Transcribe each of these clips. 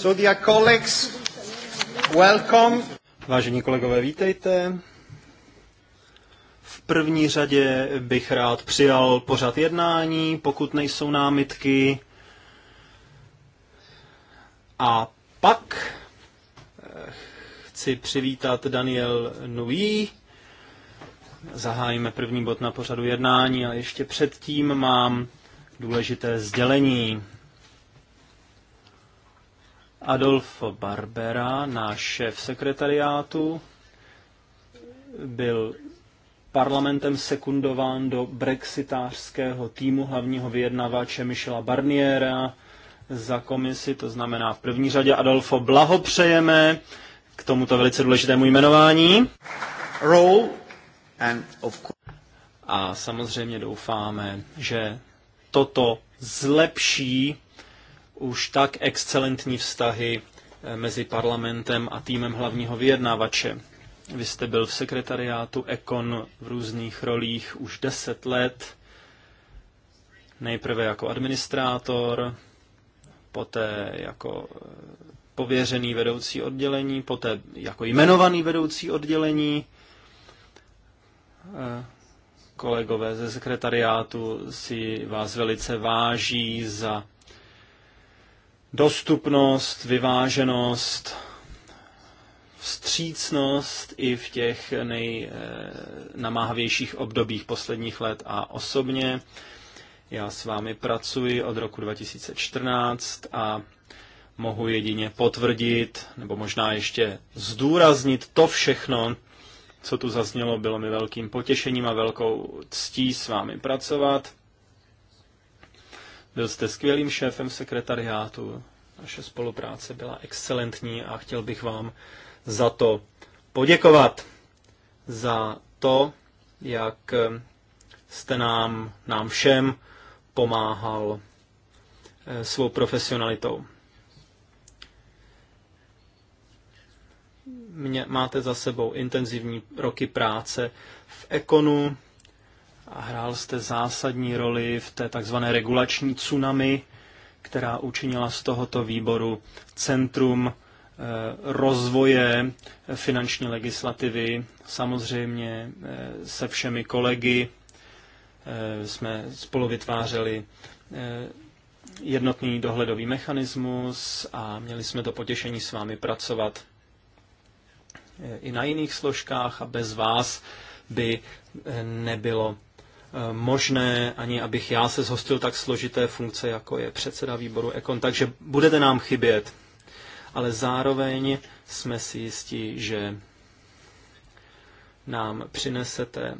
So colleagues, welcome. Vážení kolegové, vítejte. V první řadě bych rád přijal pořad jednání, pokud nejsou námitky. A pak eh, chci přivítat Daniel Nui. Zahájíme první bod na pořadu jednání, a ještě předtím mám důležité sdělení. Adolfo Barbera, náš šéf sekretariátu, byl parlamentem sekundován do brexitářského týmu hlavního vyjednavače Michela Barniera za komisi, to znamená v první řadě Adolfo, blahopřejeme k tomuto velice důležitému jmenování. A samozřejmě doufáme, že toto zlepší už tak excelentní vztahy eh, mezi parlamentem a týmem hlavního vyjednávače. Vy jste byl v sekretariátu Ekon v různých rolích už deset let, nejprve jako administrátor, poté jako eh, pověřený vedoucí oddělení, poté jako jmenovaný vedoucí oddělení. Eh, kolegové ze sekretariátu si vás velice váží za dostupnost, vyváženost, vstřícnost i v těch nejnamáhavějších eh, obdobích posledních let a osobně. Já s vámi pracuji od roku 2014 a mohu jedině potvrdit, nebo možná ještě zdůraznit to všechno, co tu zaznělo, bylo mi velkým potěšením a velkou ctí s vámi pracovat. Byl jste skvělým šéfem sekretariátu, naše spolupráce byla excelentní a chtěl bych vám za to poděkovat. Za to, jak jste nám, nám všem pomáhal eh, svou profesionalitou. Mě, máte za sebou intenzivní roky práce v Ekonu, a hrál jste zásadní roli v té takzvané regulační tsunami, která učinila z tohoto výboru centrum eh, rozvoje finanční legislativy. Samozřejmě eh, se všemi kolegy eh, jsme spolu vytvářeli jednotný dohledový mechanismus a měli jsme to potěšení s vámi pracovat i na jiných složkách a bez vás by nebylo Eh, možné, ani abych já se zhostil tak složité funkce, jako je předseda výboru Ekon, takže budete nám chybět. Ale zároveň jsme si jistí, že nám přinesete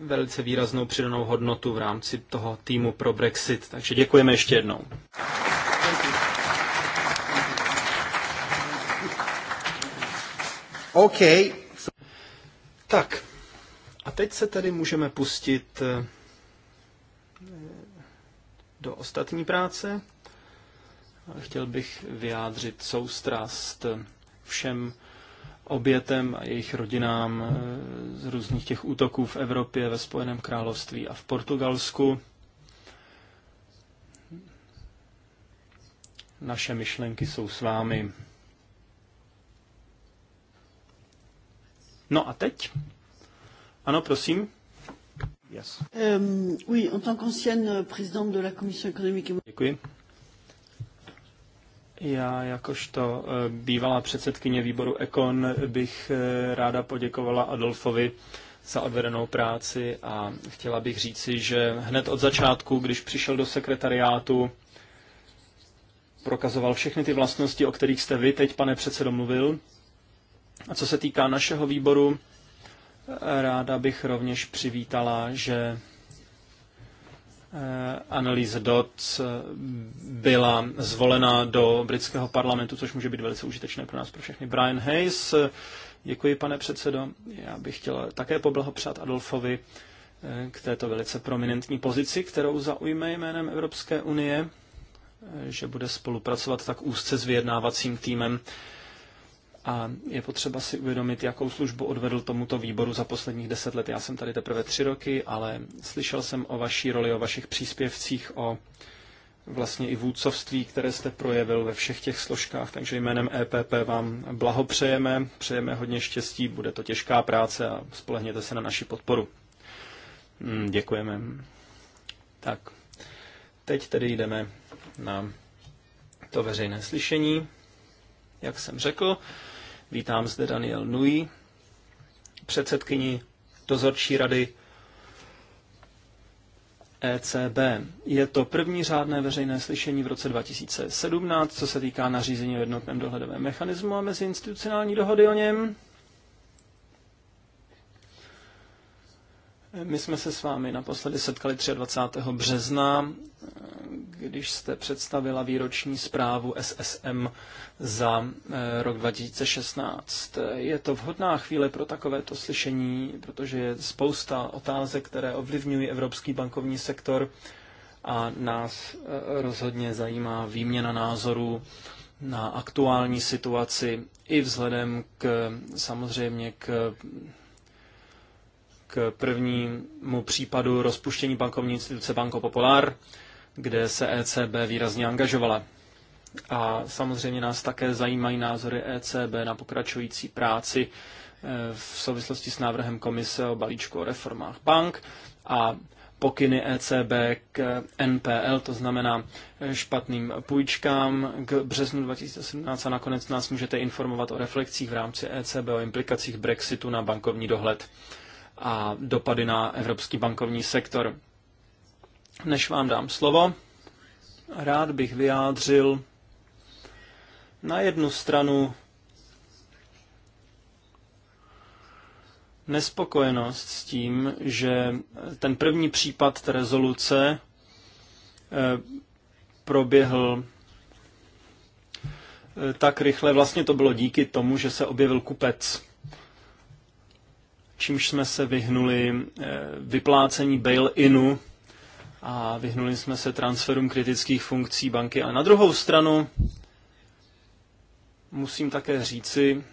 velice výraznou přidanou hodnotu v rámci toho týmu pro Brexit. Takže děkujeme ještě jednou. OK. Tak, a teď se tedy můžeme pustit eh, do ostatní práce. Chtěl bych vyjádřit soustrast všem obětem a jejich rodinám eh, z různých těch útoků v Evropě, ve Spojeném království a v Portugalsku. Naše myšlenky jsou s vámi. No a teď ano, prosím. Yes. Um, oui, en tant qu'ancienne présidente de la Commission économique et Děkuji. Já jakožto eh, bývalá předsedkyně výboru Ekon bych eh, ráda poděkovala Adolfovi za odvedenou práci a chtěla bych říci, že hned od začátku, když přišel do sekretariátu, prokazoval všechny ty vlastnosti, o kterých jste vy teď, pane předsedo, mluvil. A co se týká našeho výboru, Ráda bych rovněž přivítala, že eh, Annelise Dodd byla zvolena do britského parlamentu, což může být velice užitečné pro nás, pro všechny. Brian Hayes, děkuji pane předsedo. Já bych chtěl také poblahopřát Adolfovi eh, k této velice prominentní pozici, kterou zaujme jménem Evropské unie, eh, že bude spolupracovat tak úzce s vyjednávacím týmem a je potřeba si uvědomit, jakou službu odvedl tomuto výboru za posledních deset let. Já jsem tady teprve tři roky, ale slyšel jsem o vaší roli, o vašich příspěvcích, o vlastně i vůdcovství, které jste projevil ve všech těch složkách, takže jménem EPP vám blahopřejeme, přejeme hodně štěstí, bude to těžká práce a spolehněte se na naši podporu. Hmm, děkujeme. Tak, teď tedy jdeme na to veřejné slyšení, jak jsem řekl. Vítám zde Daniel Nui, předsedkyni dozorčí rady ECB. Je to první řádné veřejné slyšení v roce 2017, co se týká nařízení o jednotném dohledovém mechanismu a meziinstitucionální dohody o něm. My jsme se s vámi naposledy setkali 23. března když jste představila výroční zprávu SSM za eh, rok 2016. Je to vhodná chvíle pro takovéto slyšení, protože je spousta otázek, které ovlivňují evropský bankovní sektor a nás eh, rozhodně zajímá výměna názorů na aktuální situaci i vzhledem k samozřejmě k k prvnímu případu rozpuštění bankovní instituce Banko Popular, kde se ECB výrazně angažovala. A samozřejmě nás také zajímají názory ECB na pokračující práci e, v souvislosti s návrhem komise o balíčku o reformách bank a pokyny ECB k NPL, to znamená e, špatným půjčkám k březnu 2017 a nakonec nás můžete informovat o reflexích v rámci ECB, o implikacích Brexitu na bankovní dohled a dopady na evropský bankovní sektor. Než vám dám slovo, rád bych vyjádřil na jednu stranu nespokojenost s tím, že ten první případ té rezoluce eh, proběhl eh, tak rychle. Vlastně to bylo díky tomu, že se objevil kupec, čímž jsme se vyhnuli eh, vyplácení bail-inu a vyhnuli jsme se transferům kritických funkcí banky. A na druhou stranu musím také říci,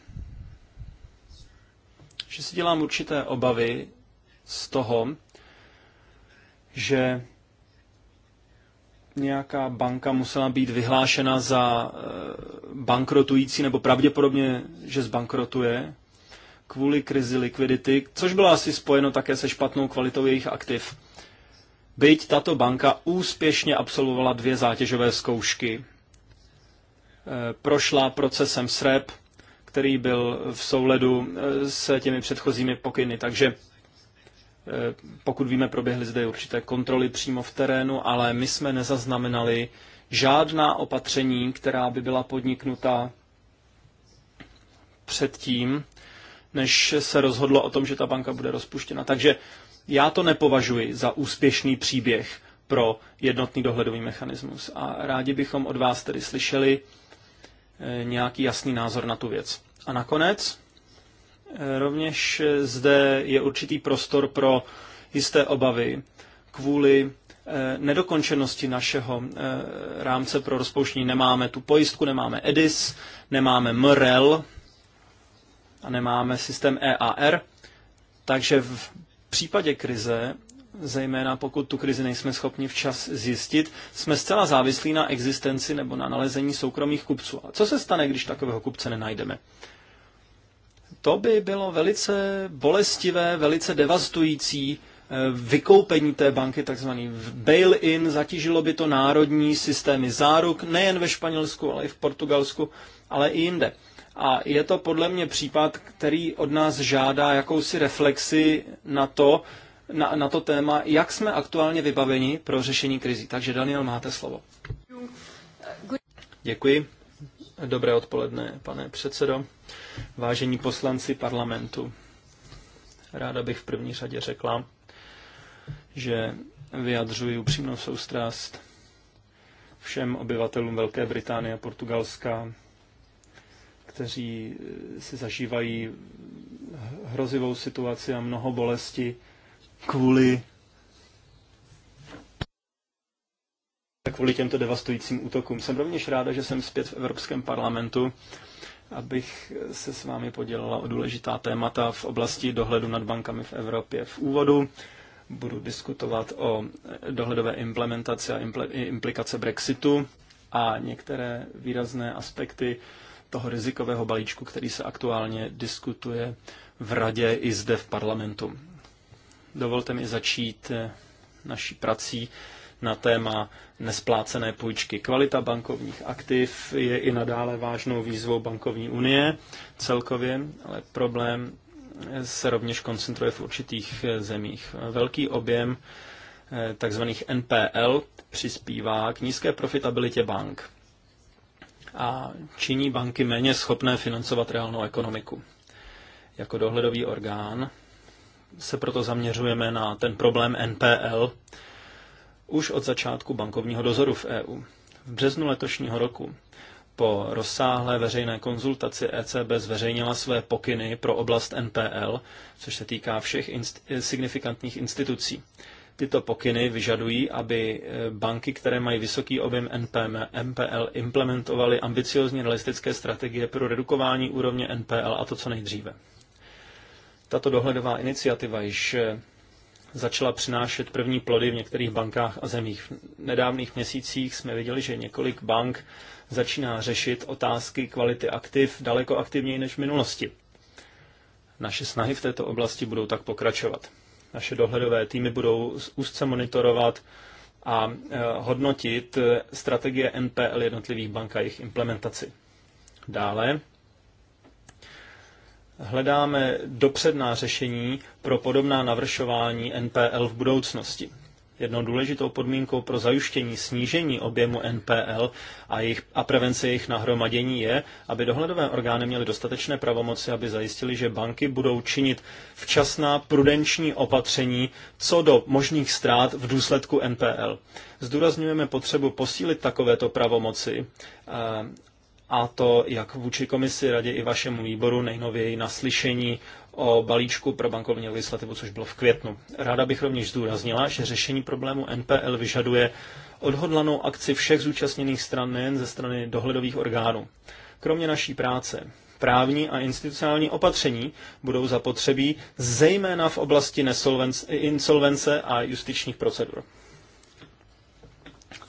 že si dělám určité obavy z toho, že nějaká banka musela být vyhlášena za eh, bankrotující nebo pravděpodobně, že zbankrotuje kvůli krizi likvidity, což bylo asi spojeno také se špatnou kvalitou jejich aktiv. Byť tato banka úspěšně absolvovala dvě zátěžové zkoušky, eh, prošla procesem SREP, který byl v souledu eh, s těmi předchozími pokyny. Takže eh, pokud víme, proběhly zde určité kontroly přímo v terénu, ale my jsme nezaznamenali žádná opatření, která by byla podniknuta předtím, než se rozhodlo o tom, že ta banka bude rozpuštěna. Takže já to nepovažuji za úspěšný příběh pro jednotný dohledový mechanismus a rádi bychom od vás tedy slyšeli eh, nějaký jasný názor na tu věc. A nakonec eh, rovněž eh, zde je určitý prostor pro jisté obavy kvůli nedokončenosti našeho rámce pro rozpouštění. Nemáme tu pojistku, nemáme EDIS, nemáme MREL a nemáme systém EAR, takže v případě krize, zejména pokud tu krizi nejsme schopni včas zjistit, jsme zcela závislí na existenci nebo na nalezení soukromých kupců. A co se stane, když takového kupce nenajdeme? To by bylo velice bolestivé, velice devastující eh, vykoupení té banky, takzvaný bail-in, zatížilo by to národní systémy záruk, nejen ve Španělsku, ale i v Portugalsku, ale i jinde. A je to podle mě případ, který od nás žádá jakousi reflexi na to, na, na to téma, jak jsme aktuálně vybaveni pro řešení krizí. Takže Daniel, máte slovo. Děkuji. Dobré odpoledne, pane předsedo. Vážení poslanci parlamentu, ráda bych v první řadě řekla, že vyjadřuji upřímnou soustrast všem obyvatelům Velké Británie a Portugalska kteří eh, si zažívají hrozivou situaci a mnoho bolesti kvůli kvůli těmto devastujícím útokům. Jsem rovněž ráda, že jsem zpět v Evropském parlamentu, abych se s vámi podělila o důležitá témata v oblasti dohledu nad bankami v Evropě. V úvodu budu diskutovat o dohledové implementaci a implikace Brexitu a některé výrazné aspekty toho rizikového balíčku, který se aktuálně diskutuje v radě i zde v parlamentu. Dovolte mi začít eh, naší prací na téma nesplácené půjčky. Kvalita bankovních aktiv je i nadále vážnou výzvou bankovní unie celkově, ale problém eh, se rovněž koncentruje v určitých eh, zemích. Velký objem takzvaných NPL přispívá k nízké profitabilitě bank a činí banky méně schopné financovat reálnou ekonomiku. Jako dohledový orgán se proto zaměřujeme na ten problém NPL už od začátku bankovního dozoru v EU. V březnu letošního roku po rozsáhlé veřejné konzultaci ECB zveřejnila své pokyny pro oblast NPL, což se týká všech inst- signifikantních institucí. Tyto pokyny vyžadují, aby eh, banky, které mají vysoký objem NPM, NPL, implementovaly ambiciozní realistické strategie pro redukování úrovně NPL a to co nejdříve. Tato dohledová iniciativa již eh, začala přinášet první plody v některých bankách a zemích. V nedávných měsících jsme viděli, že několik bank začíná řešit otázky kvality aktiv daleko aktivněji než v minulosti. Naše snahy v této oblasti budou tak pokračovat. Naše dohledové týmy budou úzce monitorovat a eh, hodnotit eh, strategie NPL jednotlivých bank a jejich implementaci. Dále hledáme dopředná řešení pro podobná navršování NPL v budoucnosti jednou důležitou podmínkou pro zajištění snížení objemu NPL a, jejich, a prevence jejich nahromadění je, aby dohledové orgány měly dostatečné pravomoci, aby zajistili, že banky budou činit včasná prudenční opatření co do možných ztrát v důsledku NPL. Zdůrazňujeme potřebu posílit takovéto pravomoci eh, a to jak vůči komisi, radě i vašemu výboru, nejnověji na slyšení o balíčku pro bankovní legislativu, což bylo v květnu. Ráda bych rovněž zdůraznila, že řešení problému NPL vyžaduje odhodlanou akci všech zúčastněných stran, nejen ze strany dohledových orgánů. Kromě naší práce, právní a institucionální opatření budou zapotřebí zejména v oblasti insolvence a justičních procedur.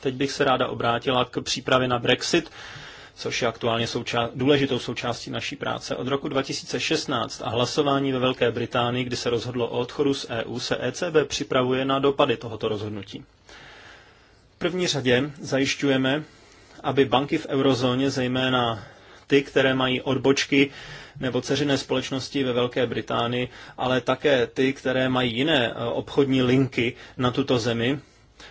Teď bych se ráda obrátila k přípravě na Brexit což je aktuálně souča- důležitou součástí naší práce. Od roku 2016 a hlasování ve Velké Británii, kdy se rozhodlo o odchodu z EU, se ECB připravuje na dopady tohoto rozhodnutí. V první řadě zajišťujeme, aby banky v eurozóně, zejména ty, které mají odbočky nebo ceřiné společnosti ve Velké Británii, ale také ty, které mají jiné eh, obchodní linky na tuto zemi,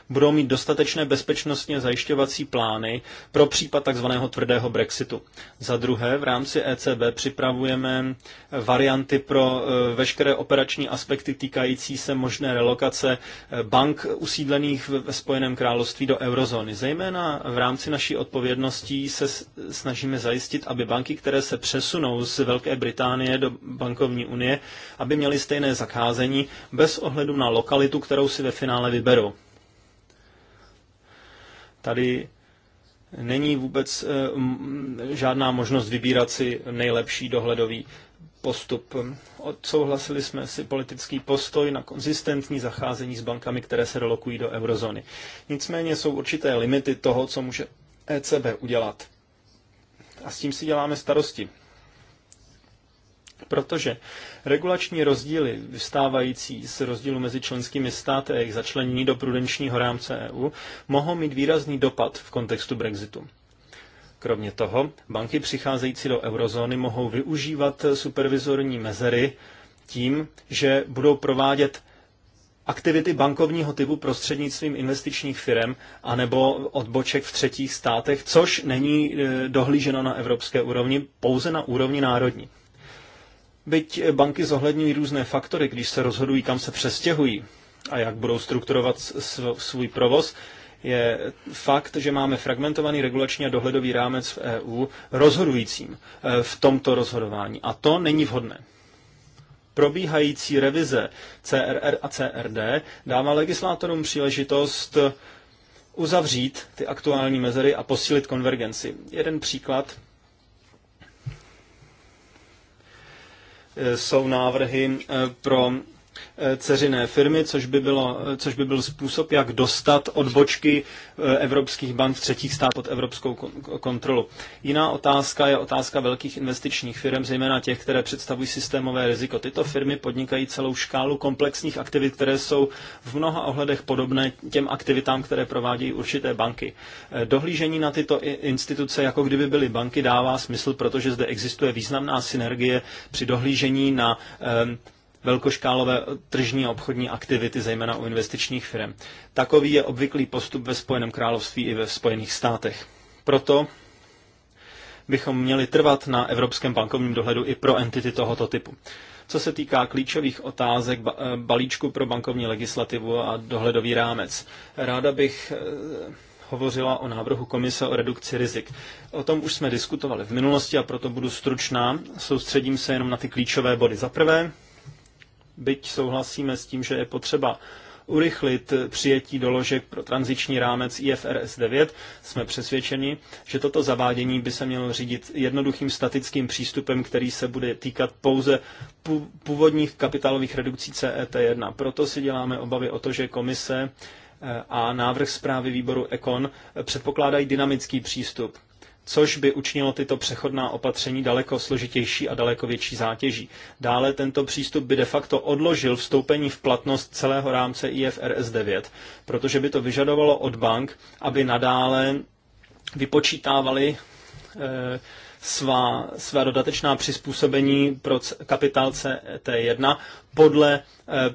budou mít dostatečné bezpečnostně zajišťovací plány pro případ tzv. tvrdého Brexitu. Za druhé, v rámci ECB připravujeme eh, varianty pro eh, veškeré operační aspekty týkající se možné relokace eh, bank usídlených ve Spojeném království do eurozóny. Zejména v rámci naší odpovědností se snažíme zajistit, aby banky, které se přesunou z Velké Británie do bankovní unie, aby měly stejné zakázení bez ohledu na lokalitu, kterou si ve finále vyberou. Tady není vůbec eh, žádná možnost vybírat si nejlepší dohledový postup. Odsouhlasili jsme si politický postoj na konzistentní zacházení s bankami, které se dolokují do eurozóny. Nicméně jsou určité limity toho, co může ECB udělat. A s tím si děláme starosti. Protože regulační rozdíly vystávající z rozdílu mezi členskými státy a jejich začlenění do prudenčního rámce EU mohou mít výrazný dopad v kontextu Brexitu. Kromě toho, banky přicházející do eurozóny mohou využívat supervizorní mezery tím, že budou provádět aktivity bankovního typu prostřednictvím investičních firm anebo odboček v třetích státech, což není e, dohlíženo na evropské úrovni, pouze na úrovni národní. Byť banky zohledňují různé faktory, když se rozhodují, kam se přestěhují a jak budou strukturovat svůj provoz, je fakt, že máme fragmentovaný regulační a dohledový rámec v EU rozhodujícím eh, v tomto rozhodování. A to není vhodné. Probíhající revize CRR a CRD dává legislátorům příležitost uzavřít ty aktuální mezery a posílit konvergenci. Jeden příklad Eh, jsou návrhy eh, pro Eh, ceřiné firmy, což by, bylo, eh, což by byl způsob, jak dostat odbočky eh, evropských bank třetích států pod evropskou kontrolu. Jiná otázka je otázka velkých investičních firm, zejména těch, které představují systémové riziko. Tyto firmy podnikají celou škálu komplexních aktivit, které jsou v mnoha ohledech podobné těm aktivitám, které provádějí určité banky. Dohlížení na tyto instituce, jako kdyby byly banky, dává smysl, protože zde existuje významná synergie při dohlížení na velkoškálové tržní a obchodní aktivity, zejména u investičních firm. Takový je obvyklý postup ve Spojeném království i ve Spojených státech. Proto bychom měli trvat na evropském bankovním dohledu i pro entity tohoto typu. Co se týká klíčových otázek eh, balíčku pro bankovní legislativu a dohledový rámec, ráda bych eh, hovořila o návrhu Komise o redukci rizik. O tom už jsme diskutovali v minulosti a proto budu stručná. Soustředím se jenom na ty klíčové body. Za prvé, byť souhlasíme s tím, že je potřeba urychlit přijetí doložek pro tranziční rámec IFRS 9, jsme přesvědčeni, že toto zavádění by se mělo řídit jednoduchým statickým přístupem, který se bude týkat pouze původních kapitálových redukcí CET1. Proto si děláme obavy o to, že komise eh, a návrh zprávy výboru Econ eh, předpokládají dynamický přístup což by učinilo tyto přechodná opatření daleko složitější a daleko větší zátěží. Dále tento přístup by de facto odložil vstoupení v platnost celého rámce IFRS 9, protože by to vyžadovalo od bank, aby nadále vypočítávali e, svá, svá dodatečná přizpůsobení pro kapitál CT1 podle e,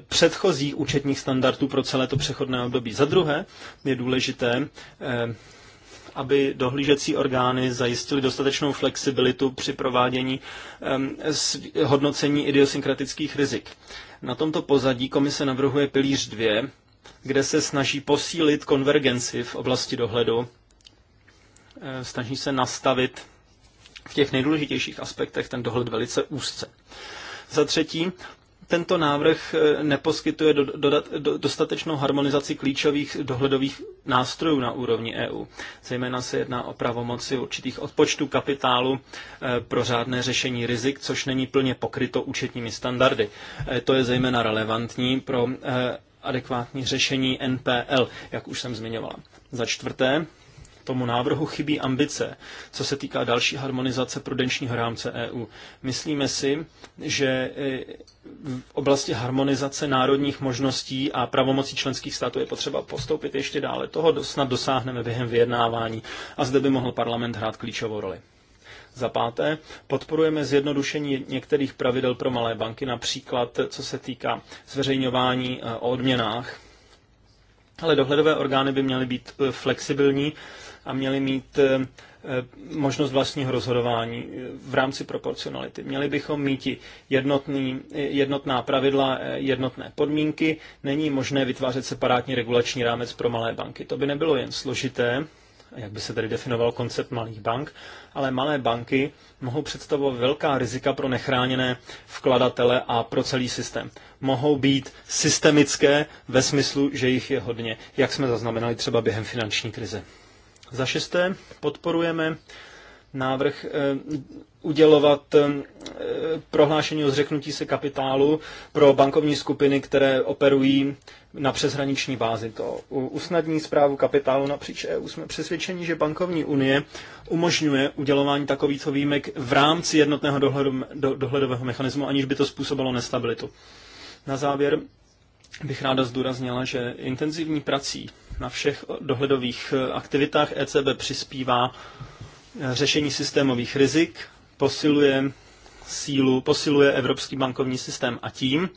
předchozích účetních standardů pro celé to přechodné období. Za druhé je důležité e, aby dohlížecí orgány zajistily dostatečnou flexibilitu při provádění hodnocení idiosynkratických rizik. Na tomto pozadí komise navrhuje pilíř 2, kde se snaží posílit konvergenci v oblasti dohledu, eh, snaží se nastavit v těch nejdůležitějších aspektech ten dohled velice úzce. Za třetí, tento návrh eh, neposkytuje do, do, do, dostatečnou harmonizaci klíčových dohledových nástrojů na úrovni EU. Zejména se jedná o pravomoci určitých odpočtů kapitálu eh, pro řádné řešení rizik, což není plně pokryto účetními standardy. Eh, to je zejména relevantní pro adekvátní řešení NPL, jak už jsem zmiňovala. Za čtvrté, tomu návrhu chybí ambice, co se týká další harmonizace prudenčního rámce EU. Myslíme si, že eh, v oblasti harmonizace národních možností a pravomocí členských států je potřeba postoupit ještě dále. Toho snad dosáhneme během vyjednávání a zde by mohl parlament hrát klíčovou roli. Za páté, podporujeme zjednodušení některých pravidel pro malé banky, například co se týká zveřejňování eh, o odměnách. Ale dohledové orgány by měly být eh, flexibilní a měli mít eh, eh, možnost vlastního rozhodování eh, v rámci proporcionality. Měli bychom mít jednotný, jednotná pravidla, jednotné podmínky. Není možné vytvářet separátní regulační rámec pro malé banky. To by nebylo jen složité, jak by se tady definoval koncept malých bank, ale malé banky mohou představovat velká rizika pro nechráněné vkladatele a pro celý systém. Mohou být systemické ve smyslu, že jich je hodně, jak jsme zaznamenali třeba během finanční krize. Za šesté podporujeme návrh eh, udělovat eh, prohlášení o zřeknutí se kapitálu pro bankovní skupiny, které operují na přeshraniční bázi. To usnadní zprávu kapitálu napříč EU. Jsme přesvědčeni, že bankovní unie umožňuje udělování takovýchto výjimek v rámci jednotného dohledu, do, dohledového mechanismu, aniž by to způsobilo nestabilitu. Na závěr bych ráda zdůraznila, že intenzivní prací na všech dohledových eh, aktivitách. ECB přispívá eh, řešení systémových rizik, posiluje sílu, posiluje evropský bankovní systém a tím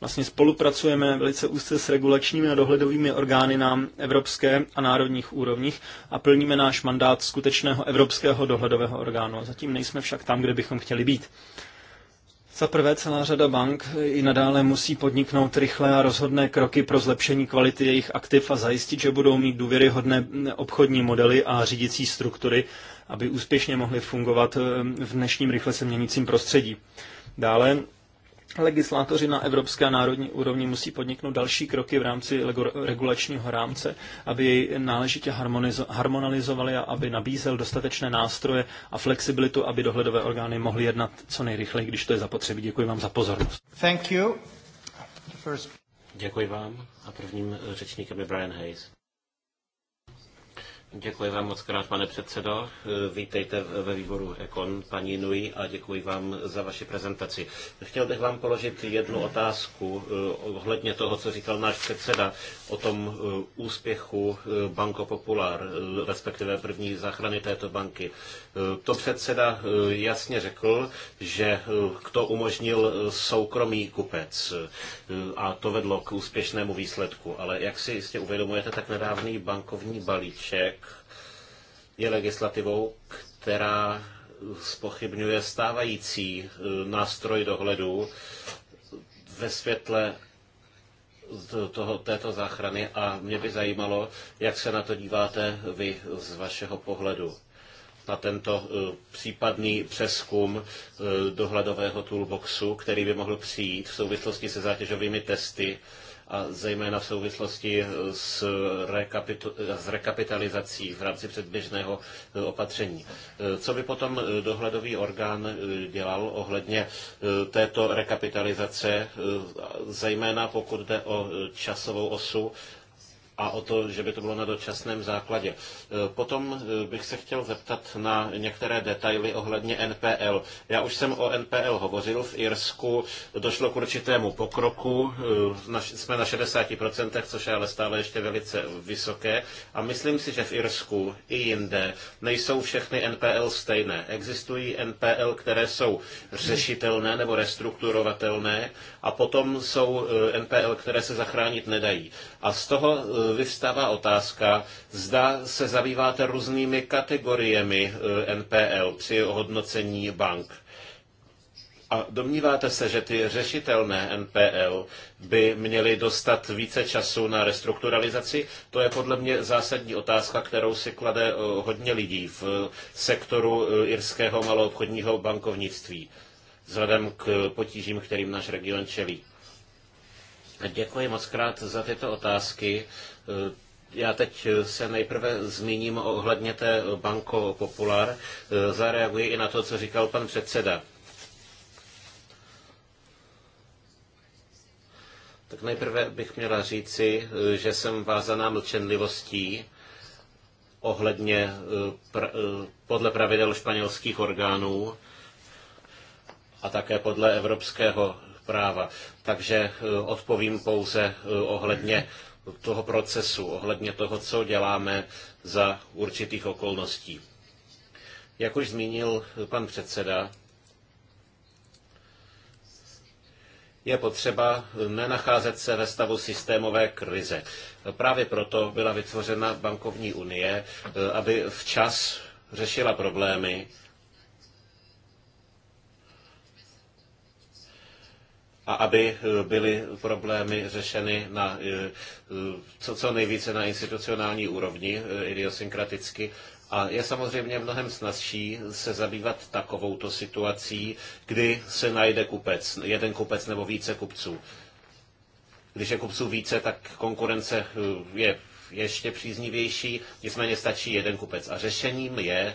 vlastně spolupracujeme velice úzce s regulačními a dohledovými orgány na evropské a národních úrovních a plníme náš mandát skutečného evropského dohledového orgánu. Zatím nejsme však tam, kde bychom chtěli být. Za prvé, celá řada bank i nadále musí podniknout rychlé a rozhodné kroky pro zlepšení kvality jejich aktiv a zajistit, že budou mít důvěryhodné obchodní modely a řídící struktury, aby úspěšně mohly fungovat v dnešním rychle se měnícím prostředí. Dále, Legislátoři na evropské a národní úrovni musí podniknout další kroky v rámci regulačního rámce, aby jej náležitě harmonizovali a aby nabízel dostatečné nástroje a flexibilitu, aby dohledové orgány mohly jednat co nejrychleji, když to je zapotřebí. Děkuji vám za pozornost. Thank you. First... Děkuji vám. A prvním řečníkem je Brian Hayes. Děkuji vám moc krát, pane předsedo. Eh, vítejte ve výboru Ekon, paní Nui, a děkuji vám za vaši prezentaci. Chtěl bych vám položit jednu otázku eh, ohledně toho, co říkal náš předseda o tom eh, úspěchu Banco Popular, respektive první záchrany této banky. Eh, to předseda eh, jasně řekl, že to eh, umožnil soukromý kupec a to vedlo k úspěšnému výsledku. Ale jak si jistě uvědomujete, tak nedávný bankovní balíček je legislativou, která spochybňuje stávající nástroj dohledu ve světle toho, této záchrany a mě by zajímalo, jak se na to díváte vy z vašeho pohledu na tento eh, případný přeskum eh, dohledového toolboxu, který by mohl přijít v souvislosti se zátěžovými testy a zejména v souvislosti eh, s, s rekapitalizací v rámci předběžného opatření. Co by potom dohledový orgán dělal ohledně této rekapitalizace, zejména pokud jde o časovou osu a o to, že by to bylo na dočasném základě. E, potom e, bych se chtěl zeptat na některé detaily ohledně NPL. Já už jsem o NPL hovořil v Irsku, došlo k určitému pokroku, e, jsme na 60%, což je ale stále ještě velice vysoké a myslím si, že v Irsku i jinde nejsou všechny NPL stejné. Existují NPL, které jsou řešitelné nebo restrukturovatelné a potom jsou NPL, které se zachránit nedají. A z toho vyvstává otázka, zda se zabýváte různými kategoriemi eh, NPL při hodnocení bank. A domníváte se, že ty řešitelné NPL by měly dostat více času na restrukturalizaci? To je podle mě zásadní otázka, kterou si klade eh, hodně lidí v eh, sektoru irského maloobchodního bankovnictví, vzhledem k potížím, kterým náš region čelí. Děkuji moc krát za tyto otázky. Eh, já teď eh, se nejprve zmíním ohledně té Banko Popular. Eh, zareaguji i na to, co říkal pan předseda. Tak nejprve bych měla říci, že jsem vázaná mlčenlivostí ohledně podle pravidel španělských orgánů a také podle evropského práva. Takže odpovím pouze ohledně toho procesu, ohledně toho, co děláme za určitých okolností. Jak už zmínil pan předseda, je potřeba nenacházet se ve stavu systémové krize. Právě proto byla vytvořena bankovní unie, aby včas řešila problémy, a aby eh, byly problémy řešeny na, eh, eh, co, co nejvíce na institucionální úrovni, idiosynkraticky. A je samozřejmě mnohem snazší se zabývat takovouto situací, kdy se najde kupec, jeden kupec nebo více kupců. Když je kupců více, tak konkurence je ještě příznivější, nicméně stačí jeden kupec. A řešením je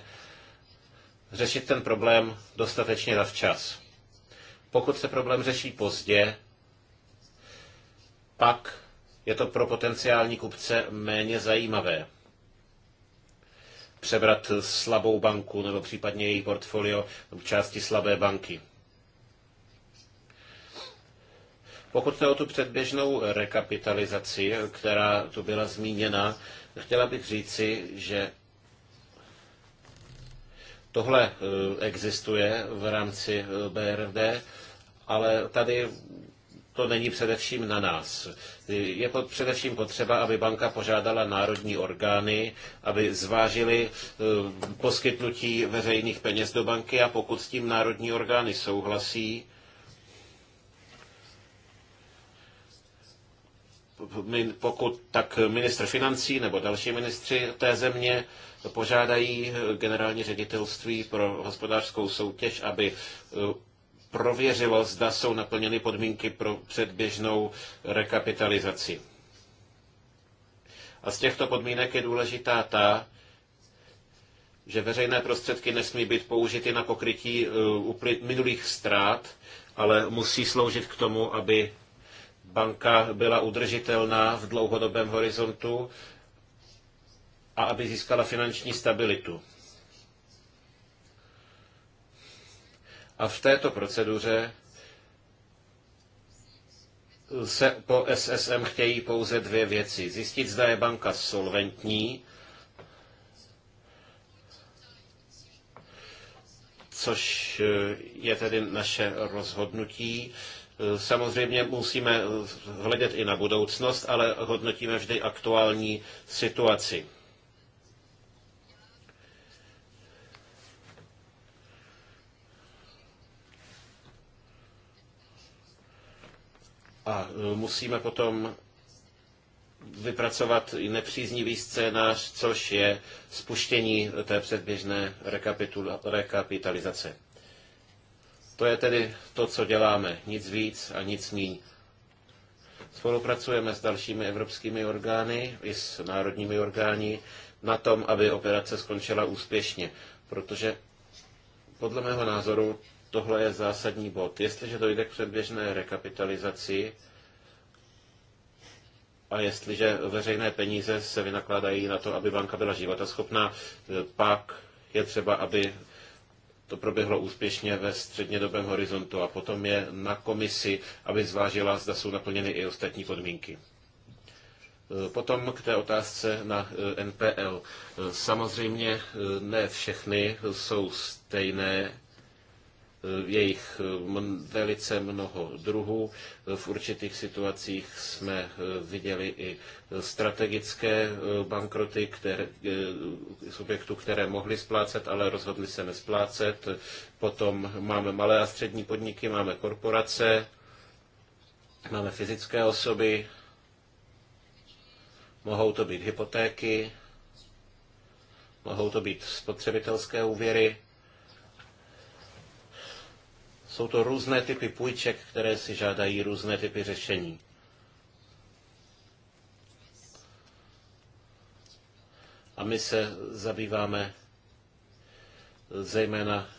řešit ten problém dostatečně zavčas. Pokud se problém řeší pozdě, pak je to pro potenciální kupce méně zajímavé přebrat slabou banku nebo případně její portfolio v části slabé banky. Pokud jde o tu předběžnou rekapitalizaci, která tu byla zmíněna, chtěla bych říci, že Tohle eh, existuje v rámci eh, BRD, ale tady to není především na nás. Je pod, především potřeba, aby banka požádala národní orgány, aby zvážili eh, poskytnutí veřejných peněz do banky a pokud s tím národní orgány souhlasí, pokud tak ministr financí nebo další ministři té země požádají generální ředitelství pro hospodářskou soutěž, aby eh, prověřilo, zda jsou naplněny podmínky pro předběžnou rekapitalizaci. A z těchto podmínek je důležitá ta, že veřejné prostředky nesmí být použity na pokrytí eh, minulých ztrát, ale musí sloužit k tomu, aby banka byla udržitelná v dlouhodobém horizontu a aby získala finanční stabilitu. A v této proceduře se po SSM chtějí pouze dvě věci. Zjistit, zda je banka solventní, což eh, je tedy naše rozhodnutí. Eh, samozřejmě musíme eh, hledět i na budoucnost, ale hodnotíme vždy aktuální situaci. A e, musíme potom vypracovat nepříznivý scénář, což je spuštění té předběžné rekapitalizace. To je tedy to, co děláme. Nic víc a nic míň. Spolupracujeme s dalšími evropskými orgány i s národními orgány na tom, aby operace skončila úspěšně, protože podle mého názoru Tohle je zásadní bod. Jestliže dojde k předběžné rekapitalizaci a jestliže veřejné peníze se vynakládají na to, aby banka byla životaschopná, pak je třeba, aby to proběhlo úspěšně ve střednědobém horizontu a potom je na komisi, aby zvážila, zda jsou naplněny i ostatní podmínky. Potom k té otázce na eh, NPL. Samozřejmě eh, ne všechny jsou stejné Eh, jejich eh, velice mnoho druhů. Eh, v určitých situacích jsme viděli i strategické bankroty které, subjektů, které mohly splácet, ale rozhodly se nesplácet. Potom máme malé a střední podniky, máme korporace, máme fyzické osoby, mohou to být hypotéky, mohou to být spotřebitelské úvěry, jsou to různé typy půjček, které si žádají různé typy řešení. A my se zabýváme zejména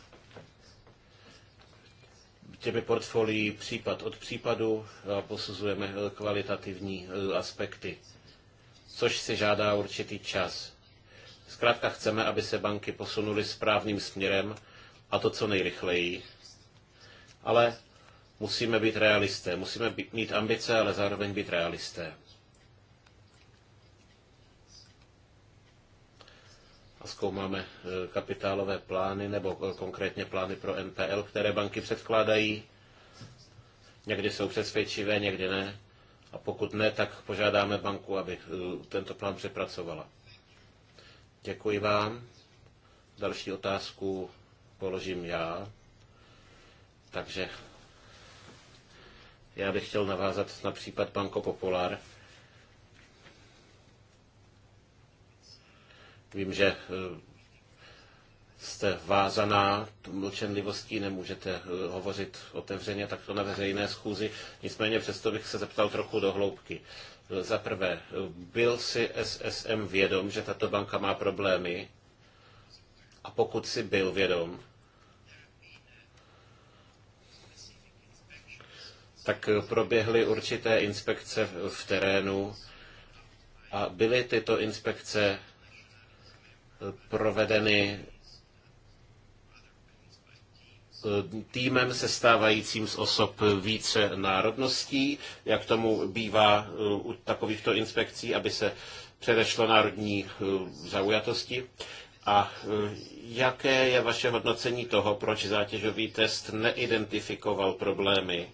těmi portfolií případ od případu a posuzujeme eh, kvalitativní eh, aspekty, což si žádá určitý čas. Zkrátka chceme, aby se banky posunuly správným směrem a to co nejrychleji ale musíme být realisté. Musíme být, mít ambice, ale zároveň být realisté. A zkoumáme eh, kapitálové plány, nebo eh, konkrétně plány pro NPL, které banky předkládají. Někdy jsou přesvědčivé, někdy ne. A pokud ne, tak požádáme banku, aby eh, tento plán přepracovala. Děkuji vám. Další otázku položím já. Takže já bych chtěl navázat na případ Banko Popular. Vím, že eh, jste vázaná mlčenlivostí, nemůžete eh, hovořit otevřeně takto na veřejné schůzi. Nicméně přesto bych se zeptal trochu do hloubky. Eh, za prvé, byl si SSM vědom, že tato banka má problémy? A pokud si byl vědom, tak proběhly určité inspekce v terénu a byly tyto inspekce eh, provedeny eh, týmem sestávajícím z osob více národností, jak tomu bývá eh, u takovýchto inspekcí, aby se předešlo národní zaujatosti. A jaké je vaše hodnocení toho, proč zátěžový test neidentifikoval problémy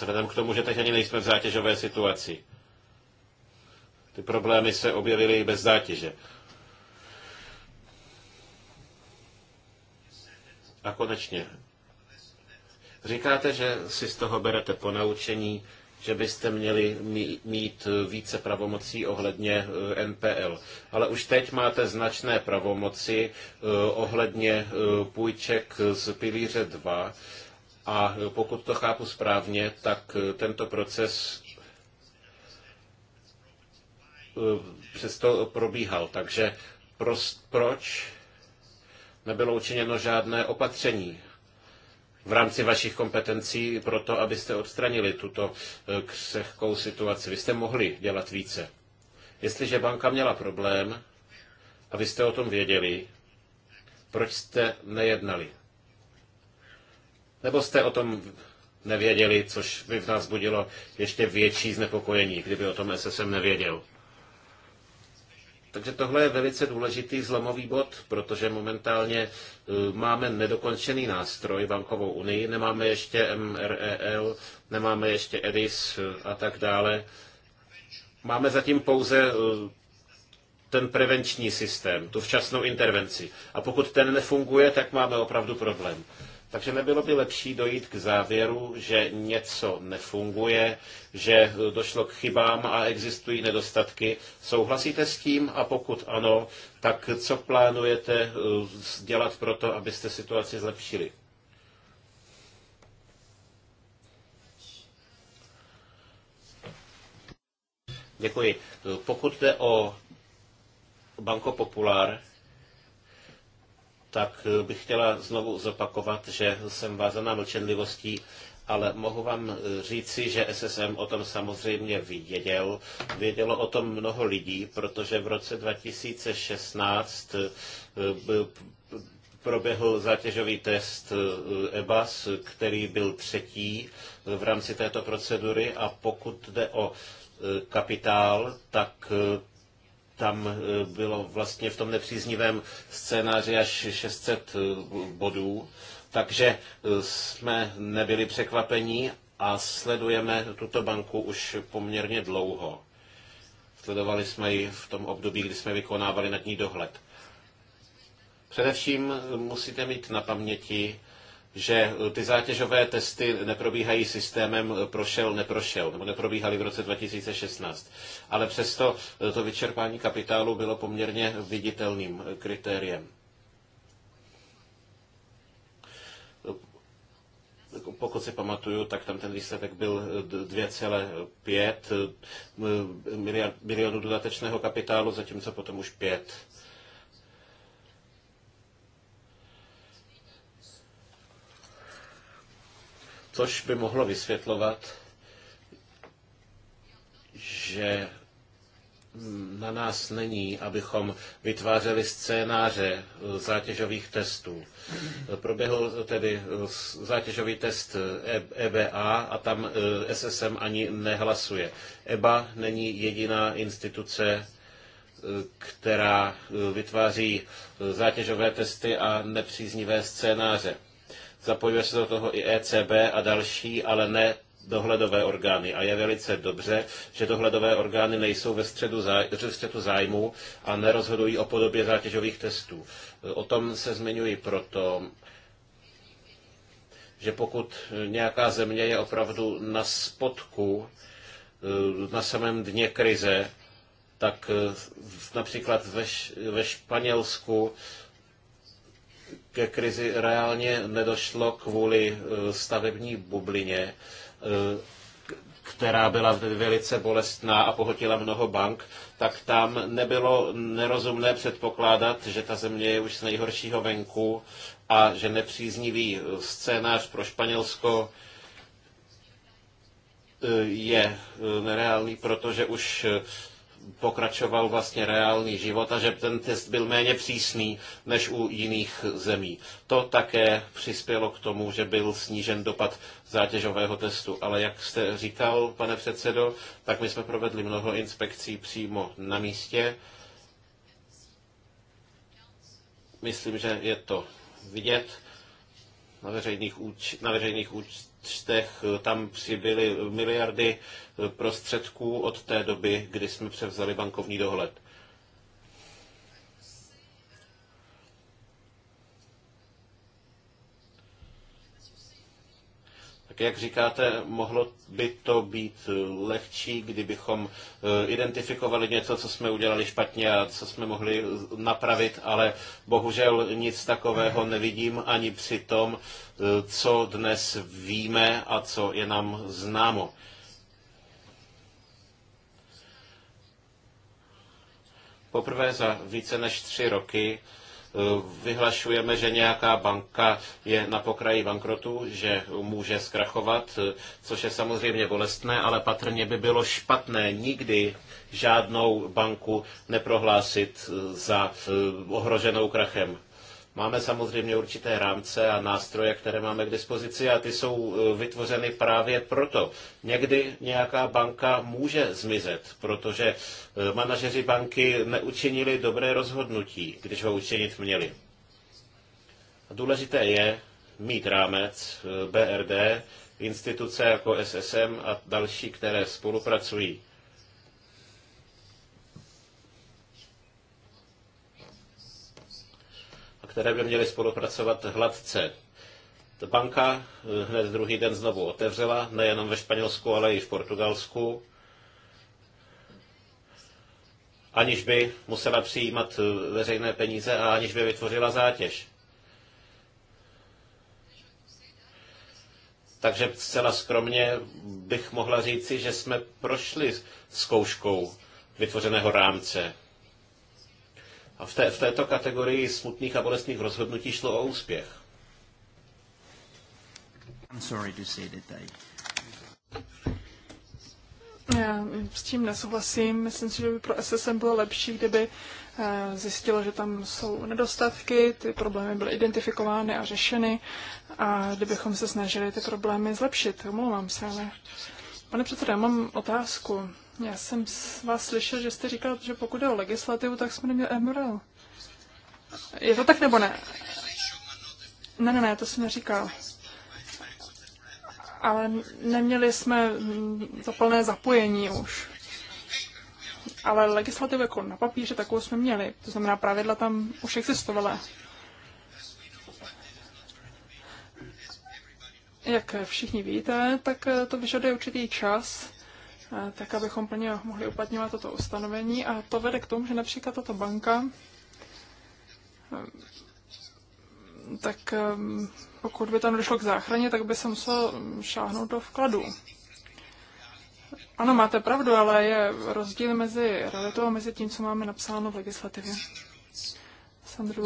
Vzhledem k tomu, že teď ani nejsme v zátěžové situaci. Ty problémy se objevily i bez zátěže. A konečně. Říkáte, že si z toho berete ponaučení, že byste měli mít více pravomocí ohledně eh, NPL. Ale už teď máte značné pravomoci eh, ohledně eh, půjček z pilíře 2 a pokud to chápu správně, tak eh, tento proces eh, přesto probíhal. Takže proč nebylo učiněno žádné opatření v rámci vašich kompetencí pro to, abyste odstranili tuto eh, křehkou situaci? Vy jste mohli dělat více. Jestliže banka měla problém a vy jste o tom věděli, proč jste nejednali? Nebo jste o tom nevěděli, což by v nás budilo ještě větší znepokojení, kdyby o tom SSM nevěděl. Takže tohle je velice důležitý zlomový bod, protože momentálně e, máme nedokončený nástroj bankovou unii, nemáme ještě MREL, nemáme ještě EDIS a tak dále. Máme zatím pouze e, ten prevenční systém, tu včasnou intervenci. A pokud ten nefunguje, tak máme opravdu problém. Takže nebylo by lepší dojít k závěru, že něco nefunguje, že došlo k chybám a existují nedostatky. Souhlasíte s tím a pokud ano, tak co plánujete eh, dělat pro to, abyste situaci zlepšili? Děkuji. Pokud jde o Banco tak eh, bych chtěla znovu zopakovat, že jsem vázaná mlčenlivostí, ale mohu vám eh, říci, že SSM o tom samozřejmě věděl. Vědělo o tom mnoho lidí, protože v roce 2016 eh, proběhl zátěžový test EBAS, e který byl třetí v rámci této procedury a pokud jde o kapitál, tak tam eh, bylo vlastně v tom nepříznivém scénáři až 600 eh, bodů, takže eh, jsme nebyli překvapení a sledujeme tuto banku už poměrně dlouho. Sledovali jsme ji v tom období, kdy jsme vykonávali nad ní dohled. Především musíte mít na paměti, že eh, ty zátěžové testy neprobíhají systémem eh, prošel, neprošel, nebo neprobíhaly v roce 2016. Ale přesto eh, to vyčerpání kapitálu bylo poměrně viditelným kritériem. pokud si pamatuju, tak tam ten výsledek byl 2,5 miliard, milionů dodatečného kapitálu, zatímco potom už 5. což by mohlo vysvětlovat, že na nás není, abychom vytvářeli scénáře zátěžových testů. Proběhl tedy zátěžový test EBA a tam eh, SSM ani nehlasuje. EBA není jediná instituce, eh, která eh, vytváří zátěžové testy a nepříznivé scénáře. Zapojuje se do toho i ECB a další, ale ne dohledové orgány. A je velice dobře, že dohledové orgány nejsou ve středu, záj- ve středu zájmu a nerozhodují o podobě zátěžových testů. O tom se zmiňuji proto, že pokud nějaká země je opravdu na spodku, eh, na samém dně krize, tak eh, například ve, ve Španělsku ke krizi reálně nedošlo kvůli e, stavební bublině, e, která byla velice bolestná a pohotila mnoho bank, tak tam nebylo nerozumné předpokládat, že ta země je už z nejhoršího venku a že nepříznivý e, scénář pro Španělsko je nereálný, protože už pokračoval vlastně reálný život a že ten test byl méně přísný než u jiných zemí. To také přispělo k tomu, že byl snížen dopad zátěžového testu. Ale jak jste říkal, pane předsedo, tak my jsme provedli mnoho inspekcí přímo na místě. Myslím, že je to vidět na veřejných, úč- na veřejných úč- čtech eh, tam přibyly miliardy eh, prostředků od té doby, kdy jsme převzali bankovní dohled. Jak říkáte, mohlo by to být lehčí, kdybychom eh, identifikovali něco, co jsme udělali špatně a co jsme mohli napravit, ale bohužel nic takového nevidím ani při tom, eh, co dnes víme a co je nám známo. Poprvé za více než tři roky Eh, vyhlašujeme, že nějaká banka je na pokraji bankrotu, že může zkrachovat, eh, což je samozřejmě bolestné, ale patrně by bylo špatné nikdy žádnou banku neprohlásit eh, za ohroženou krachem. Máme samozřejmě určité rámce a nástroje, které máme k dispozici a ty jsou e, vytvořeny právě proto. Někdy nějaká banka může zmizet, protože e, manažeři banky neučinili dobré rozhodnutí, když ho učinit měli. A důležité je mít rámec e, BRD, instituce jako SSM a další, které spolupracují které by měly spolupracovat hladce. Banka eh, hned druhý den znovu otevřela, nejenom ve Španělsku, ale i v Portugalsku, aniž by musela přijímat eh, veřejné peníze a aniž by vytvořila zátěž. Takže zcela skromně bych mohla říci, že jsme prošli zkouškou vytvořeného rámce. A v, té, v této kategorii smutných a bolestných rozhodnutí šlo o úspěch. I'm sorry to say that Já s tím nesouhlasím. Myslím si, že by pro SSM bylo lepší, kdyby eh, zjistilo, že tam jsou nedostatky, ty problémy byly identifikovány a řešeny a kdybychom se snažili ty problémy zlepšit. Omlouvám se, ale... Pane předsedo, já mám otázku. Já jsem vás slyšel, že jste říkal, že pokud jde o legislativu, tak jsme neměli MRL. Je to tak nebo ne? Ne, ne, ne, to jsem neříkal. Ale neměli jsme mm, to plné zapojení už. Ale legislativu jako na papíře takovou jsme měli. To znamená, pravidla tam už existovala. Jak všichni víte, tak to vyžaduje určitý čas tak abychom plně mohli uplatňovat toto ustanovení. A to vede k tomu, že například tato banka, ehm, tak ehm, pokud by tam došlo k záchraně, tak by se musel šáhnout do vkladu. Ano, máte pravdu, ale je rozdíl mezi realitou a mezi tím, co máme napsáno v legislativě. Sandra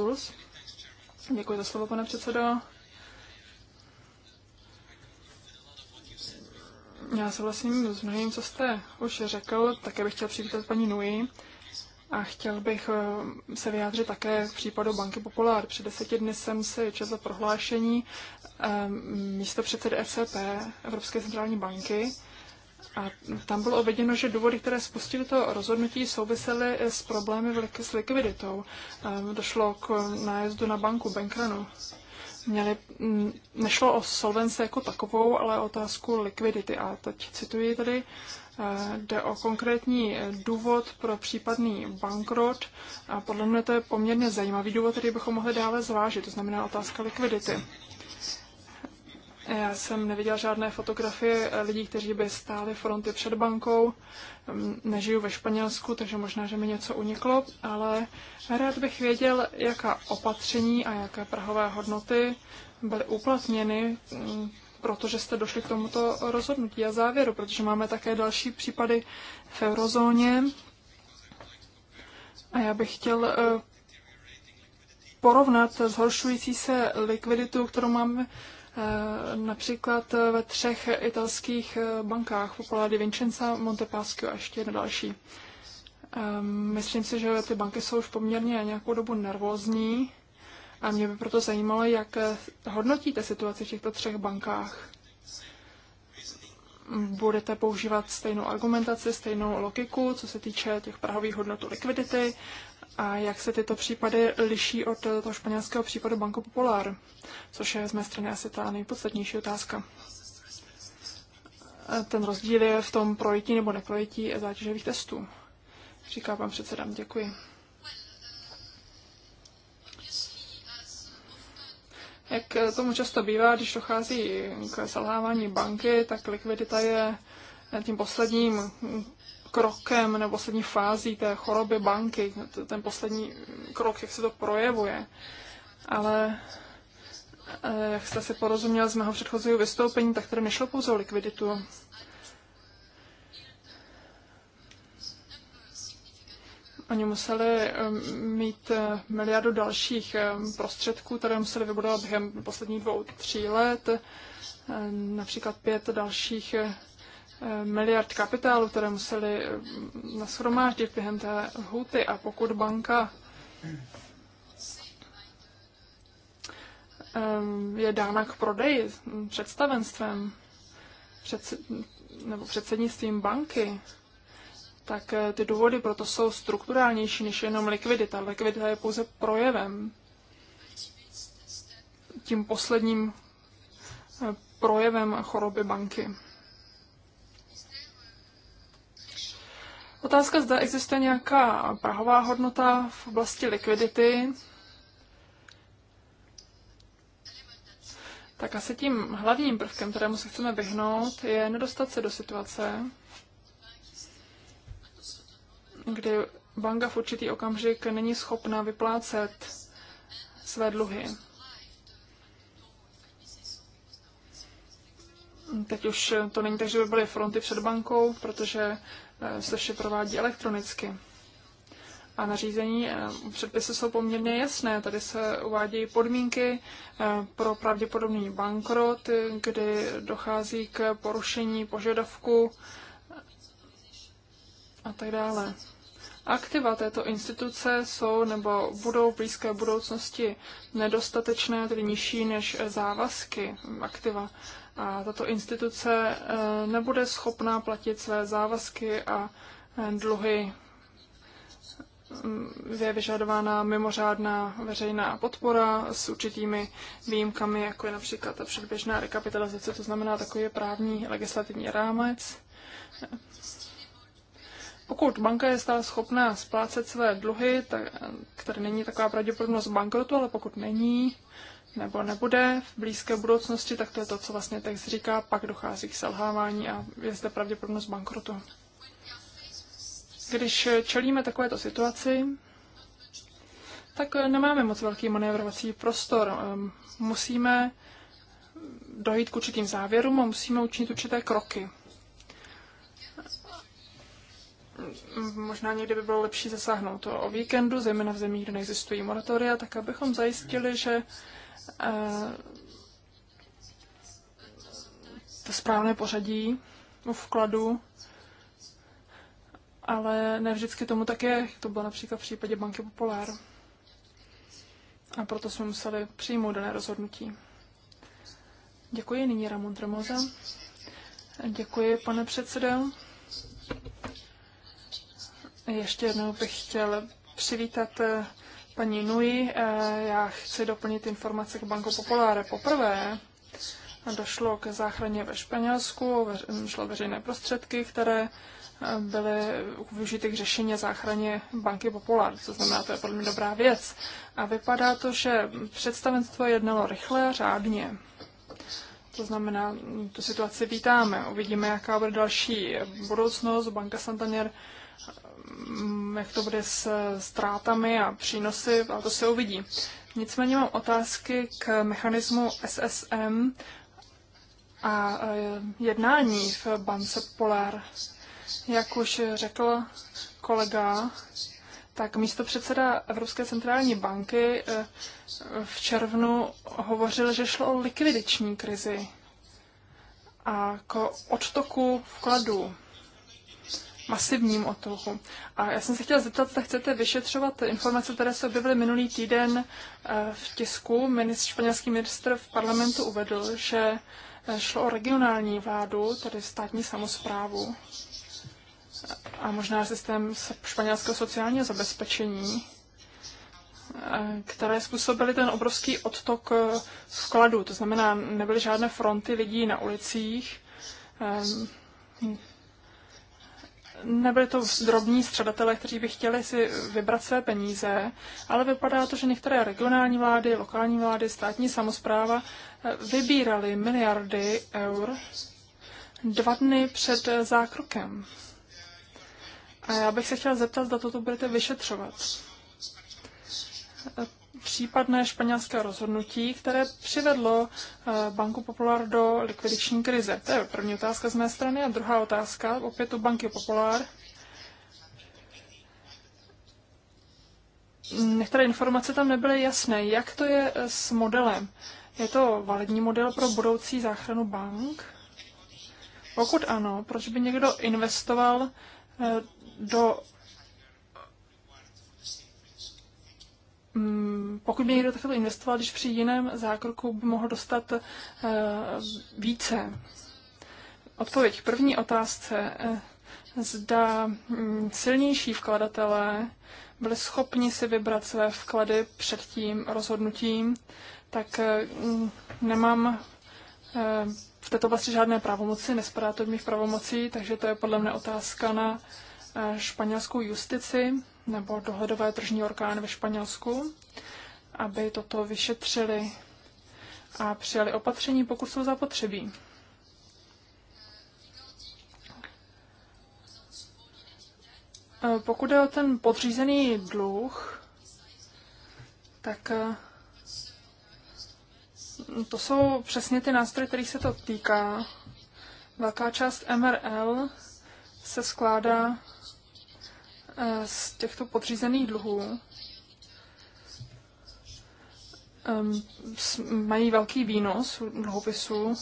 Děkuji za slovo, pane předsedo. Já vlastně s mnohým, co jste už řekl. Také bych chtěl přivítat paní Nui a chtěl bych eh, se vyjádřit také v případu Banky Populár. Před deseti dny jsem si četl prohlášení eh, místo předsedy ECB, Evropské centrální banky, a tam bylo uvedeno, že důvody, které spustily to rozhodnutí, souvisely s problémy s likviditou. Eh, došlo k nájezdu na banku, bankranu měli, mm, nešlo o solvenci jako takovou, ale o otázku likvidity. A teď cituji tady eh, jde o konkrétní důvod pro případný bankrot. A podle mě to je poměrně zajímavý důvod, který bychom mohli dále zvážit, to znamená otázka likvidity. Já jsem neviděl žádné fotografie lidí, kteří by stáli fronty před bankou. Nežiju ve Španělsku, takže možná, že mi něco uniklo, ale rád bych věděl, jaká opatření a jaké prahové hodnoty byly uplatněny, mm, protože jste došli k tomuto rozhodnutí a závěru, protože máme také další případy v eurozóně. A já bych chtěl eh, porovnat zhoršující se likviditu, kterou máme Eh, například eh, ve třech italských eh, bankách, Popola di Vincenza, Montepaschio, a ještě jedna další. Ehm, myslím si, že ty banky jsou už poměrně nějakou dobu nervózní a mě by proto zajímalo, jak hodnotíte situaci v těchto třech bankách. Budete používat stejnou argumentaci, stejnou logiku, co se týče těch prahových hodnot likvidity, a jak se tyto případy liší od toho španělského případu Banco Popular, což je z mé strany asi ta nejpodstatnější otázka. Ten rozdíl je v tom projetí nebo neprojetí zátěžových testů, říká pan předseda. Děkuji. Jak tomu často bývá, když dochází k selhávání banky, tak likvidita je tím posledním krokem nebo poslední fází té choroby banky, ten poslední krok, jak se to projevuje. Ale eh, jak jste si porozuměl z mého předchozího vystoupení, tak tady nešlo pouze o likviditu. Oni museli eh, mít eh, miliardu dalších prostředků, které museli vybudovat během posledních dvou, tří let, například pět dalších Eh, miliard kapitálu, které museli eh, nashromáždit během té lhuty a pokud banka eh, je dána k prodeji představenstvem nebo předsednictvím banky, tak ty důvody proto jsou strukturálnější než jenom likvidita. Likvidita je pouze projevem, tím posledním projevem choroby banky. Otázka, zda existuje nějaká prahová hodnota v oblasti likvidity. Tak asi tím hlavním prvkem, kterému se chceme vyhnout, je nedostat se do situace, kdy banka v určitý okamžik není schopna vyplácet své dluhy. Teď už to není tak, že by byly fronty před bankou, protože Eh, se vše provádí elektronicky. A nařízení eh, předpisy jsou poměrně jasné. Tady se uvádějí podmínky eh, pro pravděpodobný bankrot, kdy dochází k porušení požadavku a tak dále. Aktiva této instituce jsou nebo budou v blízké budoucnosti nedostatečné, tedy nižší než závazky aktiva a tato instituce eh, nebude schopná platit své závazky a eh, dluhy. Mm, je vyžadována mimořádná veřejná podpora s určitými výjimkami, jako je například ta předběžná rekapitalizace, to znamená takový právní legislativní rámec. Pokud banka je stále schopná splácet své dluhy, tak, eh, které není taková pravděpodobnost bankrotu, ale pokud není, nebo nebude v blízké budoucnosti, tak to je to, co vlastně text říká, pak dochází k selhávání a je zde pravděpodobnost bankrotu. Když čelíme takovéto situaci, tak nemáme moc velký manévrovací prostor. Ehm, musíme dojít k určitým závěrům a musíme učinit určité kroky. Možná někdy by bylo lepší zasáhnout to o víkendu, zejména v zemích, kde neexistují moratoria, tak abychom zajistili, že to správné pořadí u vkladu, ale ne vždycky tomu tak je. To bylo například v případě banky Populár. A proto jsme museli přijmout dané rozhodnutí. Děkuji, nyní Ramon Tremoza. Děkuji, pane předsedo. Ještě jednou bych chtěl přivítat paní Nui, eh, já chci doplnit informace k Banco Populáre. Poprvé došlo k záchraně ve Španělsku, šlo veřejné prostředky, které eh, byly využity k řešení a záchraně banky Popular, co znamená, to je podle mě dobrá věc. A vypadá to, že představenstvo jednalo rychle a řádně. To znamená, tu situaci vítáme. Uvidíme, jaká bude další budoucnost. Banka Santander Mm, jak to bude s ztrátami a přínosy, ale to se uvidí. Nicméně mám otázky k mechanismu SSM a e, jednání v bance Polar. Jak už řekl kolega, tak místo předseda Evropské centrální banky e, v červnu hovořil, že šlo o likvidiční krizi a k odtoku vkladů masivním otoku. A já jsem se chtěla zeptat, zda chcete vyšetřovat informace, které se objevily minulý týden eh, v tisku. Ministr, španělský ministr v parlamentu uvedl, že eh, šlo o regionální vládu, tedy státní samozprávu a možná systém španělského sociálního zabezpečení, eh, které způsobily ten obrovský odtok vkladů. To znamená, nebyly žádné fronty lidí na ulicích, ehm, nebyli to drobní středatelé, kteří by chtěli si vybrat své peníze, ale vypadá to, že některé regionální vlády, lokální vlády, státní samozpráva eh, vybírali miliardy eur dva dny před eh, zákrokem. A já bych se chtěla zeptat, zda toto budete vyšetřovat případné španělské rozhodnutí, které přivedlo eh, Banku Popular do likvidiční krize? To je první otázka z mé strany. A druhá otázka, opět u Banky Popular. Některé informace tam nebyly jasné. Jak to je eh, s modelem? Je to validní model pro budoucí záchranu bank? Pokud ano, proč by někdo investoval eh, do Mm, pokud by někdo takhle investoval, když při jiném zákroku by mohl dostat eh, více. Odpověď k první otázce. Eh, zda mm, silnější vkladatelé byli schopni si vybrat své vklady před tím rozhodnutím, tak eh, mm, nemám v této oblasti žádné pravomoci, nespadá to do mých pravomocí, takže to je podle mě otázka na španělskou justici nebo dohledové tržní orgány ve Španělsku, aby toto vyšetřili a přijali opatření, pokud jsou zapotřebí. E, pokud je o ten podřízený dluh, tak e, to jsou přesně ty nástroje, kterých se to týká. Velká část MRL se skládá Eh, z těchto podřízených dluhů mají velký výnos dluhopisů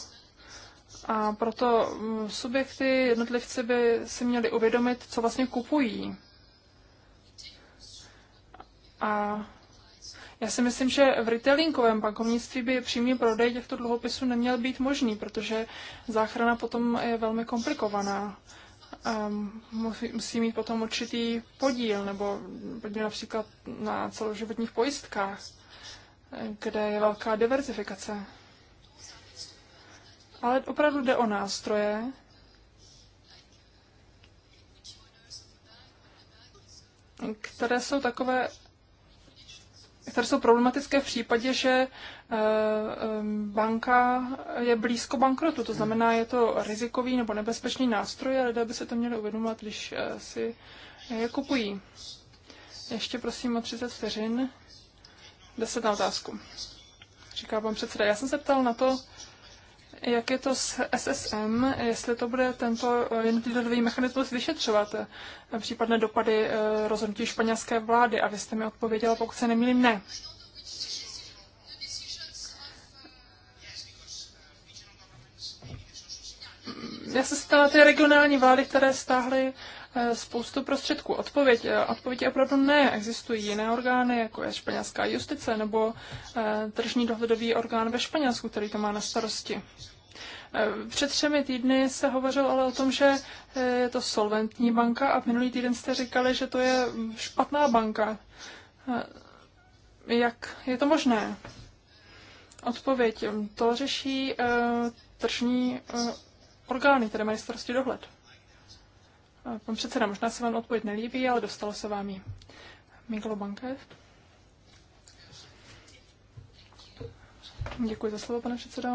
a proto mm, subjekty, jednotlivci by si měli uvědomit, co vlastně kupují. A já si myslím, že v retailingovém bankovnictví by přímý prodej těchto dluhopisů neměl být možný, protože záchrana potom je velmi komplikovaná musí, musí mít potom určitý podíl, nebo podíl například na celoživotních pojistkách, kde je velká diverzifikace. Ale opravdu jde o nástroje, které jsou takové které jsou problematické v případě, že eh, banka je blízko bankrotu. To znamená, je to rizikový nebo nebezpečný nástroj a lidé by se to měli uvědomovat, když eh, si je kupují. Ještě prosím o 30 vteřin. 10 na otázku. Říká pan předseda. Já jsem se ptal na to, jak je to s SSM, jestli to bude tento eh, jednotlivý mechanismus vyšetřovat, eh, případné dopady eh, rozhodnutí španělské vlády. A vy jste mi odpověděla, pokud se nemýlím, ne. Já se stala ty regionální vlády, které stáhly spoustu prostředků. Odpověď, odpověď je opravdu ne. Existují jiné orgány, jako je španělská justice nebo tržní dohledový orgán ve Španělsku, který to má na starosti. Před třemi týdny se hovořilo ale o tom, že eh, je to solventní banka a minulý týden jste říkali, že to je špatná banka. Eh, jak je to možné? Odpověď. To řeší eh, tržní orgány, které mají starosti dohled. Pan předseda, možná se vám odpověď nelíbí, ale dostalo se vám ji. Miklo Bankev. Děkuji za slovo, pane předsedo.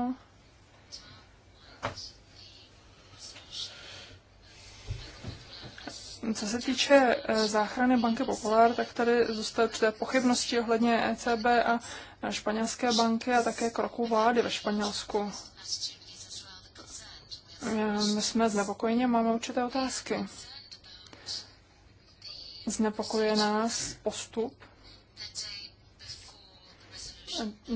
Co se týče eh, záchrany banky Popular, tak tady zůstaly té pochybnosti ohledně ECB a eh, španělské banky a také kroků vlády ve Španělsku. Eh, my jsme znepokojeni, máme určité otázky. Znepokojuje nás postup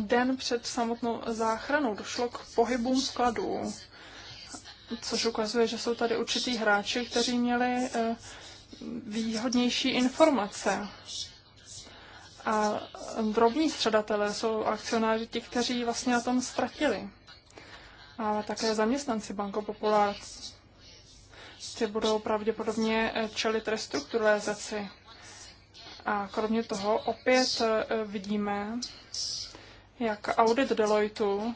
den před samotnou záchranou došlo k pohybům skladů což ukazuje, že jsou tady určitý hráči, kteří měli eh, výhodnější informace. A drobní středatelé jsou akcionáři ti, kteří vlastně na tom ztratili. a také zaměstnanci Banko Populár ty budou pravděpodobně eh, čelit restrukturalizaci. A kromě toho opět eh, vidíme, jak audit Deloitu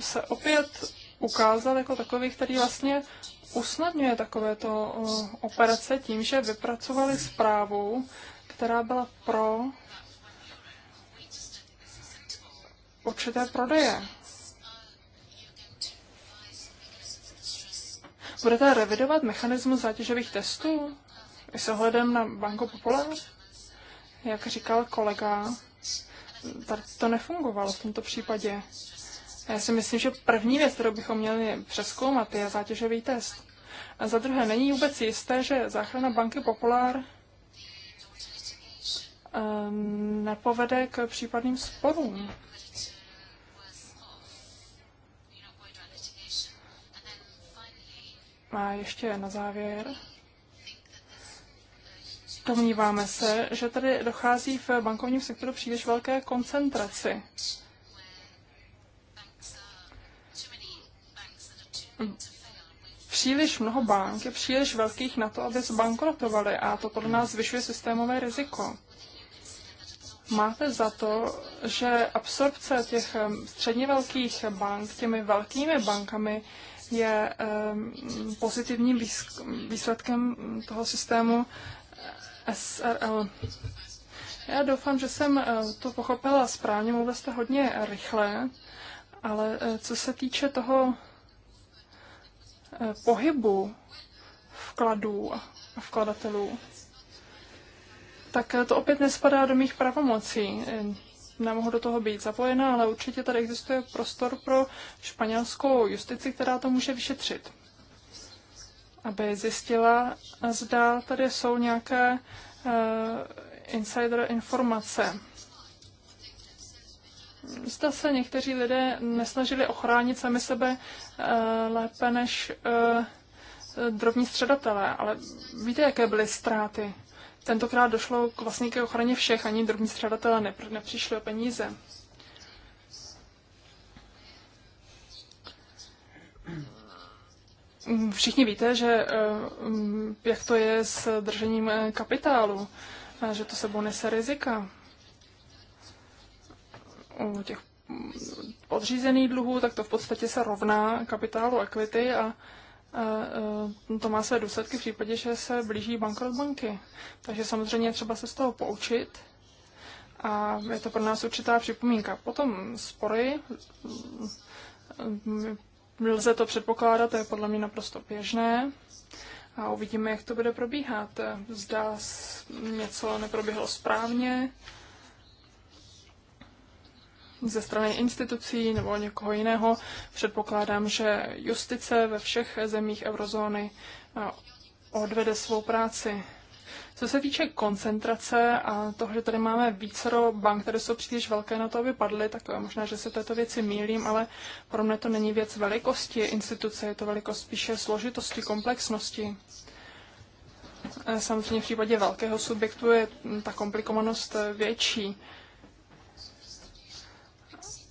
se opět ukázal jako takový, který vlastně usnadňuje takovéto eh, operace tím, že vypracovali zprávu, která byla pro určité prodeje. Budete revidovat mechanismus zátěžových testů i s ohledem na Banco Popular? Jak říkal kolega, tady to nefungovalo v tomto případě. Já si myslím, že první věc, kterou bychom měli přeskoumat, je zátěžový test. A za druhé, není vůbec jisté, že záchrana banky Populár ehm, nepovede k případným sporům. A ještě na závěr. Domníváme se, že tady dochází v bankovním sektoru příliš velké koncentraci. příliš mnoho bank je příliš velkých na to, aby zbankrotovaly a to pro nás zvyšuje systémové riziko. Máte za to, že absorpce těch středně velkých bank těmi velkými bankami je pozitivním výsledkem toho systému eh, SRL? Já doufám, že jsem eh, to pochopila správně, mluvila jste hodně rychle, ale eh, co se týče toho Eh, pohybu vkladů a vkladatelů, tak eh, to opět nespadá do mých pravomocí. Eh, nemohu do toho být zapojena, ale určitě tady existuje prostor pro španělskou justici, která to může vyšetřit. Aby zjistila, zda tady jsou nějaké uh, insider informace zda se někteří lidé nesnažili ochránit sami sebe eh, lépe než eh, drobní středatelé, ale víte, jaké byly ztráty? Tentokrát došlo k vlastně ke ochraně všech, ani drobní středatelé nepr- nepřišli o peníze. Všichni víte, že eh, mm, jak to je s držením kapitálu, že to sebou nese rizika těch podřízených dluhů, tak to v podstatě se rovná kapitálu equity a, e, to má své důsledky v případě, že se blíží bankrot banky. Takže samozřejmě je třeba se z toho poučit a je to pro nás určitá připomínka. Potom spory, lze to předpokládat, to je podle mě naprosto běžné a uvidíme, jak to bude probíhat. Zda něco neproběhlo správně, ze strany institucí nebo někoho jiného. Předpokládám, že justice ve všech zemích eurozóny eh, odvede svou práci. Co se týče koncentrace a toho, že tady máme vícero bank, které jsou příliš velké na to, aby padly, tak eh, možná, že se této věci mílím, ale pro mě to není věc velikosti instituce, je to velikost spíše složitosti, komplexnosti. Eh, samozřejmě v případě velkého subjektu je ta komplikovanost větší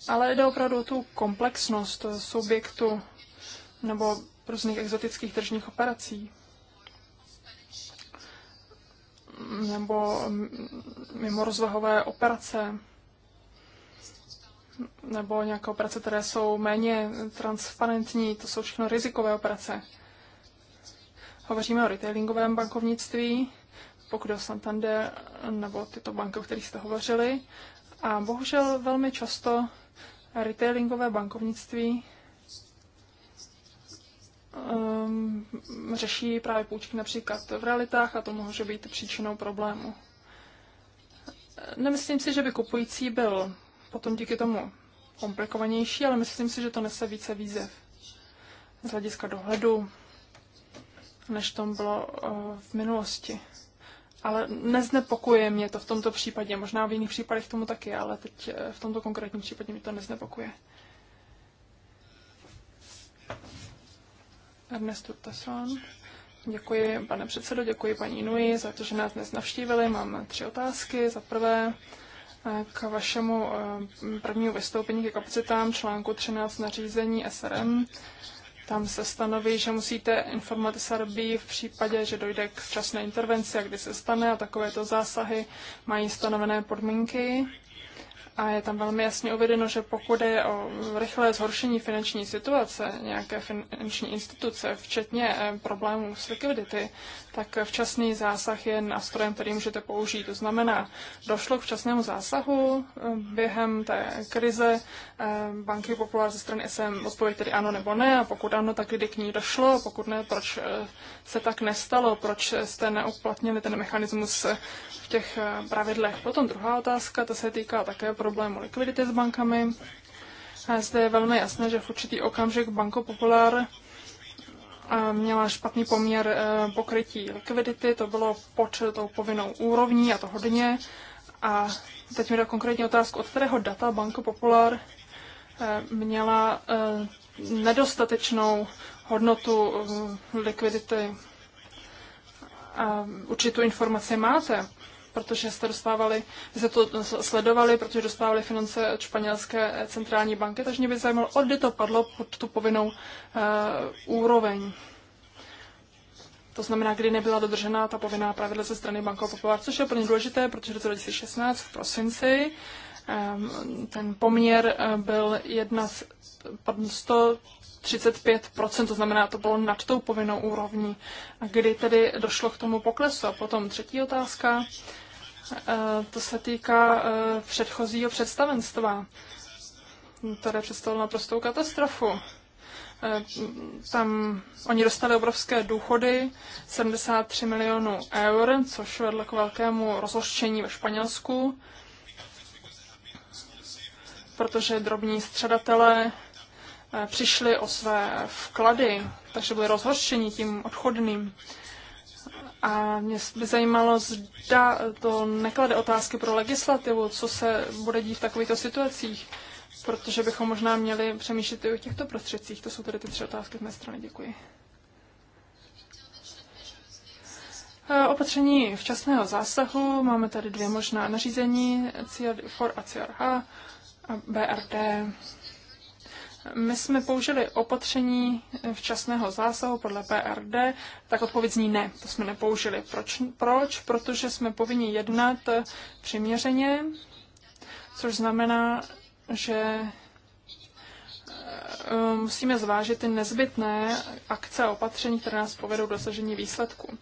ale jde opravdu o tu komplexnost subjektu nebo různých exotických tržních operací nebo mimo rozvahové operace nebo nějaké operace, které jsou méně transparentní, to jsou všechno rizikové operace. Hovoříme o retailingovém bankovnictví, pokud o Santander nebo tyto banky, o kterých jste hovořili. A bohužel velmi často retailingové bankovnictví um, řeší právě půjčky například v realitách a to může být příčinou problému. Nemyslím si, že by kupující byl potom díky tomu komplikovanější, ale myslím si, že to nese více výzev z hlediska dohledu, než tom bylo uh, v minulosti ale neznepokuje mě to v tomto případě. Možná v jiných případech tomu taky, ale teď eh, v tomto konkrétním případě mě to neznepokuje. Ernesto Tesson. Děkuji, pane předsedo, děkuji paní Nui za to, že nás dnes navštívili. Mám tři otázky. Za prvé, eh, k vašemu eh, prvnímu vystoupení ke kapacitám článku 13 nařízení SRM. Tam se stanoví, že musíte informovat Srbii v případě, že dojde k včasné intervenci a kdy se stane a takovéto zásahy mají stanovené podmínky. A je tam velmi jasně uvedeno, že pokud je o rychlé zhoršení finanční situace nějaké finanční instituce, včetně eh, problémů s likvidity, tak včasný zásah je nástrojem, který můžete použít. To znamená, došlo k včasnému zásahu eh, během té krize eh, banky populár ze strany SM odpověď tedy ano nebo ne, a pokud ano, tak kdy k ní došlo, a pokud ne, proč eh, se tak nestalo, proč jste neuplatnili ten mechanismus v těch pravidlech. Potom druhá otázka, ta se týká také problému likvidity s bankami. A zde je velmi jasné, že v určitý okamžik Banko Popular měla špatný poměr eh, pokrytí likvidity, to bylo pod tou povinnou úrovní a to hodně. A teď mi dá konkrétní otázku, od kterého data Banko Popular eh, měla eh, nedostatečnou hodnotu likvidity. A určitou informaci máte protože jste dostávali, vy jste to sledovali, protože dostávali finance od španělské centrální banky, takže mě by zajímalo, odkdy to padlo pod tu povinnou uh, úroveň. To znamená, kdy nebyla dodržena ta povinná pravidla ze strany banka Popular, což je úplně důležité, protože v roce 2016 v prosinci um, ten poměr eh, byl jedna z 100 35%, to znamená, to bylo nad tou povinnou úrovní. A kdy tedy došlo k tomu poklesu? A potom třetí otázka, eh, to se týká eh, předchozího představenstva, které představilo naprostou katastrofu. Eh, tam oni dostali obrovské důchody, 73 milionů eur, což vedlo k velkému rozhořčení ve Španělsku protože drobní středatelé Eh, přišli o své vklady, takže byli rozhoršeni tím odchodným. A mě by zajímalo, zda to neklade otázky pro legislativu, co se bude dít v takovýchto situacích, protože bychom možná měli přemýšlet i o těchto prostředcích. To jsou tedy ty tři otázky z mé strany. Děkuji. Eh, opatření včasného zásahu. Máme tady dvě možná nařízení, CR4 a CRH a BRD. My jsme použili opatření včasného zásahu podle PRD, tak odpověď zní ne, to jsme nepoužili. Proč? Proč? Protože jsme povinni jednat přiměřeně, což znamená, že e, musíme zvážit ty nezbytné akce a opatření, které nás povedou k dosažení výsledku.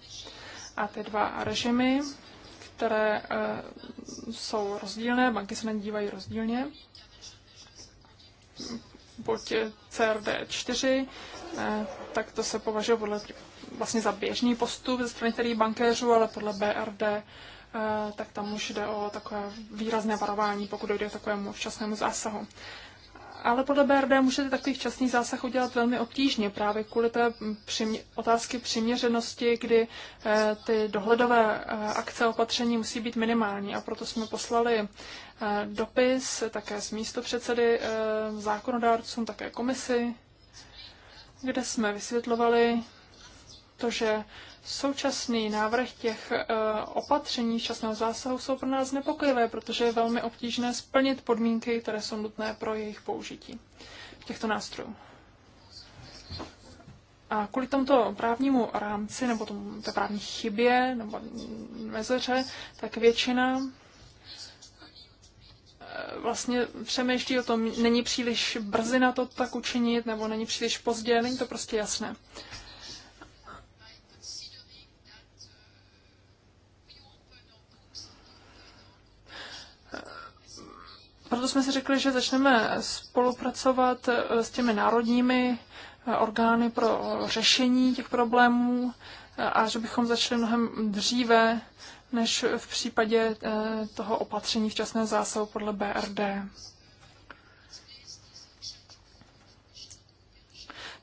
A ty dva režimy, které e, jsou rozdílné, banky se na dívají rozdílně, buď CRD4, eh, tak to se považuje podle vlastně za běžný postup ze strany tedy bankéřů, ale podle BRD eh, tak tam už jde o takové výrazné varování, pokud dojde k takovému včasnému zásahu ale podle BRD můžete takový včasný zásah udělat velmi obtížně právě kvůli té přimě- otázky přiměřenosti, kdy e, ty dohledové e, akce a opatření musí být minimální. A proto jsme poslali e, dopis také z předsedy e, zákonodárcům, také komisi, kde jsme vysvětlovali to, že Současný návrh těch eh, opatření včasného zásahu jsou pro nás nepokojivé, protože je velmi obtížné splnit podmínky, které jsou nutné pro jejich použití těchto nástrojů. A kvůli tomto právnímu rámci nebo tomu, té právní chybě nebo mezeře, tak většina eh, vlastně přemýšlí o tom, není příliš brzy na to tak učinit, nebo není příliš pozdě, není to prostě jasné. Uh, proto jsme si řekli, že začneme spolupracovat eh, s těmi národními eh, orgány pro řešení těch problémů eh, a že bychom začali mnohem dříve než v případě toho opatření včasné zásahu podle BRD.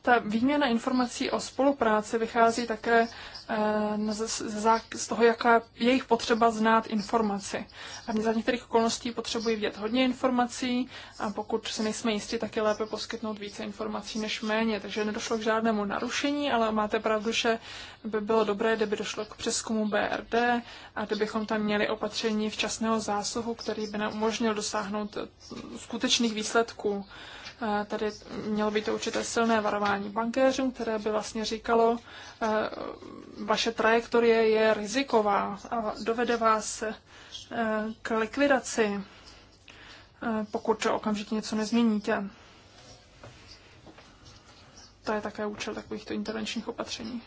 Ta výměna informací o spolupráci vychází také Eh, z toho, jaká je jejich potřeba znát informaci. A za některých okolností potřebují vědět hodně informací a pokud se nejsme jistí, tak je lépe poskytnout více informací než méně. Takže nedošlo k žádnému narušení, ale máte pravdu, že by bylo dobré, kdyby došlo k přeskumu BRD a kdybychom tam měli opatření včasného zásahu, který by nám umožnil dosáhnout eh, skutečných výsledků. Tady mělo být to určité silné varování bankéřům, které by vlastně říkalo, e, vaše trajektorie je riziková a dovede vás e, k likvidaci, e, pokud okamžitě něco nezměníte. To je také účel takovýchto intervenčních opatření.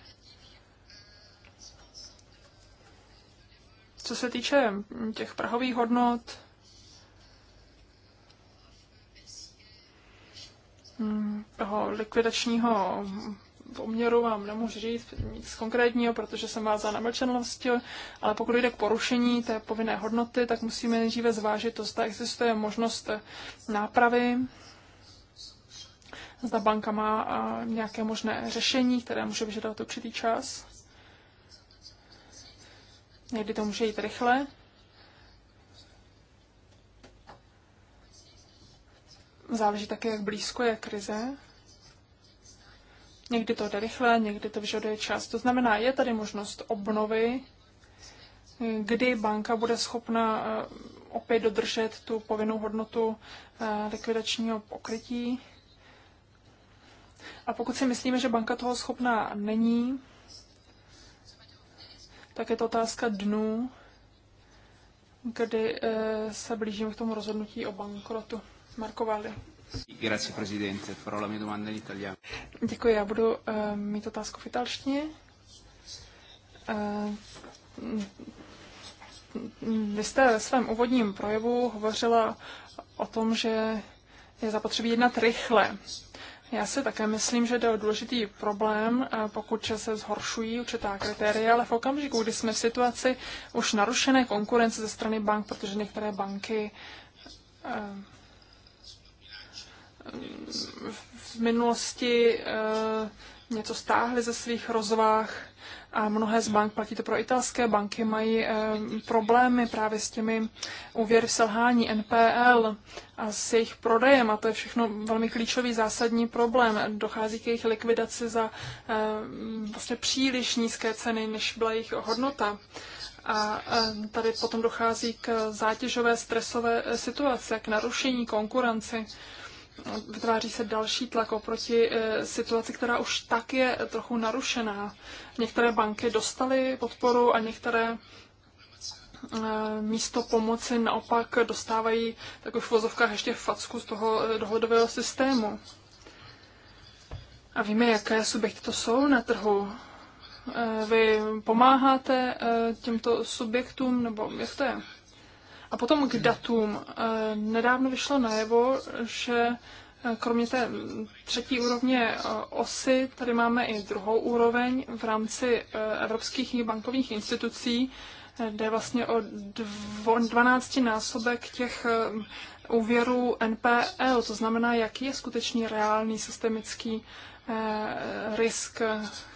Co se týče těch prahových hodnot, toho likvidačního poměru vám nemůžu říct nic konkrétního, protože jsem vás za nemlčenlosti, ale pokud jde k porušení té povinné hodnoty, tak musíme nejdříve zvážit to, zda existuje možnost nápravy, zda banka má nějaké možné řešení, které může vyžadovat určitý čas. Někdy to může jít rychle, záleží také, jak blízko je krize. Někdy to jde rychle, někdy to vyžaduje čas. To znamená, je tady možnost obnovy, kdy banka bude schopna eh, opět dodržet tu povinnou hodnotu eh, likvidačního pokrytí. A pokud si myslíme, že banka toho schopná není, tak je to otázka dnů, kdy eh, se blížíme k tomu rozhodnutí o bankrotu. Marko Grazie, Farò la mia domanda in italiano. Děkuji, já budu uh, mít otázku v italštině. Uh, vy jste ve svém úvodním projevu hovořila o tom, že je zapotřebí jednat rychle. Já si také myslím, že jde o důležitý problém, eh, pokud se zhoršují určitá kritéria, ale v okamžiku, kdy jsme v situaci už narušené konkurence ze strany bank, protože některé banky v minulosti eh, něco stáhli ze svých rozvách a mnohé z bank, platí to pro italské banky, mají eh, problémy právě s těmi úvěry selhání NPL a s jejich prodejem a to je všechno velmi klíčový zásadní problém. Dochází k jejich likvidaci za eh, vlastně příliš nízké ceny, než byla jejich hodnota. A tady potom dochází k zátěžové stresové situaci, k narušení konkurenci vytváří se další tlak oproti e, situaci, která už tak je trochu narušená. Některé banky dostaly podporu a některé e, místo pomoci naopak dostávají už v vozovkách ještě facku z toho e, dohodového systému. A víme, jaké subjekty to jsou na trhu. Vy pomáháte těmto subjektům, nebo jak to je? A potom k datům. Eh, nedávno vyšlo najevo, že eh, kromě té třetí úrovně eh, osy, tady máme i druhou úroveň v rámci evropských bankovních institucí, jde vlastně o 12 násobek těch úvěrů NPL, to znamená, jaký je skutečný reálný systemický risk,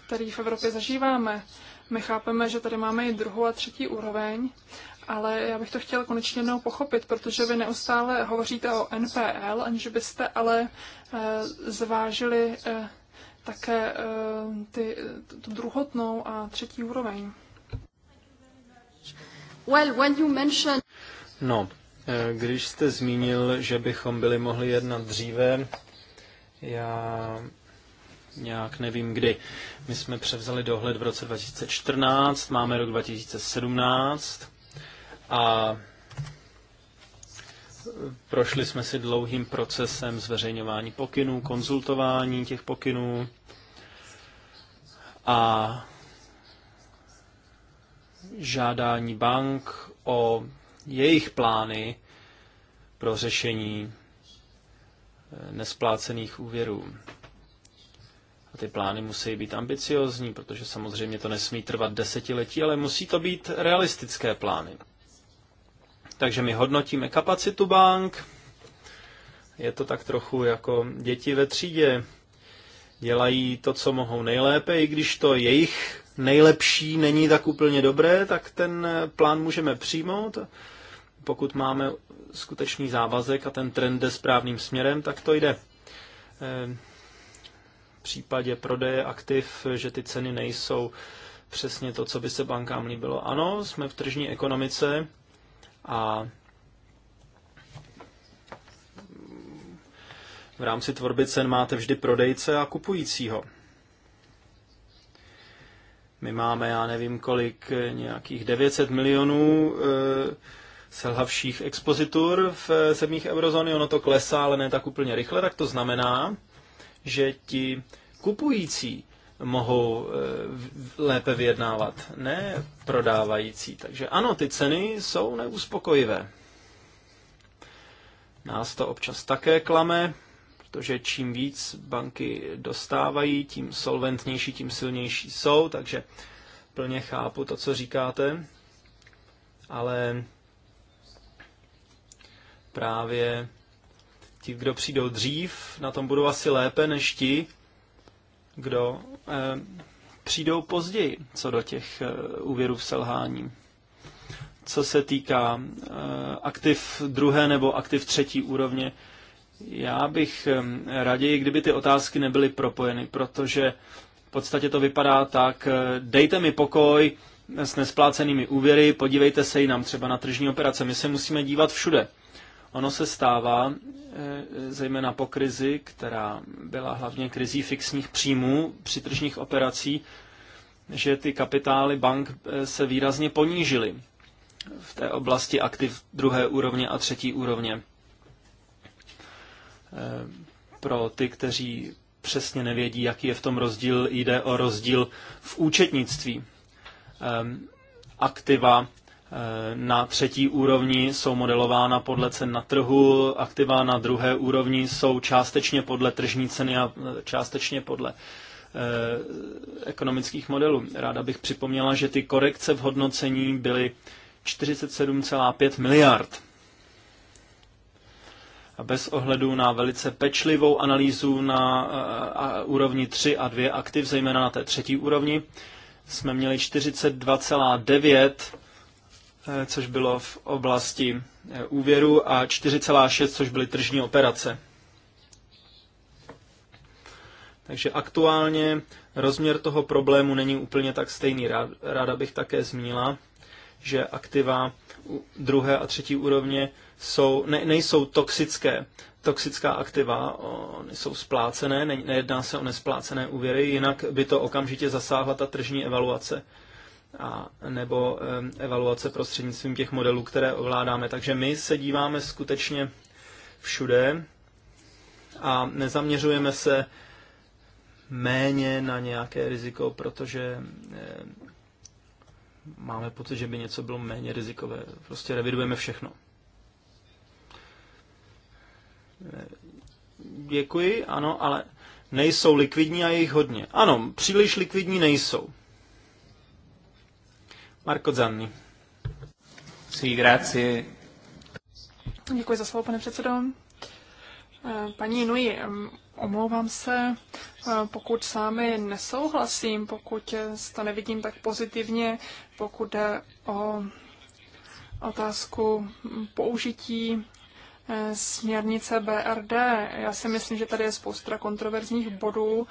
který v Evropě zažíváme. My chápeme, že tady máme i druhou a třetí úroveň ale já bych to chtěla konečně jednou pochopit, protože vy neustále hovoříte o NPL, aniž byste ale eh, zvážili eh, také eh, ty, tu druhotnou a třetí úroveň. Well, when you mention... No, když jste zmínil, že bychom byli mohli jednat dříve, já nějak nevím kdy. My jsme převzali dohled v roce 2014, máme rok 2017 a prošli jsme si dlouhým procesem zveřejňování pokynů, konzultování těch pokynů a žádání bank o jejich plány pro řešení eh, nesplácených úvěrů. A ty plány musí být ambiciozní, protože samozřejmě to nesmí trvat desetiletí, ale musí to být realistické plány. Takže my hodnotíme kapacitu bank, je to tak trochu jako děti ve třídě. Dělají to, co mohou nejlépe, i když to jejich nejlepší není tak úplně dobré, tak ten plán můžeme přijmout. Pokud máme skutečný závazek a ten trend jde správným směrem, tak to jde. V případě prodeje aktiv, že ty ceny nejsou přesně to, co by se bankám líbilo. Ano, jsme v tržní ekonomice, a v rámci tvorby cen máte vždy prodejce a kupujícího. My máme, já nevím kolik, nějakých 900 milionů e, selhavších expozitur v eh, zemích eurozóny. Ono to klesá, ale ne tak úplně rychle, tak to znamená, že ti kupující mohou eh, lépe vyjednávat, ne prodávající. Takže ano, ty ceny jsou neuspokojivé. Nás to občas také klame, protože čím víc banky dostávají, tím solventnější, tím silnější jsou, takže plně chápu to, co říkáte, ale právě ti, kdo přijdou dřív, na tom budou asi lépe než ti, kdo Eh, přijdou později, co do těch eh, úvěrů v selhání. Co se týká eh, aktiv druhé nebo aktiv třetí úrovně, já bych raději, kdyby ty otázky nebyly propojeny, protože v podstatě to vypadá tak, dejte mi pokoj s nesplácenými úvěry, podívejte se jinam třeba na tržní operace. My se musíme dívat všude. Ono se stává, e, zejména po krizi, která byla hlavně krizí fixních příjmů při tržních operací, že ty kapitály bank e, se výrazně ponížily v té oblasti aktiv druhé úrovně a třetí úrovně. E, pro ty, kteří přesně nevědí, jaký je v tom rozdíl, jde o rozdíl v účetnictví. Ehm, aktiva Eh, na třetí úrovni jsou modelována podle cen na trhu, aktiva na druhé úrovni jsou částečně podle tržní ceny a eh, částečně podle eh, ekonomických modelů. Ráda bych připomněla, že ty korekce v hodnocení byly 47,5 miliard. A bez ohledu na velice pečlivou analýzu na úrovni 3 a 2 aktiv, zejména na té třetí úrovni, jsme měli 42,9 Eh, což bylo v oblasti eh, úvěru, a 4,6, což byly tržní operace. Takže aktuálně rozměr toho problému není úplně tak stejný. Ráda bych také zmínila, že aktiva druhé a třetí úrovně jsou, ne, nejsou toxické. Toxická aktiva jsou splácené, ne, nejedná se o nesplácené úvěry, jinak by to okamžitě zasáhla ta tržní evaluace a nebo evaluace prostřednictvím těch modelů, které ovládáme. Takže my se díváme skutečně všude a nezaměřujeme se méně na nějaké riziko, protože máme pocit, že by něco bylo méně rizikové. Prostě revidujeme všechno. Děkuji, ano, ale nejsou likvidní a jejich hodně. Ano, příliš likvidní nejsou. Marko Zanni. Sí, grazie. Děkuji za slovo, pane předsedo. Eh, paní Nui, omlouvám se, eh, pokud s vámi nesouhlasím, pokud to nevidím tak pozitivně, pokud jde o otázku použití eh, směrnice BRD. Já si myslím, že tady je spousta kontroverzních bodů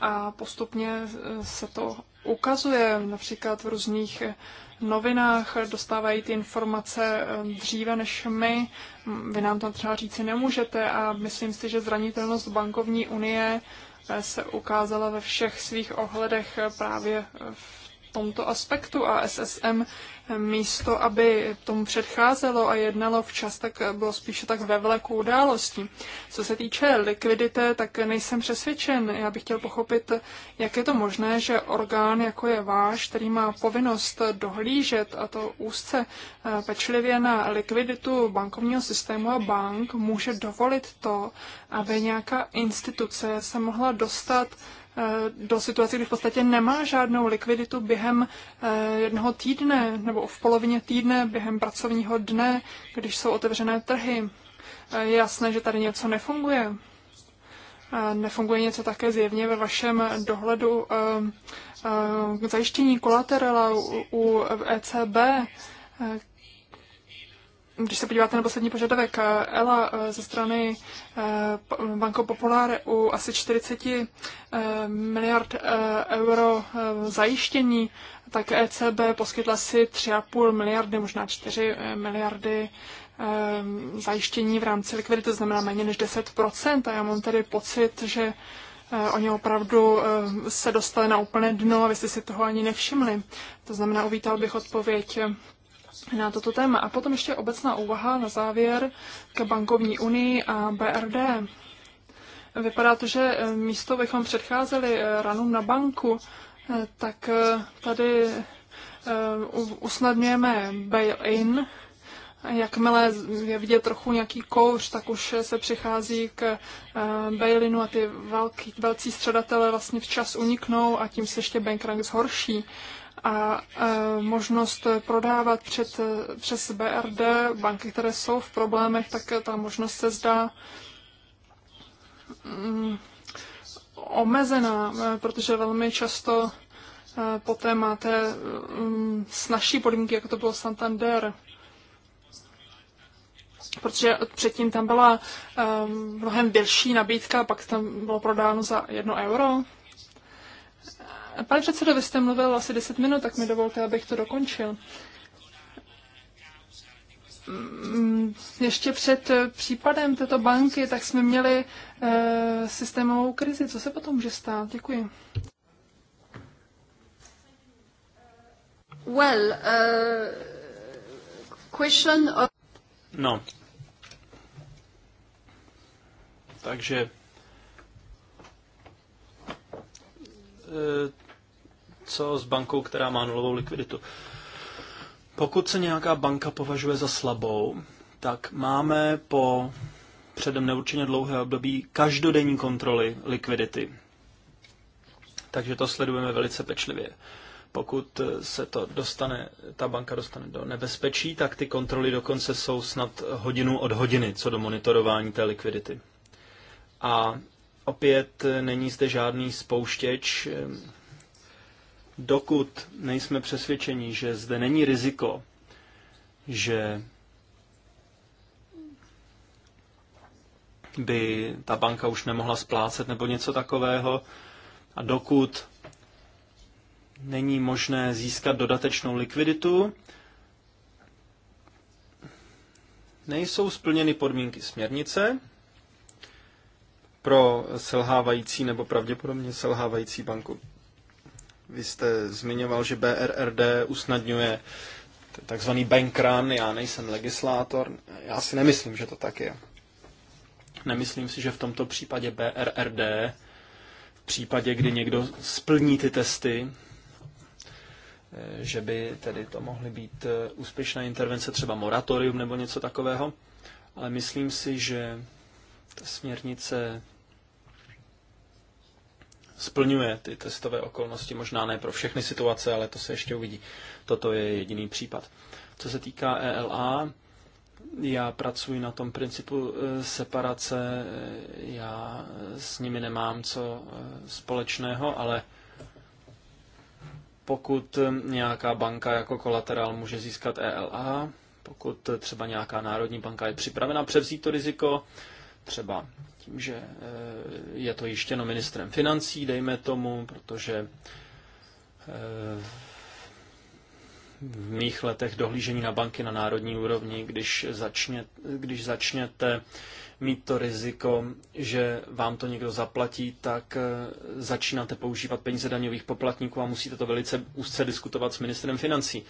a postupně se to ukazuje. Například v různých novinách dostávají ty informace eh, dříve než my. Vy nám tam třeba říci nemůžete a myslím si, že zranitelnost bankovní unie eh, se ukázala ve všech svých ohledech eh, právě v tomto aspektu a SSM místo, aby tomu předcházelo a jednalo včas, tak bylo spíše tak ve vleku událostí. Co se týče likvidity, tak nejsem přesvědčen. Já bych chtěl pochopit, jak je to možné, že orgán, jako je váš, který má povinnost dohlížet a to úzce eh, pečlivě na likviditu bankovního systému a bank, může dovolit to, aby nějaká instituce se mohla dostat Eh, do situace, kdy v podstatě nemá žádnou likviditu během eh, jednoho týdne nebo v polovině týdne, během pracovního dne, když jsou otevřené trhy. Eh, je jasné, že tady něco nefunguje. Nefunguje něco také zjevně ve vašem dohledu k zajištění kolaterala u ECB, když se podíváte na poslední požadavek eh, ELA eh, ze strany eh, Banko Popular u asi 40 miliard euro zajištění, tak ECB poskytla si 3,5 miliardy, možná 4 miliardy zajištění v rámci likvidity, to znamená méně než 10%. A já mám tedy pocit, že Oni opravdu se dostali na úplné dno a vy jste si toho ani nevšimli. To znamená, uvítal bych odpověď na toto téma. A potom ještě obecná úvaha na závěr k bankovní unii a BRD. Vypadá to, že eh, místo bychom předcházeli eh, ranům na banku, eh, tak tady usnadňujeme bail-in. Jakmile je vidět trochu nějaký kouř, tak už se přichází k bailinu a ty velký, velcí středatele vlastně včas uniknou a tím se ještě bankrank zhorší a možnost prodávat před, přes BRD banky, které jsou v problémech, tak ta možnost se zdá mm, omezená, protože velmi často e, poté máte mm, snažší podmínky, jako to bylo Santander. Protože předtím tam byla e, mnohem delší nabídka, pak tam bylo prodáno za jedno euro. Pane předsedo, vy jste mluvil asi 10 minut, tak mi dovolte, abych to dokončil. Mm, ještě před případem této banky, tak jsme měli uh, systémovou krizi. Co se potom může stát? Děkuji. Well, uh, question of... No. Takže eh, co s bankou, která má nulovou likviditu. Pokud se nějaká banka považuje za slabou, tak máme po předem neurčeně dlouhé období každodenní kontroly likvidity. Takže to sledujeme velice pečlivě. Pokud se to dostane, ta banka dostane do nebezpečí, tak ty kontroly dokonce jsou snad hodinu od hodiny, co do monitorování té likvidity. A opět není zde žádný spouštěč, dokud nejsme přesvědčeni, že zde není riziko, že by ta banka už nemohla splácet nebo něco takového, a dokud není možné získat dodatečnou likviditu, nejsou splněny podmínky směrnice pro selhávající nebo pravděpodobně selhávající banku. Vy jste zmiňoval, že BRRD usnadňuje takzvaný bank run. Já nejsem legislátor. Já si nemyslím, že to tak je. Nemyslím si, že v tomto případě BRRD, v případě, kdy někdo splní ty testy, eh, že by tedy to mohly být eh, úspěšné intervence, třeba moratorium nebo něco takového. Ale myslím si, že ta směrnice splňuje ty testové okolnosti. Možná ne pro všechny situace, ale to se ještě uvidí. Toto je jediný případ. Co se týká ELA, já pracuji na tom principu e, separace, e, já s nimi nemám co e, společného, ale pokud nějaká banka jako kolaterál může získat ELA, pokud třeba nějaká národní banka je připravena převzít to riziko, třeba tím, že eh, je to jištěno ministrem financí, dejme tomu, protože eh, v mých letech dohlížení na banky na národní úrovni, když, začně, když začněte mít to riziko, že vám to někdo zaplatí, tak eh, začínáte používat peníze daňových poplatníků a musíte to velice úzce diskutovat s ministrem financí.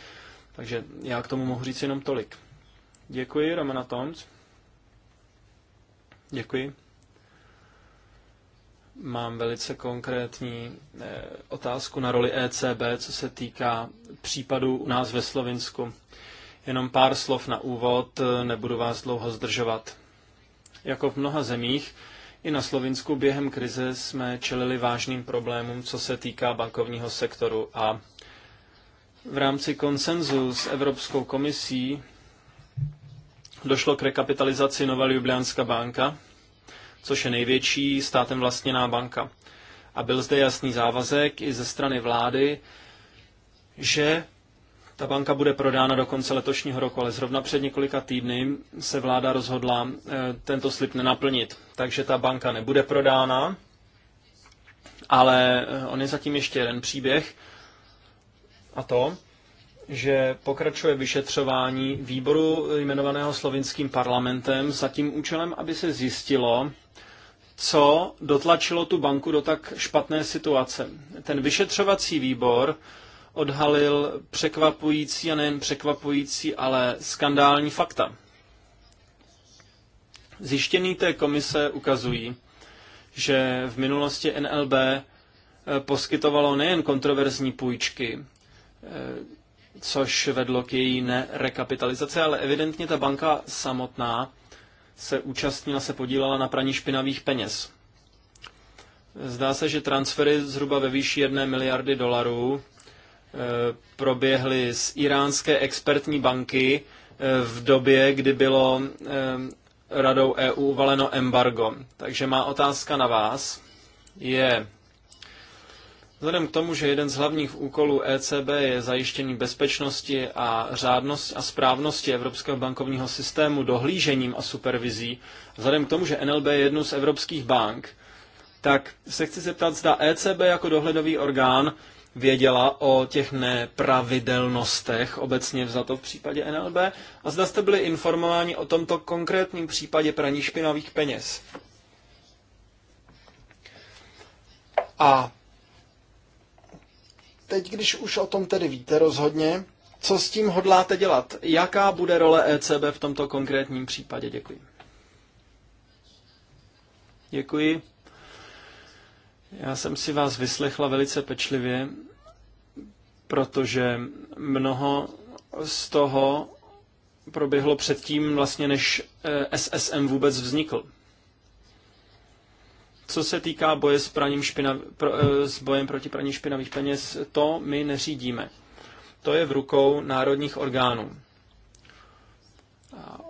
Takže já k tomu mohu říct jenom tolik. Děkuji, Romana Tomc. Děkuji. Mám velice konkrétní eh, otázku na roli ECB, co se týká případů u nás ve Slovinsku. Jenom pár slov na úvod, eh, nebudu vás dlouho zdržovat. Jako v mnoha zemích, i na Slovinsku během krize jsme čelili vážným problémům, co se týká bankovního sektoru a v rámci konsenzu s Evropskou komisí došlo k rekapitalizaci Nova Ljubljanska banka, což je největší státem vlastněná banka. A byl zde jasný závazek i ze strany vlády, že ta banka bude prodána do konce letošního roku, ale zrovna před několika týdny se vláda rozhodla eh, tento slib nenaplnit. Takže ta banka nebude prodána, ale eh, on je zatím ještě jeden příběh. A to, že pokračuje vyšetřování výboru jmenovaného slovinským parlamentem za tím účelem, aby se zjistilo, co dotlačilo tu banku do tak špatné situace. Ten vyšetřovací výbor odhalil překvapující a nejen překvapující, ale skandální fakta. Zjištění té komise ukazují, že v minulosti NLB eh, poskytovalo nejen kontroverzní půjčky, eh, což vedlo k její nerekapitalizaci, ale evidentně ta banka samotná se účastnila, se podílela na praní špinavých peněz. Zdá se, že transfery zhruba ve výši jedné miliardy dolarů eh, proběhly z iránské expertní banky eh, v době, kdy bylo eh, radou EU uvaleno embargo. Takže má otázka na vás je, Vzhledem k tomu, že jeden z hlavních úkolů ECB je zajištění bezpečnosti a řádnost a správnosti evropského bankovního systému dohlížením a supervizí, vzhledem k tomu, že NLB je jednou z evropských bank, tak se chci zeptat, zda ECB jako dohledový orgán věděla o těch nepravidelnostech obecně vzato v případě NLB a zda jste byli informováni o tomto konkrétním případě praní špinavých peněz. A Teď, když už o tom tedy víte rozhodně, co s tím hodláte dělat? Jaká bude role ECB v tomto konkrétním případě? Děkuji. Děkuji. Já jsem si vás vyslechla velice pečlivě, protože mnoho z toho proběhlo předtím, vlastně než eh, SSM vůbec vznikl. Co se týká boje s, praním špinav, pro, eh, s bojem proti praní špinavých peněz, to my neřídíme. To je v rukou národních orgánů.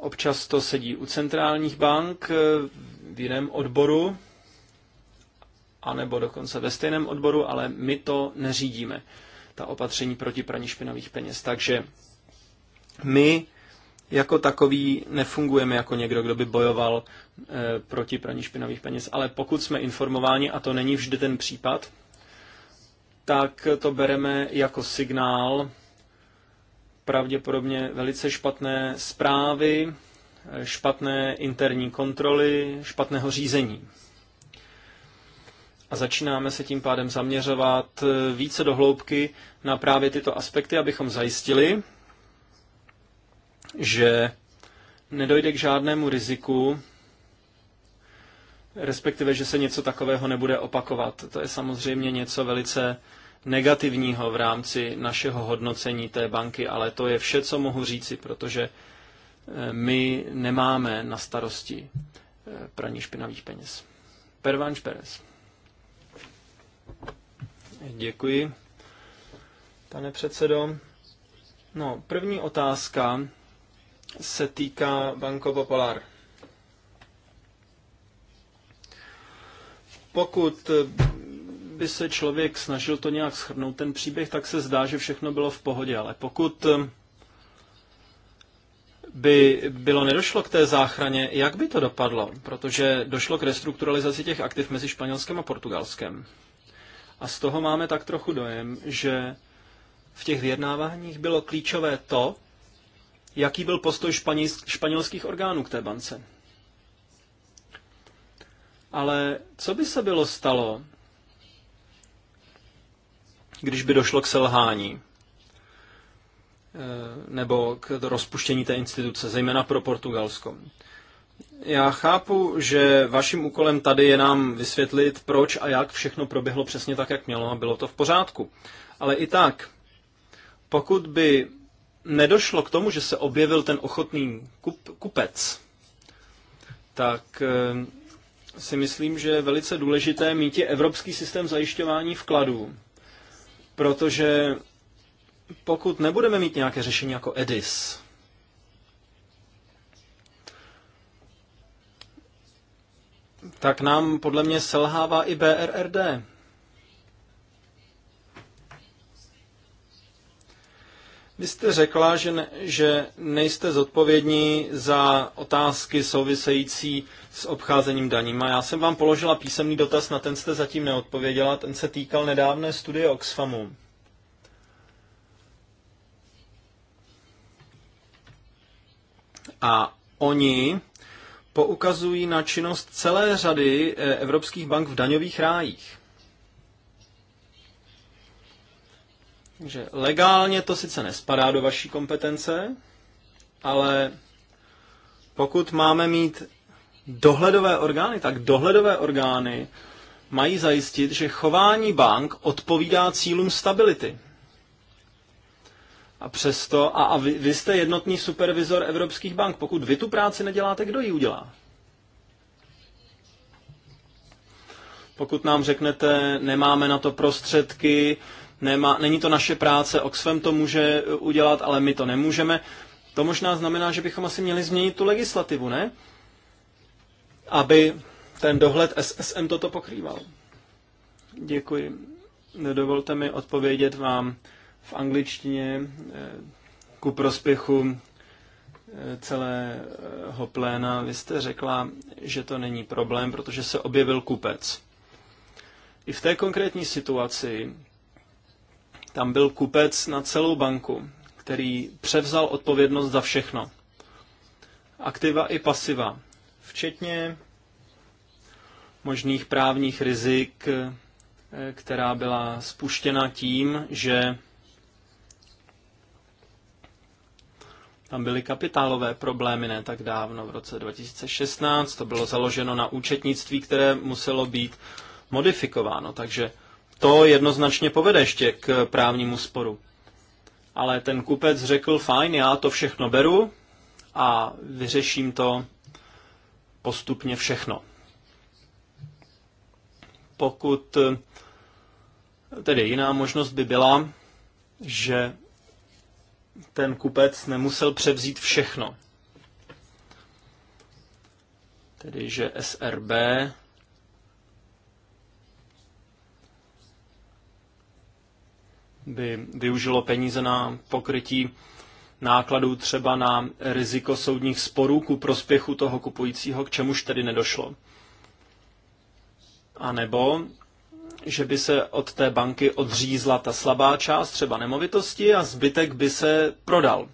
Občas to sedí u centrálních bank eh, v jiném odboru, anebo dokonce ve stejném odboru, ale my to neřídíme, ta opatření proti praní špinavých peněz. Takže my jako takový nefungujeme jako někdo, kdo by bojoval Eh, proti praní špinavých peněz. Ale pokud jsme informováni, a to není vždy ten případ, tak to bereme jako signál pravděpodobně velice špatné zprávy, eh, špatné interní kontroly, špatného řízení. A začínáme se tím pádem zaměřovat eh, více do hloubky na právě tyto aspekty, abychom zajistili, že nedojde k žádnému riziku respektive, že se něco takového nebude opakovat. To je samozřejmě něco velice negativního v rámci našeho hodnocení té banky, ale to je vše, co mohu říci, protože eh, my nemáme na starosti eh, praní špinavých peněz. Pervanš Perez. Děkuji, pane předsedo. No, první otázka se týká Banco Popular. pokud by se člověk snažil to nějak schrnout, ten příběh, tak se zdá, že všechno bylo v pohodě, ale pokud eh, by bylo nedošlo k té záchraně, jak by to dopadlo? Protože došlo k restrukturalizaci těch aktiv mezi Španělskem a Portugalskem. A z toho máme tak trochu dojem, že v těch vyjednáváních bylo klíčové to, jaký byl postoj španělských orgánů k té bance. Ale co by se bylo stalo, když by došlo k selhání eh, nebo k rozpuštění té instituce, zejména pro Portugalsko? Já chápu, že vaším úkolem tady je nám vysvětlit, proč a jak všechno proběhlo přesně tak, jak mělo a bylo to v pořádku. Ale i tak, pokud by nedošlo k tomu, že se objevil ten ochotný kup, kupec, tak eh, si myslím, že je velice důležité mít evropský systém zajišťování vkladů, protože pokud nebudeme mít nějaké řešení jako EDIS, tak nám podle mě selhává i BRRD. Vy jste řekla, že, ne, že nejste zodpovědní za otázky související s obcházením daní. A já jsem vám položila písemný dotaz, na ten jste zatím neodpověděla, ten se týkal nedávné studie Oxfamu. A oni poukazují na činnost celé řady eh, evropských bank v daňových rájích. že legálně to sice nespadá do vaší kompetence, ale pokud máme mít dohledové orgány, tak dohledové orgány mají zajistit, že chování bank odpovídá cílům stability. A přesto, a, a vy, vy jste jednotný supervizor evropských bank. Pokud vy tu práci neděláte, kdo ji udělá? Pokud nám řeknete, nemáme na to prostředky, Nemá, není to naše práce, Oxfam to může eh, udělat, ale my to nemůžeme. To možná znamená, že bychom asi měli změnit tu legislativu, ne? Aby ten dohled SSM toto pokrýval. Děkuji. Dovolte mi odpovědět vám v angličtině eh, ku prospěchu eh, celého pléna. Vy jste řekla, že to není problém, protože se objevil kupec. I v té konkrétní situaci tam byl kupec na celou banku, který převzal odpovědnost za všechno. Aktiva i pasiva, včetně možných právních rizik, eh, která byla spuštěna tím, že Tam byly kapitálové problémy ne tak dávno, v roce 2016. To bylo založeno na účetnictví, které muselo být modifikováno. Takže to jednoznačně povede ještě k právnímu sporu. Ale ten kupec řekl, fajn, já to všechno beru a vyřeším to postupně všechno. Pokud tedy jiná možnost by byla, že ten kupec nemusel převzít všechno. Tedy, že SRB by využilo peníze na pokrytí nákladů třeba na riziko soudních sporů ku prospěchu toho kupujícího, k čemuž tedy nedošlo. A nebo, že by se od té banky odřízla ta slabá část, třeba nemovitosti, a zbytek by se prodal.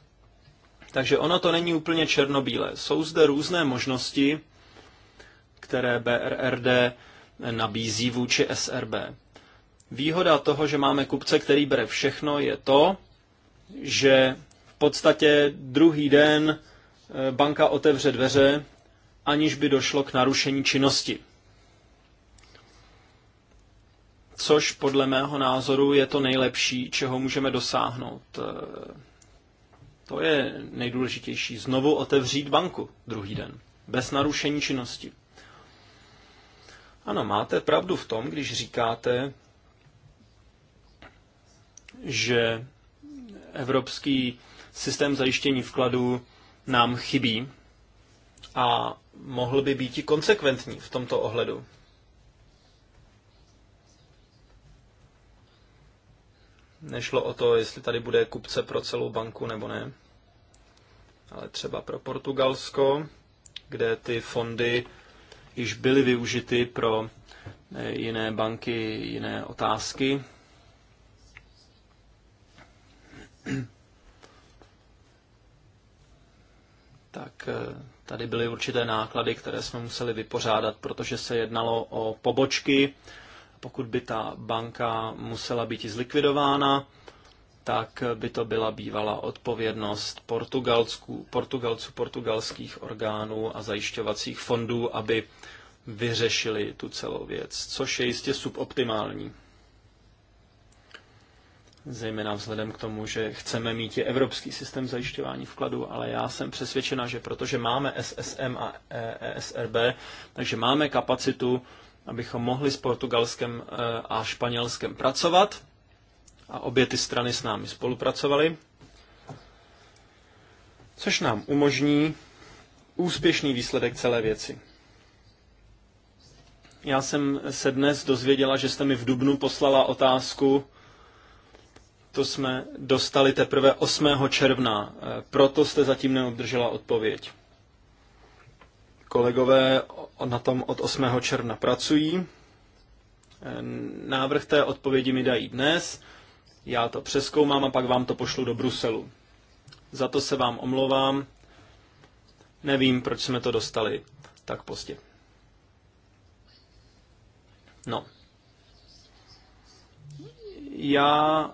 Takže ono to není úplně černobílé. Jsou zde různé možnosti, které BRRD nabízí vůči SRB. Výhoda toho, že máme kupce, který bere všechno, je to, že v podstatě druhý den eh, banka otevře dveře, aniž by došlo k narušení činnosti. Což podle mého názoru je to nejlepší, čeho můžeme dosáhnout. Eh, to je nejdůležitější. Znovu otevřít banku druhý den, bez narušení činnosti. Ano, máte pravdu v tom, když říkáte, že evropský systém zajištění vkladů nám chybí a mohl by být i konsekventní v tomto ohledu. Nešlo o to, jestli tady bude kupce pro celou banku nebo ne, ale třeba pro Portugalsko, kde ty fondy již byly využity pro jiné banky, jiné otázky, tak eh, tady byly určité náklady, které jsme museli vypořádat, protože se jednalo o pobočky. Pokud by ta banka musela být zlikvidována, tak by to byla bývala odpovědnost Portugalců, Portugalců, portugalských orgánů a zajišťovacích fondů, aby vyřešili tu celou věc, což je jistě suboptimální zejména vzhledem k tomu, že chceme mít i evropský systém zajišťování vkladu, ale já jsem přesvědčena, že protože máme SSM a ESRB, takže máme kapacitu, abychom mohli s Portugalskem eh, a Španělskem pracovat a obě ty strany s námi spolupracovaly, což nám umožní úspěšný výsledek celé věci. Já jsem se dnes dozvěděla, že jste mi v Dubnu poslala otázku, to jsme dostali teprve 8. června, e, proto jste zatím neobdržela odpověď. Kolegové na tom od 8. června pracují. E, návrh té odpovědi mi dají dnes, já to přeskoumám a pak vám to pošlu do Bruselu. Za to se vám omlouvám. Nevím, proč jsme to dostali tak pozdě. No. Já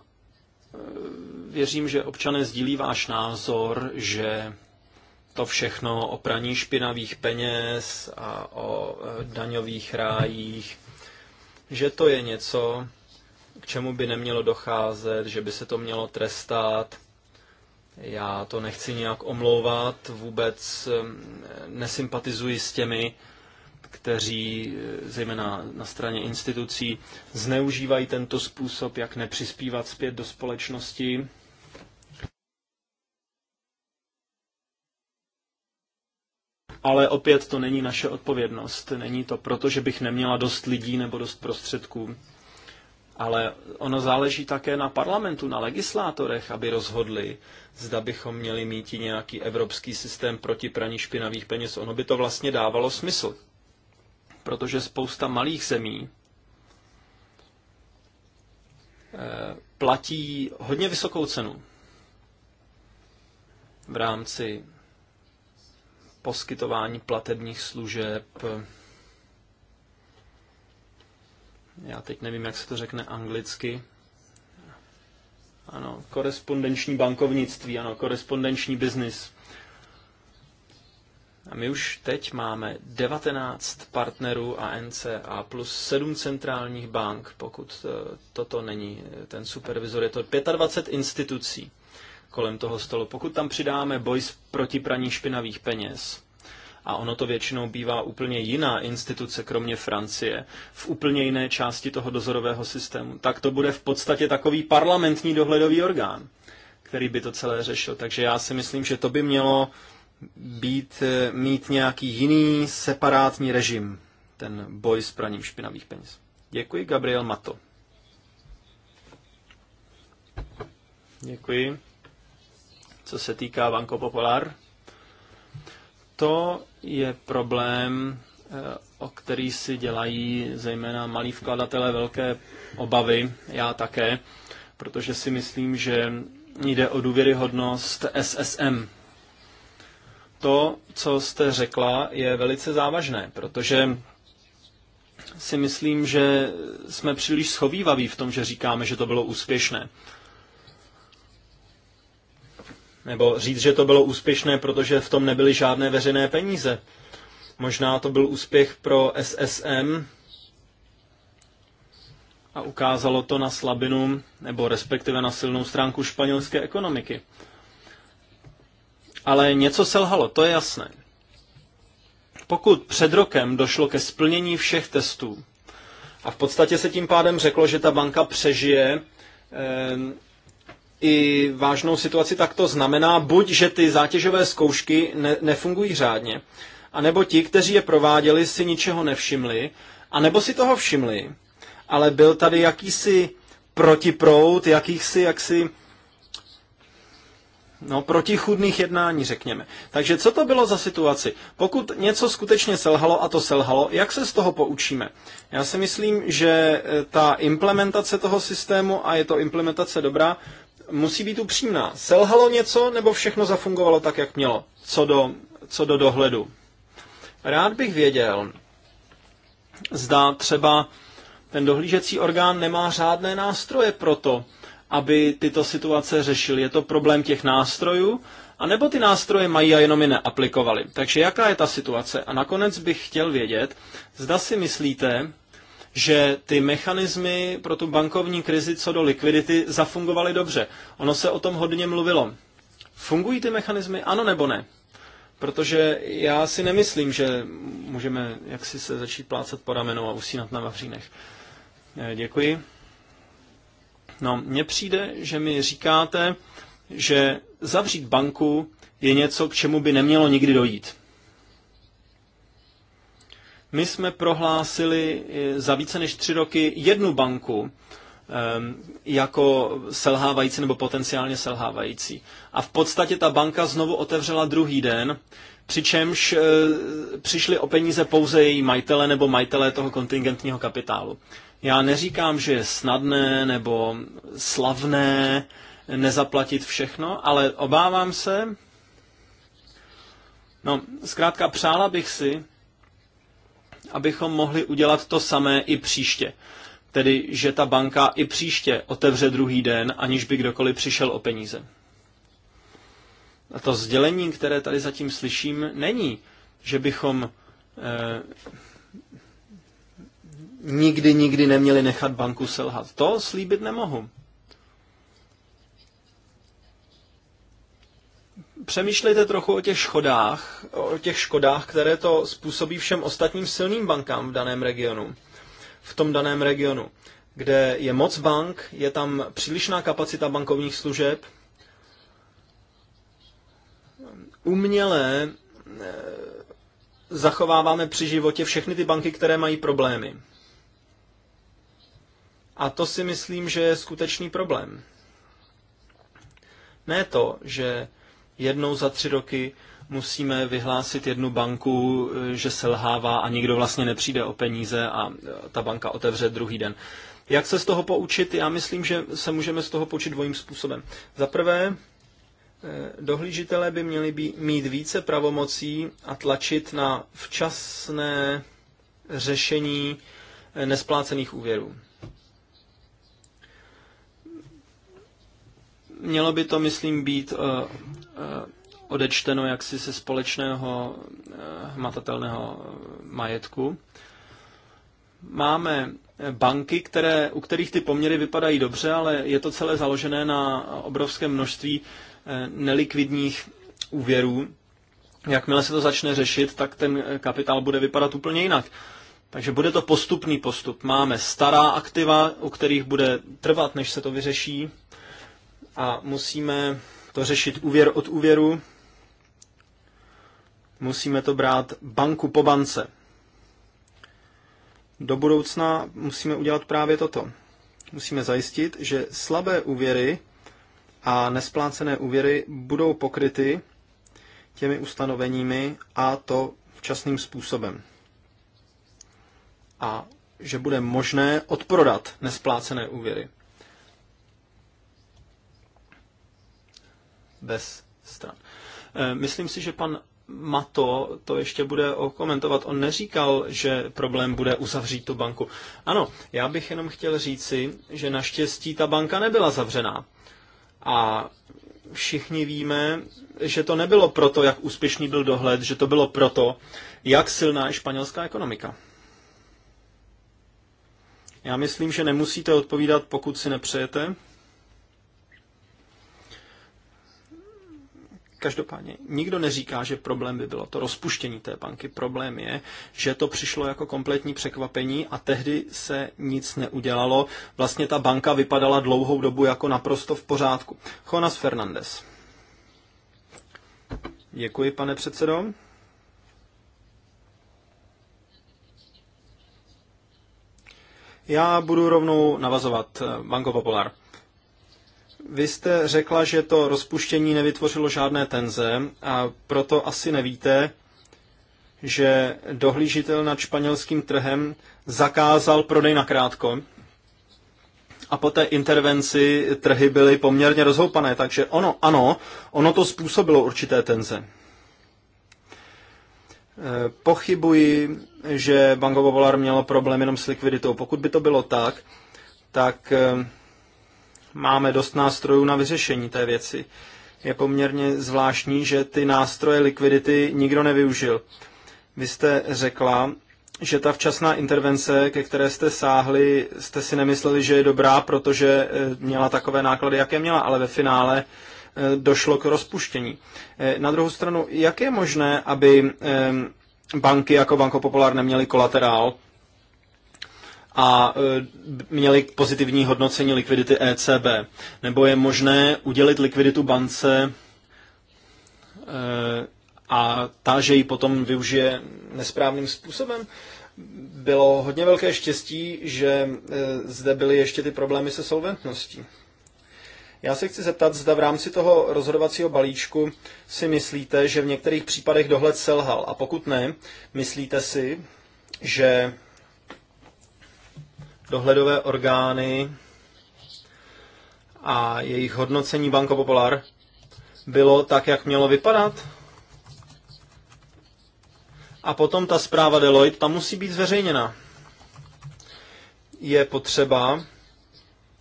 věřím, že občané sdílí váš názor, že to všechno o praní špinavých peněz a o e, daňových rájích, že to je něco, k čemu by nemělo docházet, že by se to mělo trestat. Já to nechci nějak omlouvat, vůbec e, nesympatizuji s těmi, kteří eh, zejména na straně institucí zneužívají tento způsob, jak nepřispívat zpět do společnosti. Ale opět to není naše odpovědnost. Není to proto, že bych neměla dost lidí nebo dost prostředků. Ale ono záleží také na parlamentu, na legislátorech, aby rozhodli, zda bychom měli mít nějaký evropský systém proti praní špinavých peněz. Ono by to vlastně dávalo smysl protože spousta malých zemí eh, platí hodně vysokou cenu v rámci poskytování platebních služeb. Já teď nevím, jak se to řekne anglicky. Ano, korespondenční bankovnictví, ano, korespondenční biznis. A my už teď máme 19 partnerů a plus 7 centrálních bank, pokud eh, toto není eh, ten supervizor. Je to 25 institucí kolem toho stolu. Pokud tam přidáme boj proti praní špinavých peněz, a ono to většinou bývá úplně jiná instituce, kromě Francie, v úplně jiné části toho dozorového systému, tak to bude v podstatě takový parlamentní dohledový orgán, který by to celé řešil. Takže já si myslím, že to by mělo být, eh, mít nějaký jiný separátní režim, ten boj s praním špinavých peněz. Děkuji, Gabriel Mato. Děkuji. Co se týká Banco Popular, to je problém, eh, o který si dělají zejména malí vkladatelé velké obavy, já také, protože si myslím, že jde o důvěryhodnost SSM, to, co jste řekla, je velice závažné, protože si myslím, že jsme příliš schovývaví v tom, že říkáme, že to bylo úspěšné. Nebo říct, že to bylo úspěšné, protože v tom nebyly žádné veřejné peníze. Možná to byl úspěch pro SSM a ukázalo to na slabinu, nebo respektive na silnou stránku španělské ekonomiky. Ale něco selhalo, to je jasné. Pokud před rokem došlo ke splnění všech testů a v podstatě se tím pádem řeklo, že ta banka přežije ehm, i vážnou situaci, tak to znamená buď, že ty zátěžové zkoušky ne- nefungují řádně, anebo ti, kteří je prováděli, si ničeho nevšimli, anebo si toho všimli, ale byl tady jakýsi protiprout, jakýchsi jaksi no, protichudných jednání, řekněme. Takže co to bylo za situaci? Pokud něco skutečně selhalo a to selhalo, jak se z toho poučíme? Já si myslím, že eh, ta implementace toho systému, a je to implementace dobrá, musí být upřímná. Selhalo něco nebo všechno zafungovalo tak, jak mělo? Co do, co do dohledu? Rád bych věděl, zda třeba ten dohlížecí orgán nemá řádné nástroje pro to, aby tyto situace řešili? Je to problém těch nástrojů? A nebo ty nástroje mají a jenom je neaplikovali? Takže jaká je ta situace? A nakonec bych chtěl vědět, zda si myslíte, že ty mechanismy pro tu bankovní krizi co do likvidity zafungovaly dobře. Ono se o tom hodně mluvilo. Fungují ty mechanismy? Ano nebo ne? Protože já si nemyslím, že můžeme jaksi se začít plácat po ramenu a usínat na vavřínech. Eh, děkuji. No, mně přijde, že mi říkáte, že zavřít banku je něco, k čemu by nemělo nikdy dojít. My jsme prohlásili eh, za více než tři roky jednu banku eh, jako selhávající nebo potenciálně selhávající. A v podstatě ta banka znovu otevřela druhý den, přičemž eh, přišli o peníze pouze její majitele nebo majitele toho kontingentního kapitálu. Já neříkám, že je snadné nebo slavné nezaplatit všechno, ale obávám se, no, zkrátka přála bych si, abychom mohli udělat to samé i příště. Tedy, že ta banka i příště otevře druhý den, aniž by kdokoliv přišel o peníze. A to sdělení, které tady zatím slyším, není, že bychom eh, nikdy, nikdy neměli nechat banku selhat. To slíbit nemohu. Přemýšlejte trochu o těch škodách, o těch škodách, které to způsobí všem ostatním silným bankám v daném regionu. V tom daném regionu, kde je moc bank, je tam přílišná kapacita bankovních služeb, uměle eh, zachováváme při životě všechny ty banky, které mají problémy. A to si myslím, že je skutečný problém. Ne to, že jednou za tři roky musíme vyhlásit jednu banku, eh, že selhává a nikdo vlastně nepřijde o peníze a eh, ta banka otevře druhý den. Jak se z toho poučit? Já myslím, že se můžeme z toho poučit dvojím způsobem. Za prvé, eh, dohlížitelé by měli být, mít více pravomocí a tlačit na včasné řešení nesplácených úvěrů. Mělo by to, myslím, být eh, eh, odečteno jaksi se společného eh, hmatatelného majetku. Máme banky, které, u kterých ty poměry vypadají dobře, ale je to celé založené na obrovském množství nelikvidních úvěrů. Jakmile se to začne řešit, tak ten kapitál bude vypadat úplně jinak. Takže bude to postupný postup. Máme stará aktiva, u kterých bude trvat, než se to vyřeší a musíme to řešit úvěr od úvěru. Musíme to brát banku po bance. Do budoucna musíme udělat právě toto. Musíme zajistit, že slabé úvěry a nesplácené úvěry budou pokryty těmi ustanoveními a to včasným způsobem. A že bude možné odprodat nesplácené úvěry. bez stran. Eh, myslím si, že pan Mato to ještě bude komentovat. On neříkal, že problém bude uzavřít tu banku. Ano, já bych jenom chtěl říci, že naštěstí ta banka nebyla zavřená. A všichni víme, že to nebylo proto, jak úspěšný byl dohled, že to bylo proto, jak silná je španělská ekonomika. Já myslím, že nemusíte odpovídat, pokud si nepřejete. Každopádně nikdo neříká, že problém by bylo to rozpuštění té banky. Problém je, že to přišlo jako kompletní překvapení a tehdy se nic neudělalo. Vlastně ta banka vypadala dlouhou dobu jako naprosto v pořádku. Jonas Fernandez. Děkuji, pane předsedo. Já budu rovnou navazovat eh, Banko Popular. Vy jste řekla, že to rozpuštění nevytvořilo žádné tenze a proto asi nevíte, že dohlížitel nad španělským trhem zakázal prodej na krátko a po té intervenci trhy byly poměrně rozhoupané, takže ono, ano, ono to způsobilo určité tenze. Eh, pochybuji, že Bank volar mělo problém jenom s likviditou. Pokud by to bylo tak, tak eh, máme dost nástrojů na vyřešení té věci. Je poměrně zvláštní, že ty nástroje likvidity nikdo nevyužil. Vy jste řekla, že ta včasná intervence, ke které jste sáhli, jste si nemysleli, že je dobrá, protože eh, měla takové náklady, jaké měla, ale ve finále eh, došlo k rozpuštění. Eh, na druhou stranu, jak je možné, aby banky jako Banko Popular neměly kolaterál, a e, měli pozitivní hodnocení likvidity ECB. Nebo je možné udělit likviditu bance e, a ta, že ji potom využije nesprávným způsobem. Bylo hodně velké štěstí, že e, zde byly ještě ty problémy se solventností. Já se chci zeptat, zda v rámci toho rozhodovacího balíčku si myslíte, že v některých případech dohled selhal. A pokud ne, myslíte si, že dohledové orgány a jejich hodnocení Banco Popular bylo tak, jak mělo vypadat? A potom ta zpráva Deloitte, ta musí být zveřejněna. Je potřeba,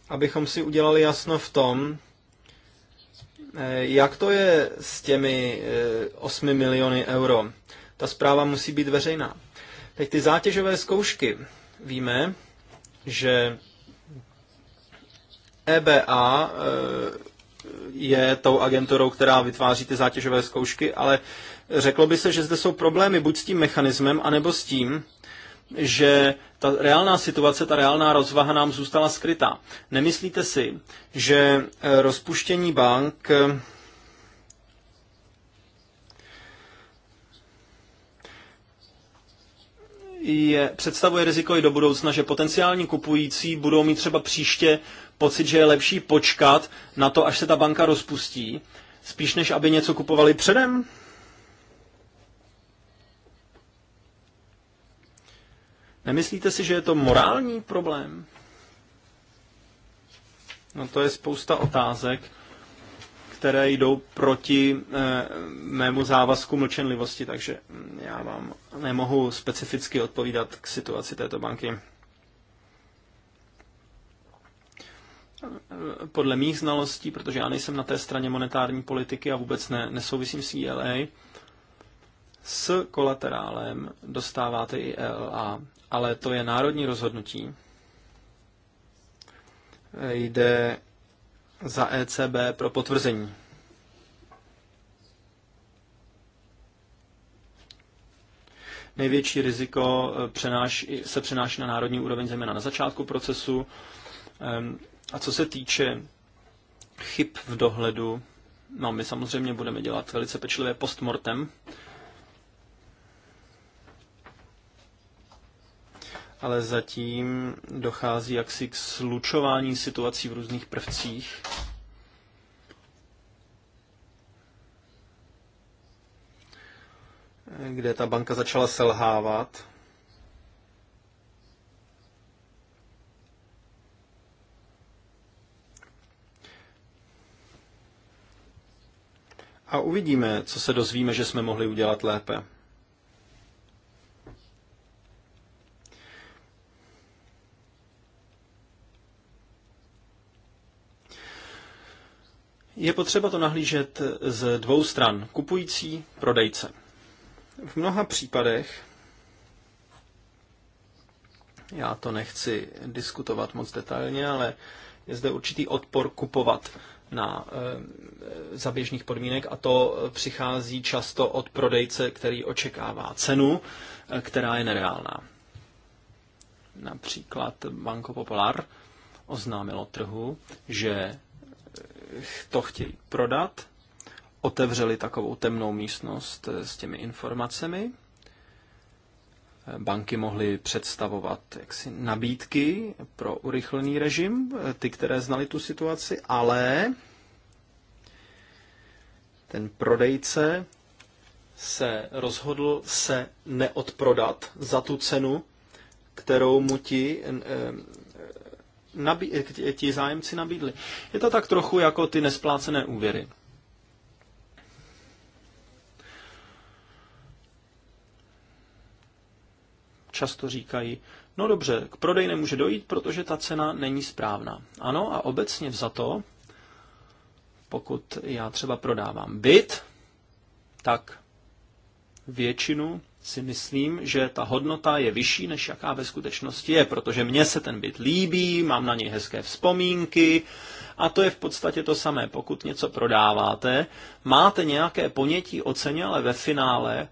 abychom si udělali jasno v tom, eh, jak to je s těmi 8 eh, miliony euro? Ta zpráva musí být veřejná. Teď ty zátěžové zkoušky. Víme, že EBA e, je tou agenturou, která vytváří ty zátěžové zkoušky, ale řeklo by se, že zde jsou problémy buď s tím mechanismem, anebo s tím, že ta reálná situace, ta reálná rozvaha nám zůstala skrytá. Nemyslíte si, že e, rozpuštění bank je, představuje riziko i do budoucna, že potenciální kupující budou mít třeba příště pocit, že je lepší počkat na to, až se ta banka rozpustí, spíš než aby něco kupovali předem? Nemyslíte si, že je to morální problém? No to je spousta otázek které jdou proti eh, mému závazku mlčenlivosti, takže hm, já vám nemohu specificky odpovídat k situaci této banky. Podle mých znalostí, protože já nejsem na té straně monetární politiky a vůbec ne, nesouvisím s ELA, s kolaterálem dostáváte i ELA, ale to je národní rozhodnutí. Jde za ECB pro potvrzení. Největší riziko eh, přenáší, se přenáší na národní úroveň, zejména na začátku procesu. Ehm, a co se týče chyb v dohledu, no my samozřejmě budeme dělat velice pečlivé postmortem, ale zatím dochází jaksi k slučování situací v různých prvcích. kde ta banka začala selhávat. A uvidíme, co se dozvíme, že jsme mohli udělat lépe. Je potřeba to nahlížet z dvou stran. Kupující, prodejce. V mnoha případech, já to nechci diskutovat moc detailně, ale je zde určitý odpor kupovat na e, za běžných podmínek a to přichází často od prodejce, který očekává cenu, e, která je nereálná. Například Banco Popular oznámilo trhu, že to chtějí prodat, otevřeli takovou temnou místnost eh, s těmi informacemi. Eh, banky mohly představovat jaksi nabídky pro urychlený režim, eh, ty, které znali tu situaci, ale ten prodejce se rozhodl se neodprodat za tu cenu, kterou mu ti nabí- eh, ti zájemci nabídli. Je to tak trochu jako ty nesplácené úvěry. Často říkají, no dobře, k prodeji nemůže dojít, protože ta cena není správná. Ano, a obecně vzato, pokud já třeba prodávám byt, tak většinu si myslím, že ta hodnota je vyšší, než jaká ve skutečnosti je, protože mně se ten byt líbí, mám na něj hezké vzpomínky a to je v podstatě to samé. Pokud něco prodáváte, máte nějaké ponětí o ceně, ale ve finále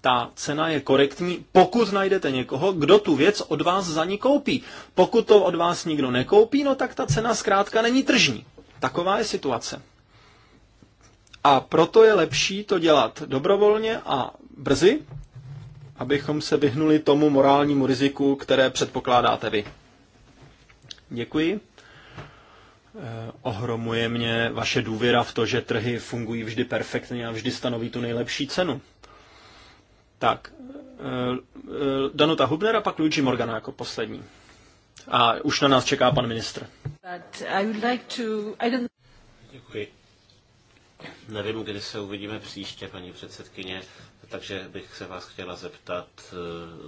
ta cena je korektní, pokud najdete někoho, kdo tu věc od vás za ní koupí. Pokud to od vás nikdo nekoupí, no tak ta cena zkrátka není tržní. Taková je situace. A proto je lepší to dělat dobrovolně a brzy, abychom se vyhnuli tomu morálnímu riziku, které předpokládáte vy. Děkuji. Eh, ohromuje mě vaše důvěra v to, že trhy fungují vždy perfektně a vždy stanoví tu nejlepší cenu. Tak, eh, eh, Danuta Hubner a pak Luigi Morgana jako poslední. A už na nás čeká pan ministr. Like to... Děkuji. Nevím, kdy se uvidíme příště, paní předsedkyně, takže bych se vás chtěla zeptat eh,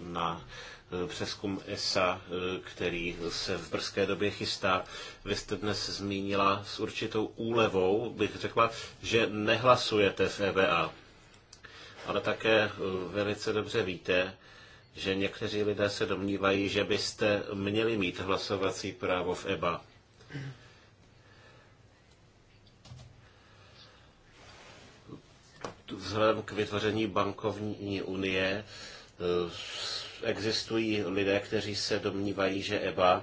na eh, přeskum ESA, eh, který se v brzké době chystá. Vy jste dnes zmínila s určitou úlevou, bych řekla, že nehlasujete v EBA. Ale také velice dobře víte, že někteří lidé se domnívají, že byste měli mít hlasovací právo v EBA. vzhledem k vytvoření bankovní unie eh, existují lidé, kteří se domnívají, že EBA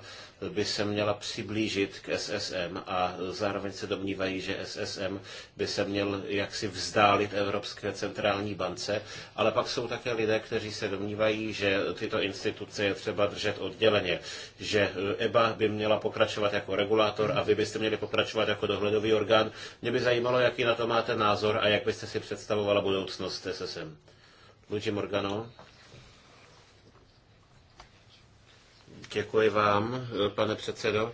by se měla přiblížit k SSM a zároveň se domnívají, že SSM by se měl jaksi vzdálit Evropské centrální bance, ale pak jsou také lidé, kteří se domnívají, že tyto instituce je třeba držet odděleně, že EBA by měla pokračovat jako regulátor a vy byste měli pokračovat jako dohledový orgán. Mě by zajímalo, jaký na to máte názor a jak byste si představovala budoucnost SSM. Luigi Morgano. Děkuji vám, eh, pane předsedo.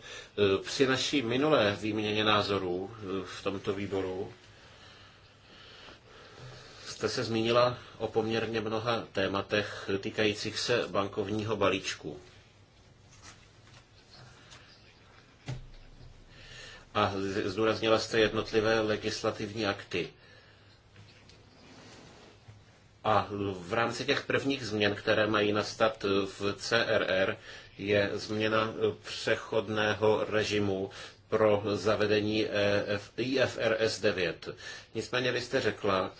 Eh, při naší minulé výměně názorů eh, v tomto výboru jste se zmínila o poměrně mnoha tématech týkajících se bankovního balíčku. A zdůraznila jste jednotlivé legislativní akty. A v rámci těch prvních změn, které mají nastat v CRR, je změna eh, přechodného režimu pro zavedení eh, IFRS 9. Nicméně vy jste řekla,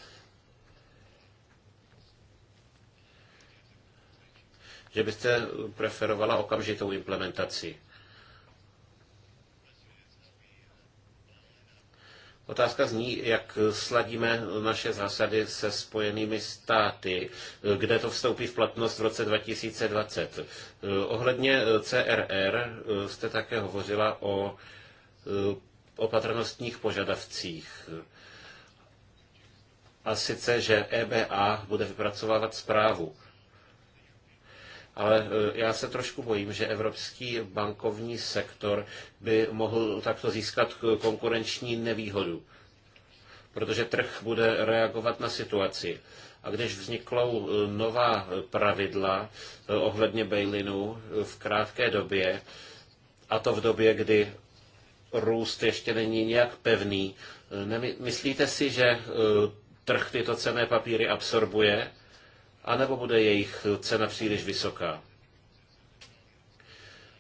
že byste preferovala okamžitou implementaci. Otázka zní, jak sladíme naše zásady se spojenými státy, kde to vstoupí v platnost v roce 2020. Ohledně CRR jste také hovořila o eh, opatrnostních požadavcích. A sice, že EBA bude vypracovávat zprávu ale e, já se trošku bojím, že evropský bankovní sektor by mohl takto získat konkurenční nevýhodu, protože trh bude reagovat na situaci. A když vzniknou e, nová pravidla e, ohledně bailinu v krátké době, a to v době, kdy růst ještě není nějak pevný, myslíte si, že trh tyto cené papíry absorbuje anebo bude jejich cena příliš vysoká.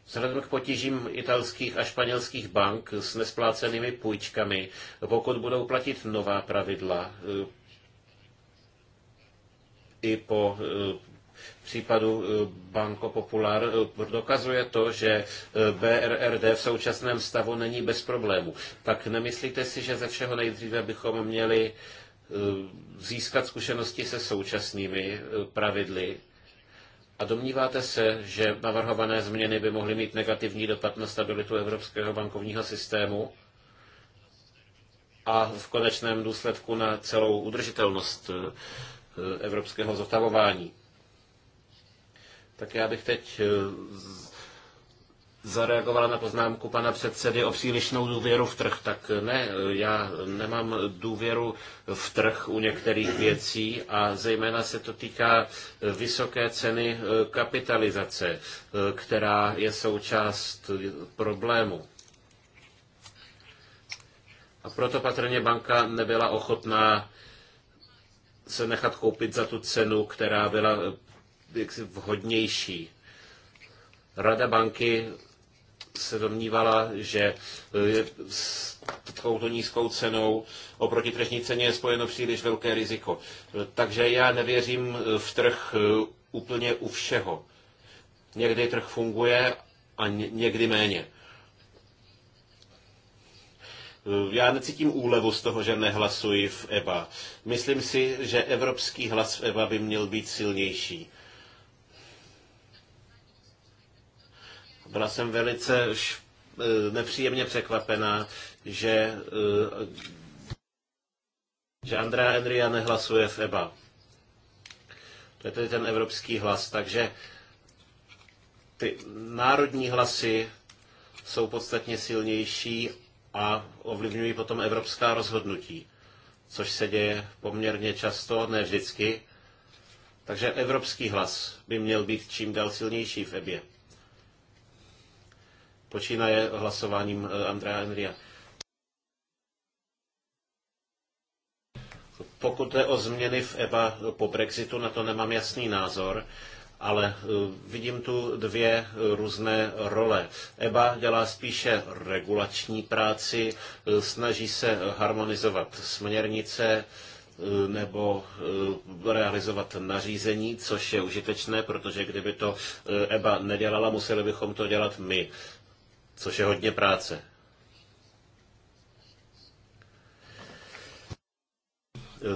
Vzhledem k potížím italských a španělských bank s nesplácenými půjčkami, pokud budou platit nová pravidla eh, i po eh, případu eh, Banco Popular dokazuje to, že BRRD v současném stavu není bez problémů. Tak nemyslíte si, že ze všeho nejdříve bychom měli Eh, získat zkušenosti se současnými eh, pravidly a domníváte se, že navrhované změny by mohly mít negativní dopad na stabilitu evropského bankovního systému a v konečném důsledku na celou udržitelnost eh, evropského zotavování? Tak já bych teď zareagovala na poznámku pana předsedy o přílišnou důvěru v trh. Tak ne, já nemám důvěru v trh u některých věcí a zejména se to týká vysoké ceny eh, kapitalizace, eh, která je součást problému. A proto patrně banka nebyla ochotná se nechat koupit za tu cenu, která byla eh, jaksi vhodnější. Rada banky se domnívala, že e, s takovou nízkou cenou oproti tržní ceně je spojeno příliš velké riziko. E, takže já nevěřím e, v trh úplně u všeho. Někdy trh funguje a někdy méně. Já necítím úlevu z toho, že nehlasuji v EBA. Myslím si, že evropský hlas v EBA by měl být silnější. Byla jsem velice eh, nepříjemně překvapená, že, eh, že Andrea Enria nehlasuje v EBA. To je tedy ten evropský hlas. Takže ty národní hlasy jsou podstatně silnější a ovlivňují potom evropská rozhodnutí, což se děje poměrně často, ne vždycky. Takže evropský hlas by měl být čím dál silnější v EBA počínaje hlasováním eh, Andrea Enria. Pokud jde o změny v EBA po Brexitu, na to nemám jasný názor, ale eh, vidím tu dvě různé role. EBA dělá spíše regulační práci, eh, snaží se harmonizovat směrnice, nebo realizovat nařízení, což je užitečné, protože kdyby to EBA e nedělala, museli bychom to dělat my což je hodně práce.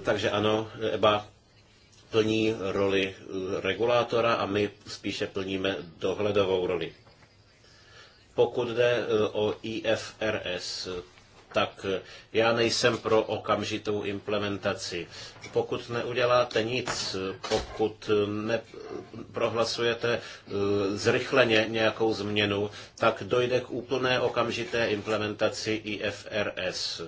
Takže ano, EBA plní roli regulátora a my spíše plníme dohledovou roli. Pokud jde eh, o IFRS, tak já nejsem pro okamžitou implementaci. Pokud neuděláte nic, pokud neprohlasujete eh, zrychleně nějakou změnu, tak dojde k úplné okamžité implementaci IFRS.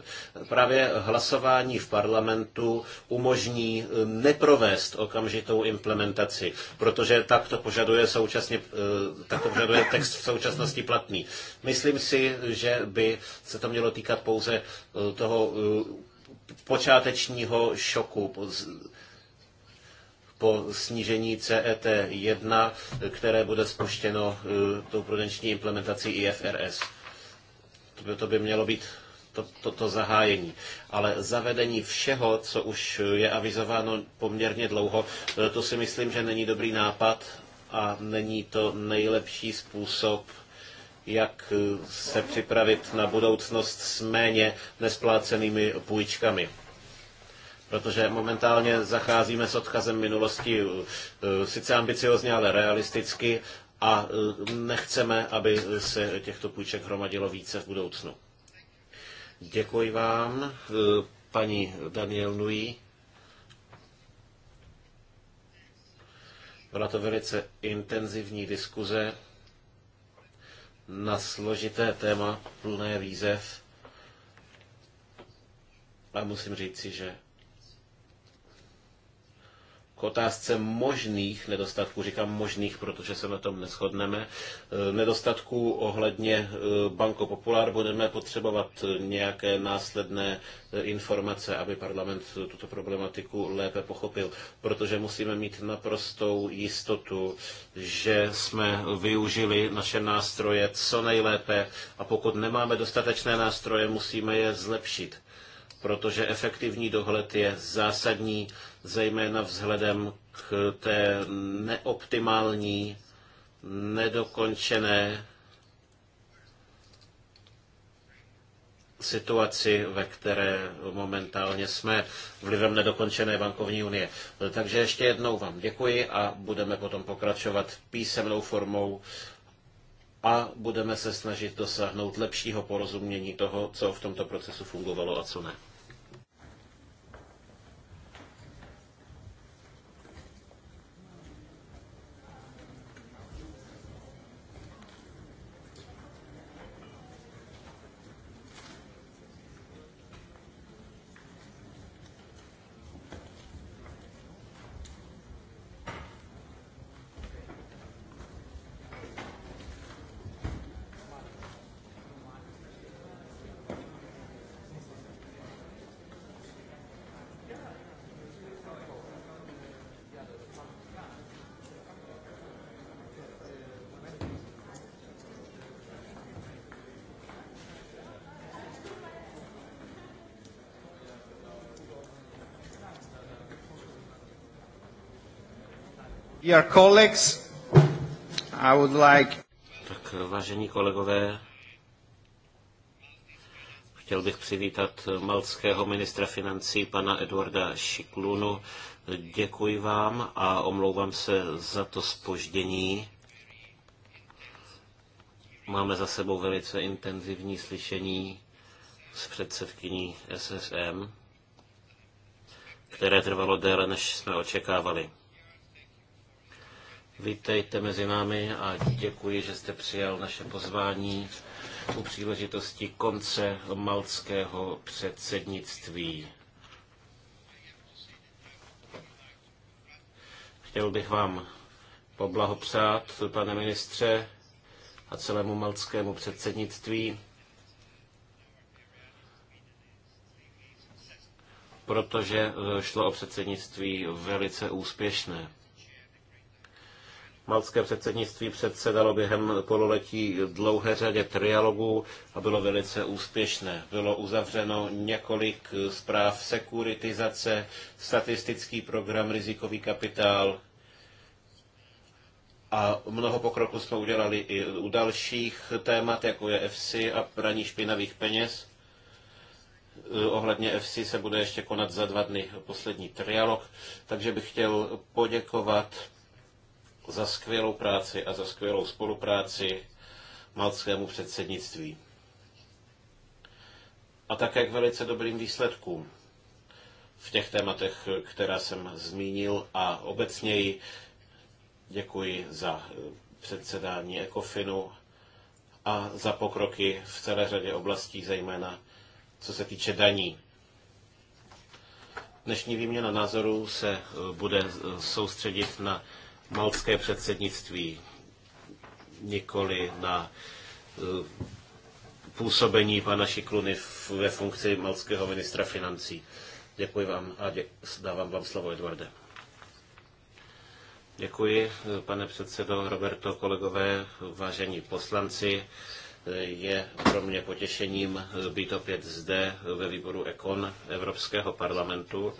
Právě hlasování v parlamentu umožní eh, neprovést okamžitou implementaci, protože tak to požaduje, současně, eh, tak to požaduje text v současnosti platný. Myslím si, že by se to mělo týkat pouze eh, toho eh, počátečního šoku po snížení CET 1, které bude spuštěno eh, tou prudenční implementací IFRS. To by, to by mělo být to, to, to zahájení. Ale zavedení všeho, co už je avizováno poměrně dlouho, to si myslím, že není dobrý nápad a není to nejlepší způsob jak eh, se připravit na budoucnost s méně nesplácenými půjčkami. Protože momentálně zacházíme s odkazem minulosti eh, sice ambiciozně, ale realisticky a eh, nechceme, aby se těchto půjček hromadilo více v budoucnu. Děkuji vám, paní Daniel Nui. Byla to velice intenzivní diskuze na složité téma plné výzev. A musím říci, že k otázce možných nedostatků, říkám možných, protože se na tom neschodneme, e, nedostatků ohledně e, Banko Popular budeme potřebovat nějaké následné e, informace, aby parlament tuto problematiku lépe pochopil, protože musíme mít naprostou jistotu, že jsme využili naše nástroje co nejlépe a pokud nemáme dostatečné nástroje, musíme je zlepšit protože efektivní dohled je zásadní zejména vzhledem k té neoptimální, nedokončené situaci, ve které momentálně jsme vlivem nedokončené bankovní unie. Takže ještě jednou vám děkuji a budeme potom pokračovat písemnou formou a budeme se snažit dosáhnout lepšího porozumění toho, co v tomto procesu fungovalo a co ne. Dear colleagues, I would like... Tak vážení kolegové, chtěl bych přivítat malckého ministra financí pana Eduarda Šiklunu. Děkuji vám a omlouvám se za to spoždění. Máme za sebou velice intenzivní slyšení s předsedkyní SSM, které trvalo déle, než jsme očekávali. Vítejte mezi námi a děkuji, že jste přijal naše pozvání u příležitosti konce malckého předsednictví. Chtěl bych vám poblahopřát, pane ministře, a celému malckému předsednictví, protože šlo o předsednictví velice úspěšné. Malské předsednictví předsedalo během pololetí dlouhé řadě trialogů a bylo velice úspěšné. Bylo uzavřeno několik zpráv sekuritizace, statistický program, rizikový kapitál, a mnoho pokroku jsme udělali i u dalších témat, jako je FC a praní špinavých peněz. Ohledně FC se bude ještě konat za dva dny poslední trialog, takže bych chtěl poděkovat za skvělou práci a za skvělou spolupráci maltskému předsednictví. A také k velice dobrým výsledkům v těch tématech, která jsem zmínil a obecněji děkuji za eh, předsedání Ekofinu a za pokroky v celé řadě oblastí, zejména co se týče daní. Dnešní výměna názorů se eh, bude eh, soustředit na maltské předsednictví, nikoli na eh, působení pana Šikluny ve funkci malského ministra financí. Děkuji vám a dě- dávám vám slovo, Edvarde. Děkuji, eh, pane předsedo Roberto, kolegové, vážení poslanci. Je pro mě potěšením být opět zde ve výboru Ekon Evropského parlamentu.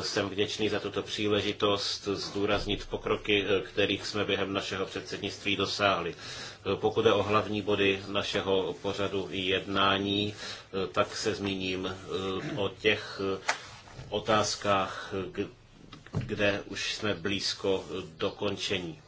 Jsem vděčný za tuto příležitost zdůraznit pokroky, kterých jsme během našeho předsednictví dosáhli. Pokud je o hlavní body našeho pořadu jednání, tak se zmíním eh, o těch eh, otázkách, kde už jsme blízko dokončení.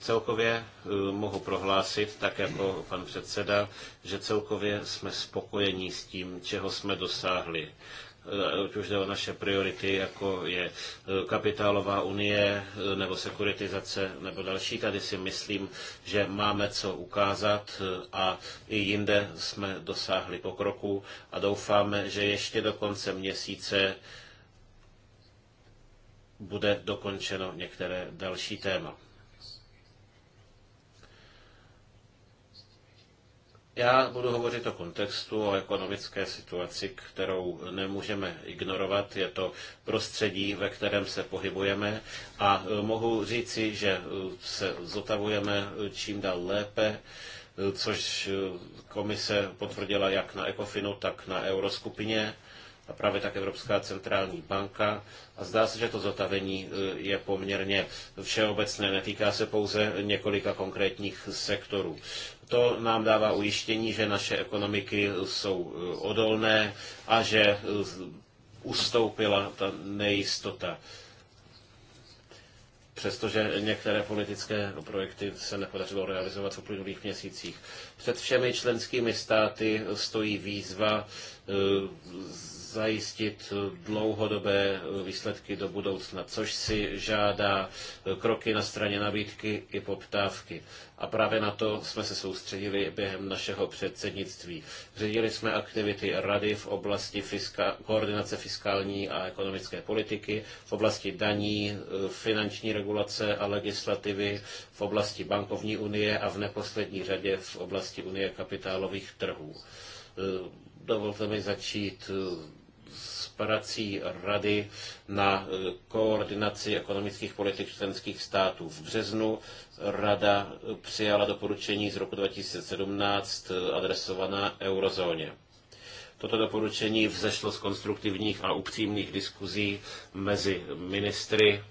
Celkově eh, mohu prohlásit, tak jako pan předseda, že celkově jsme spokojení s tím, čeho jsme dosáhli eh, ať už jde o naše priority, jako je eh, kapitálová unie nebo sekuritizace nebo další. Tady si myslím, že máme co ukázat a i jinde jsme dosáhli pokroku a doufáme, že ještě do konce měsíce bude dokončeno některé další téma. Já budu hovořit o kontextu, o ekonomické situaci, kterou nemůžeme ignorovat. Je to prostředí, ve kterém se pohybujeme a e, mohu říci, že e, se zotavujeme e, čím dál lépe což komise potvrdila jak na ECOFINu, tak na Euroskupině a právě tak Evropská centrální banka. A zdá se, že to zotavení e, je poměrně všeobecné, netýká se pouze několika konkrétních sektorů. To nám dává ujištění, že naše ekonomiky jsou e, odolné a že e, ustoupila ta nejistota. Přestože některé politické projekty se nepodařilo realizovat v uplynulých měsících. Před všemi členskými státy stojí výzva zajistit dlouhodobé výsledky do budoucna, což si žádá kroky na straně nabídky i poptávky. A právě na to jsme se soustředili během našeho předsednictví. Řídili jsme aktivity Rady v oblasti fiska- koordinace fiskální a ekonomické politiky, v oblasti daní, finanční regulace a legislativy, v oblasti bankovní unie a v neposlední řadě v oblasti unie kapitálových trhů Dovolte mi začít eh, s prací Rady na eh, koordinaci ekonomických politik členských států. V březnu Rada eh, přijala doporučení z roku 2017 adresovaná eurozóně. Toto doporučení vzešlo z konstruktivních a upřímných diskuzí mezi ministry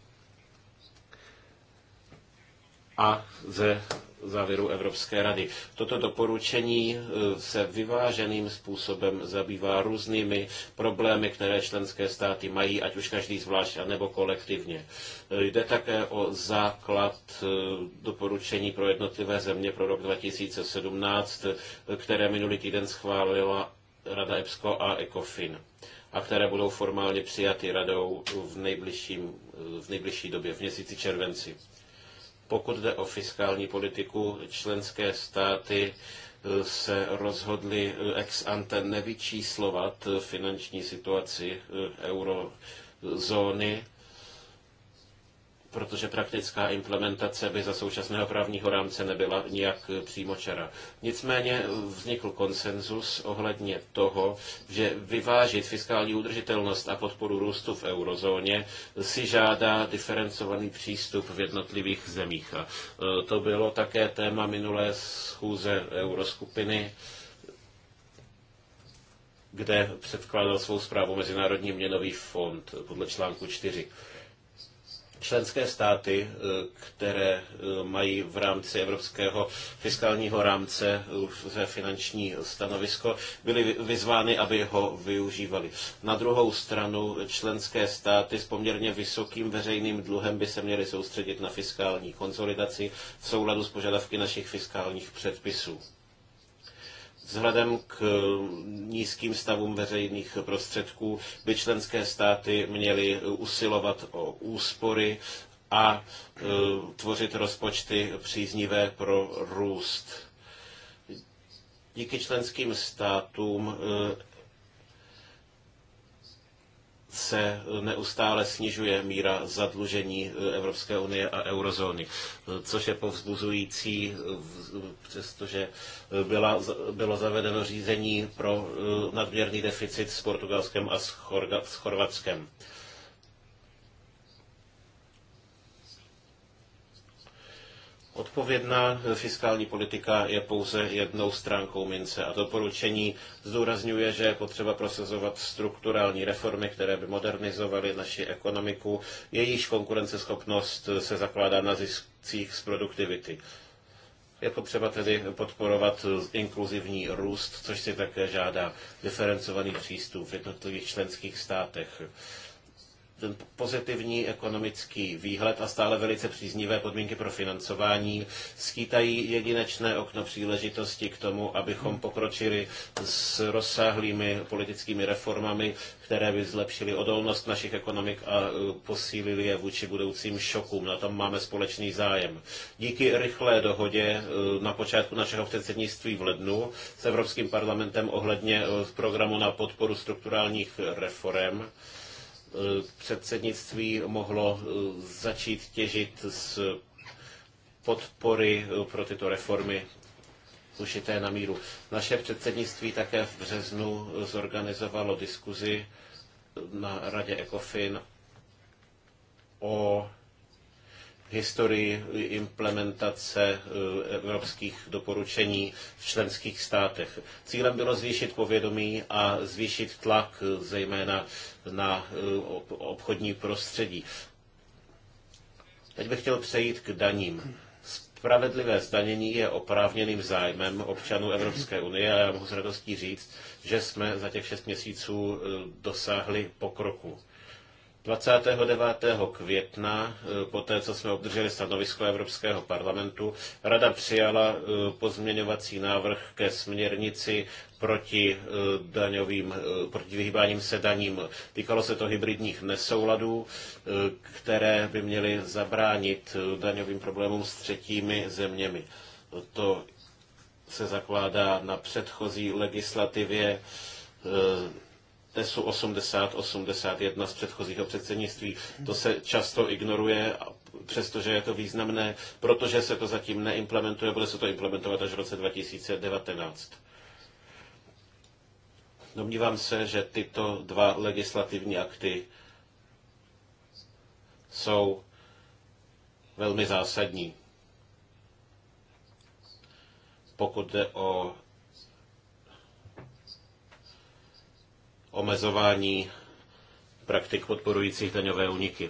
a ze závěru Evropské rady. Toto doporučení e, se vyváženým způsobem zabývá různými problémy, které členské státy mají, ať už každý zvlášť, anebo kolektivně. E, jde také o základ e, doporučení pro jednotlivé země pro rok 2017, které minulý týden schválila Rada EPSCO a ECOFIN a které budou formálně přijaty radou v, nejbližším, v nejbližší době, v měsíci červenci. Pokud jde o fiskální politiku, členské státy eh, se rozhodly eh, ex ante nevyčíslovat eh, finanční situaci eurozóny protože praktická implementace by za současného právního rámce nebyla nijak eh, přímočara. Nicméně eh, vznikl konsenzus ohledně toho, že vyvážit fiskální udržitelnost a podporu růstu v eurozóně eh, si žádá diferencovaný přístup v jednotlivých zemích. A to bylo také téma minulé schůze euroskupiny kde předkládal svou zprávu Mezinárodní měnový fond podle článku 4. Členské státy, eh, které eh, mají v rámci evropského fiskálního rámce eh, své finanční stanovisko, byly vyzvány, aby ho využívali. Na druhou stranu členské státy s poměrně vysokým veřejným dluhem by se měly soustředit na fiskální konsolidaci v souladu s požadavky našich fiskálních předpisů. Vzhledem k eh, nízkým stavům veřejných prostředků by členské státy měly eh, usilovat o úspory a eh, tvořit rozpočty příznivé pro růst. Díky členským státům se neustále snižuje míra zadlužení eh, Evropské unie a eurozóny, eh, což je povzbuzující, eh, přestože byla, bylo zavedeno řízení pro nadměrný deficit s Portugalskem a s, s Chorvatskem. Odpovědná fiskální politika je pouze jednou stránkou mince a doporučení zdůrazňuje, že je potřeba prosazovat strukturální reformy, které by modernizovaly naši ekonomiku, jejíž konkurenceschopnost se zakládá na ziscích z produktivity. Je potřeba tedy podporovat inkluzivní růst, což si také žádá diferencovaný přístup v jednotlivých členských státech ten pozitivní ekonomický výhled a stále velice příznivé podmínky pro financování skýtají jedinečné okno příležitosti k tomu, abychom hmm. pokročili s rozsáhlými politickými reformami, které by zlepšily odolnost našich ekonomik a e, posílili je vůči budoucím šokům. Na tom máme společný zájem. Díky rychlé dohodě e, na počátku našeho předsednictví v lednu s Evropským parlamentem ohledně e, programu na podporu strukturálních reform, Eh, předsednictví mohlo eh, začít těžit z podpory eh, pro tyto reformy ušité na míru. Naše předsednictví také v březnu zorganizovalo diskuzi na radě ECOFIN o historii implementace eh, evropských doporučení v členských státech. Cílem bylo zvýšit povědomí a zvýšit tlak eh, zejména na eh, obchodní prostředí. Teď bych chtěl přejít k daním. Spravedlivé zdanění je oprávněným zájmem občanů Evropské unie a já mohu s radostí říct, že jsme za těch šest měsíců dosáhli pokroku. 29. května, eh, poté co jsme obdrželi stanovisko Evropského parlamentu, Rada přijala eh, pozměňovací návrh ke směrnici proti eh, daňovým, proti vyhýbáním se daním. Týkalo se to hybridních nesouladů, které by měly zabránit daňovým problémům s třetími zeměmi. To se zakládá na předchozí legislativě TESu 80-81 z předchozího předsednictví. To se často ignoruje, přestože je to významné, protože se to zatím neimplementuje, bude se to implementovat až v roce 2019. Domnívám se, že tyto dva legislativní akty jsou velmi zásadní, pokud jde o omezování praktik podporujících daňové úniky.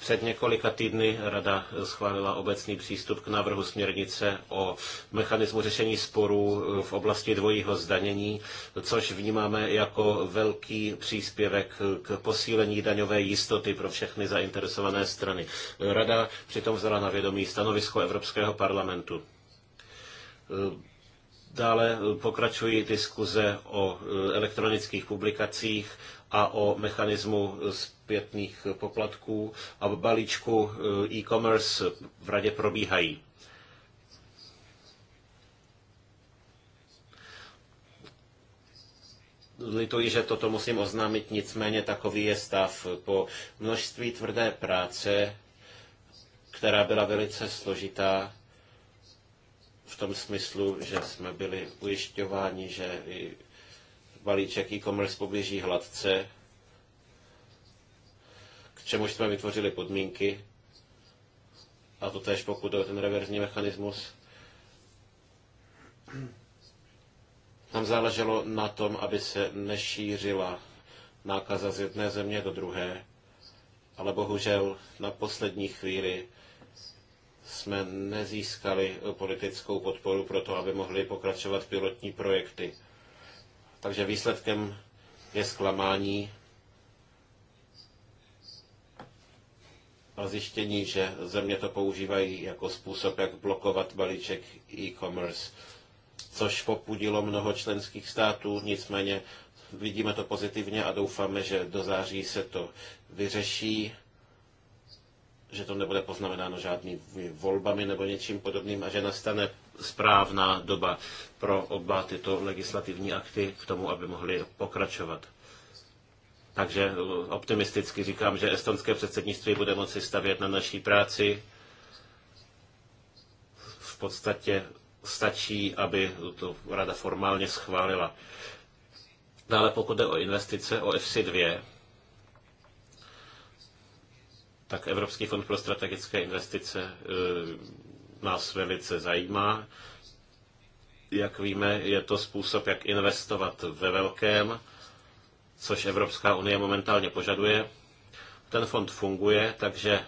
Před několika týdny Rada schválila obecný přístup k návrhu směrnice o mechanismu řešení sporů v oblasti dvojího zdanění, což vnímáme jako velký příspěvek k posílení daňové jistoty pro všechny zainteresované strany. Rada přitom vzala na vědomí stanovisko Evropského parlamentu. Dále eh, pokračují diskuze o eh, elektronických publikacích a o mechanismu eh, zpětných poplatků a v balíčku e-commerce v radě probíhají. Lituji, že toto musím oznámit, nicméně takový je stav. Po množství tvrdé práce, která byla velice složitá, v tom smyslu, že jsme byli ujišťováni, že i balíček e-commerce poběží hladce, k čemu jsme vytvořili podmínky, a to tež pokud o ten reverzní mechanismus. Tam záleželo na tom, aby se nešířila nákaza z jedné země do druhé, ale bohužel na poslední chvíli jsme nezískali politickou podporu pro to, aby mohli pokračovat pilotní projekty. Takže výsledkem je zklamání a zjištění, že země to používají jako způsob, jak blokovat balíček e-commerce, což popudilo mnoho členských států, nicméně vidíme to pozitivně a doufáme, že do září se to vyřeší že to nebude poznamenáno žádnými volbami nebo něčím podobným a že nastane správná doba pro oba tyto legislativní akty k tomu, aby mohly pokračovat. Takže uh, optimisticky říkám, že estonské předsednictví bude moci stavět na naší práci. V podstatě stačí, aby to rada formálně schválila. Dále pokud jde o investice, o FC2, tak Evropský fond pro strategické investice eh, nás velice zajímá. Jak víme, je to způsob, jak investovat ve velkém, což Evropská unie momentálně požaduje. Ten fond funguje, takže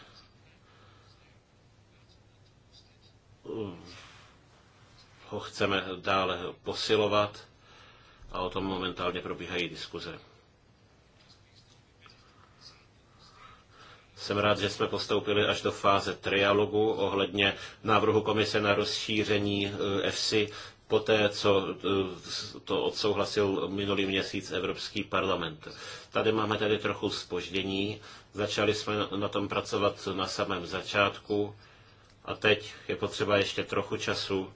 eh, ho chceme dále posilovat a o tom momentálně probíhají diskuze. Jsem rád, že jsme postoupili až do fáze trialogu ohledně návrhu komise na rozšíření EFSI eh, poté, co eh, to odsouhlasil minulý měsíc Evropský parlament. Tady máme tedy trochu spoždění. Začali jsme na tom pracovat na samém začátku a teď je potřeba ještě trochu času.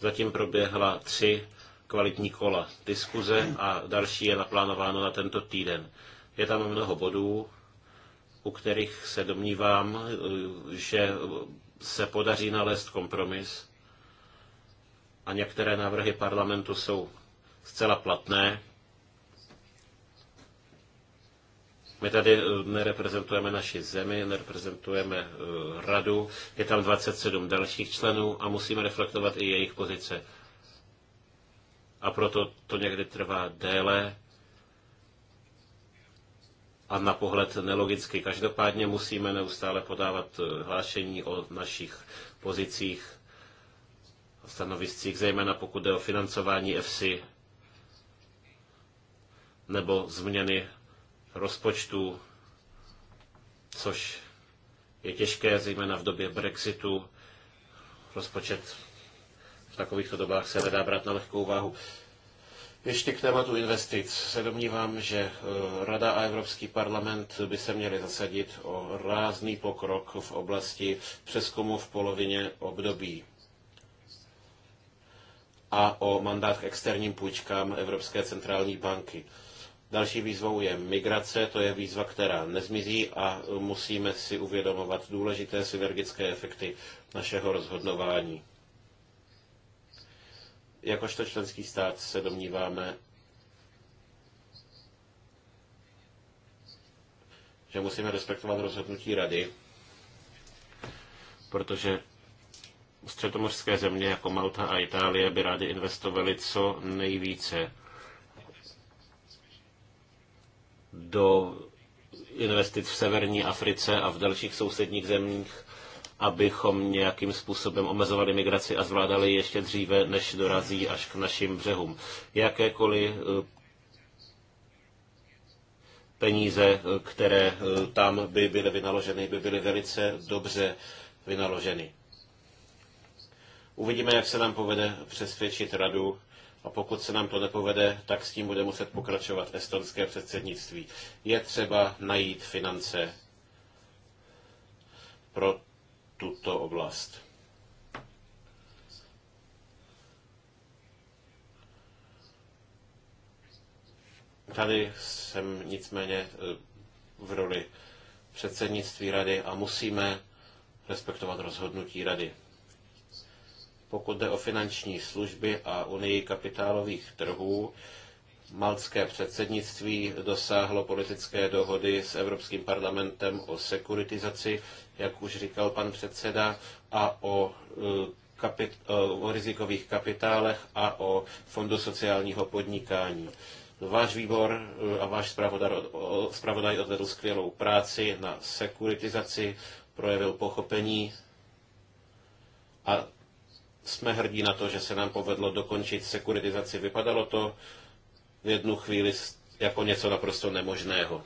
Zatím proběhla tři kvalitní kola diskuze a další je naplánováno na tento týden. Je tam mnoho bodů, u kterých se domnívám, eh, že se podaří nalézt kompromis a některé návrhy parlamentu jsou zcela platné. My tady eh, nereprezentujeme naši zemi, nereprezentujeme eh, radu, je tam 27 dalších členů a musíme reflektovat i jejich pozice. A proto to někdy trvá déle, a na pohled nelogicky. Každopádně musíme neustále podávat eh, hlášení o našich pozicích, stanoviscích, zejména pokud jde o financování EFSI nebo změny rozpočtu, což je těžké, zejména v době Brexitu. Rozpočet v takovýchto dobách se nedá brát na lehkou váhu. Ještě k tématu investic se domnívám, že eh, Rada a Evropský parlament by se měly zasadit o rázný pokrok v oblasti přeskumu v polovině období a o mandát k externím půjčkám Evropské centrální banky. Další výzvou je migrace, to je výzva, která nezmizí a musíme si uvědomovat důležité synergické efekty našeho rozhodování. Jakožto členský stát se domníváme, že musíme respektovat rozhodnutí rady, protože středomořské země jako Malta a Itálie by rádi investovali co nejvíce do investic v severní Africe a v dalších sousedních zemích abychom nějakým způsobem omezovali migraci a zvládali ještě dříve, než dorazí až k našim břehům. Jakékoliv eh, peníze, eh, které eh, tam by byly vynaloženy, by byly velice dobře vynaloženy. Uvidíme, jak se nám povede přesvědčit radu a pokud se nám to nepovede, tak s tím bude muset pokračovat estonské předsednictví. Je třeba najít finance pro tuto oblast. Tady jsem nicméně eh, v roli předsednictví rady a musíme respektovat rozhodnutí rady. Pokud jde o finanční služby a unii kapitálových trhů, maltské předsednictví dosáhlo politické dohody s Evropským parlamentem o sekuritizaci, jak už říkal pan předseda, a o, e, kapit, e, o rizikových kapitálech a o fondu sociálního podnikání. Váš výbor e, a váš zpravodaj odvedl skvělou práci na sekuritizaci, projevil pochopení a jsme hrdí na to, že se nám povedlo dokončit sekuritizaci. Vypadalo to, v jednu chvíli jako něco naprosto nemožného.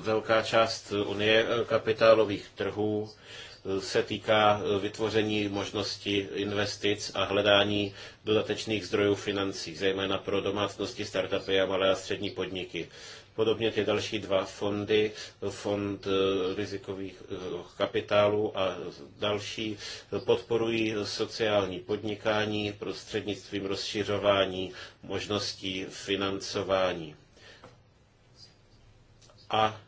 Velká část Unie eh, kapitálových trhů eh, se týká eh, vytvoření možnosti investic a hledání dodatečných zdrojů financí, zejména pro domácnosti, startupy a malé a střední podniky. Podobně ty další dva fondy, fond eh, rizikových eh, kapitálů a další, podporují sociální podnikání prostřednictvím rozšiřování možností financování. A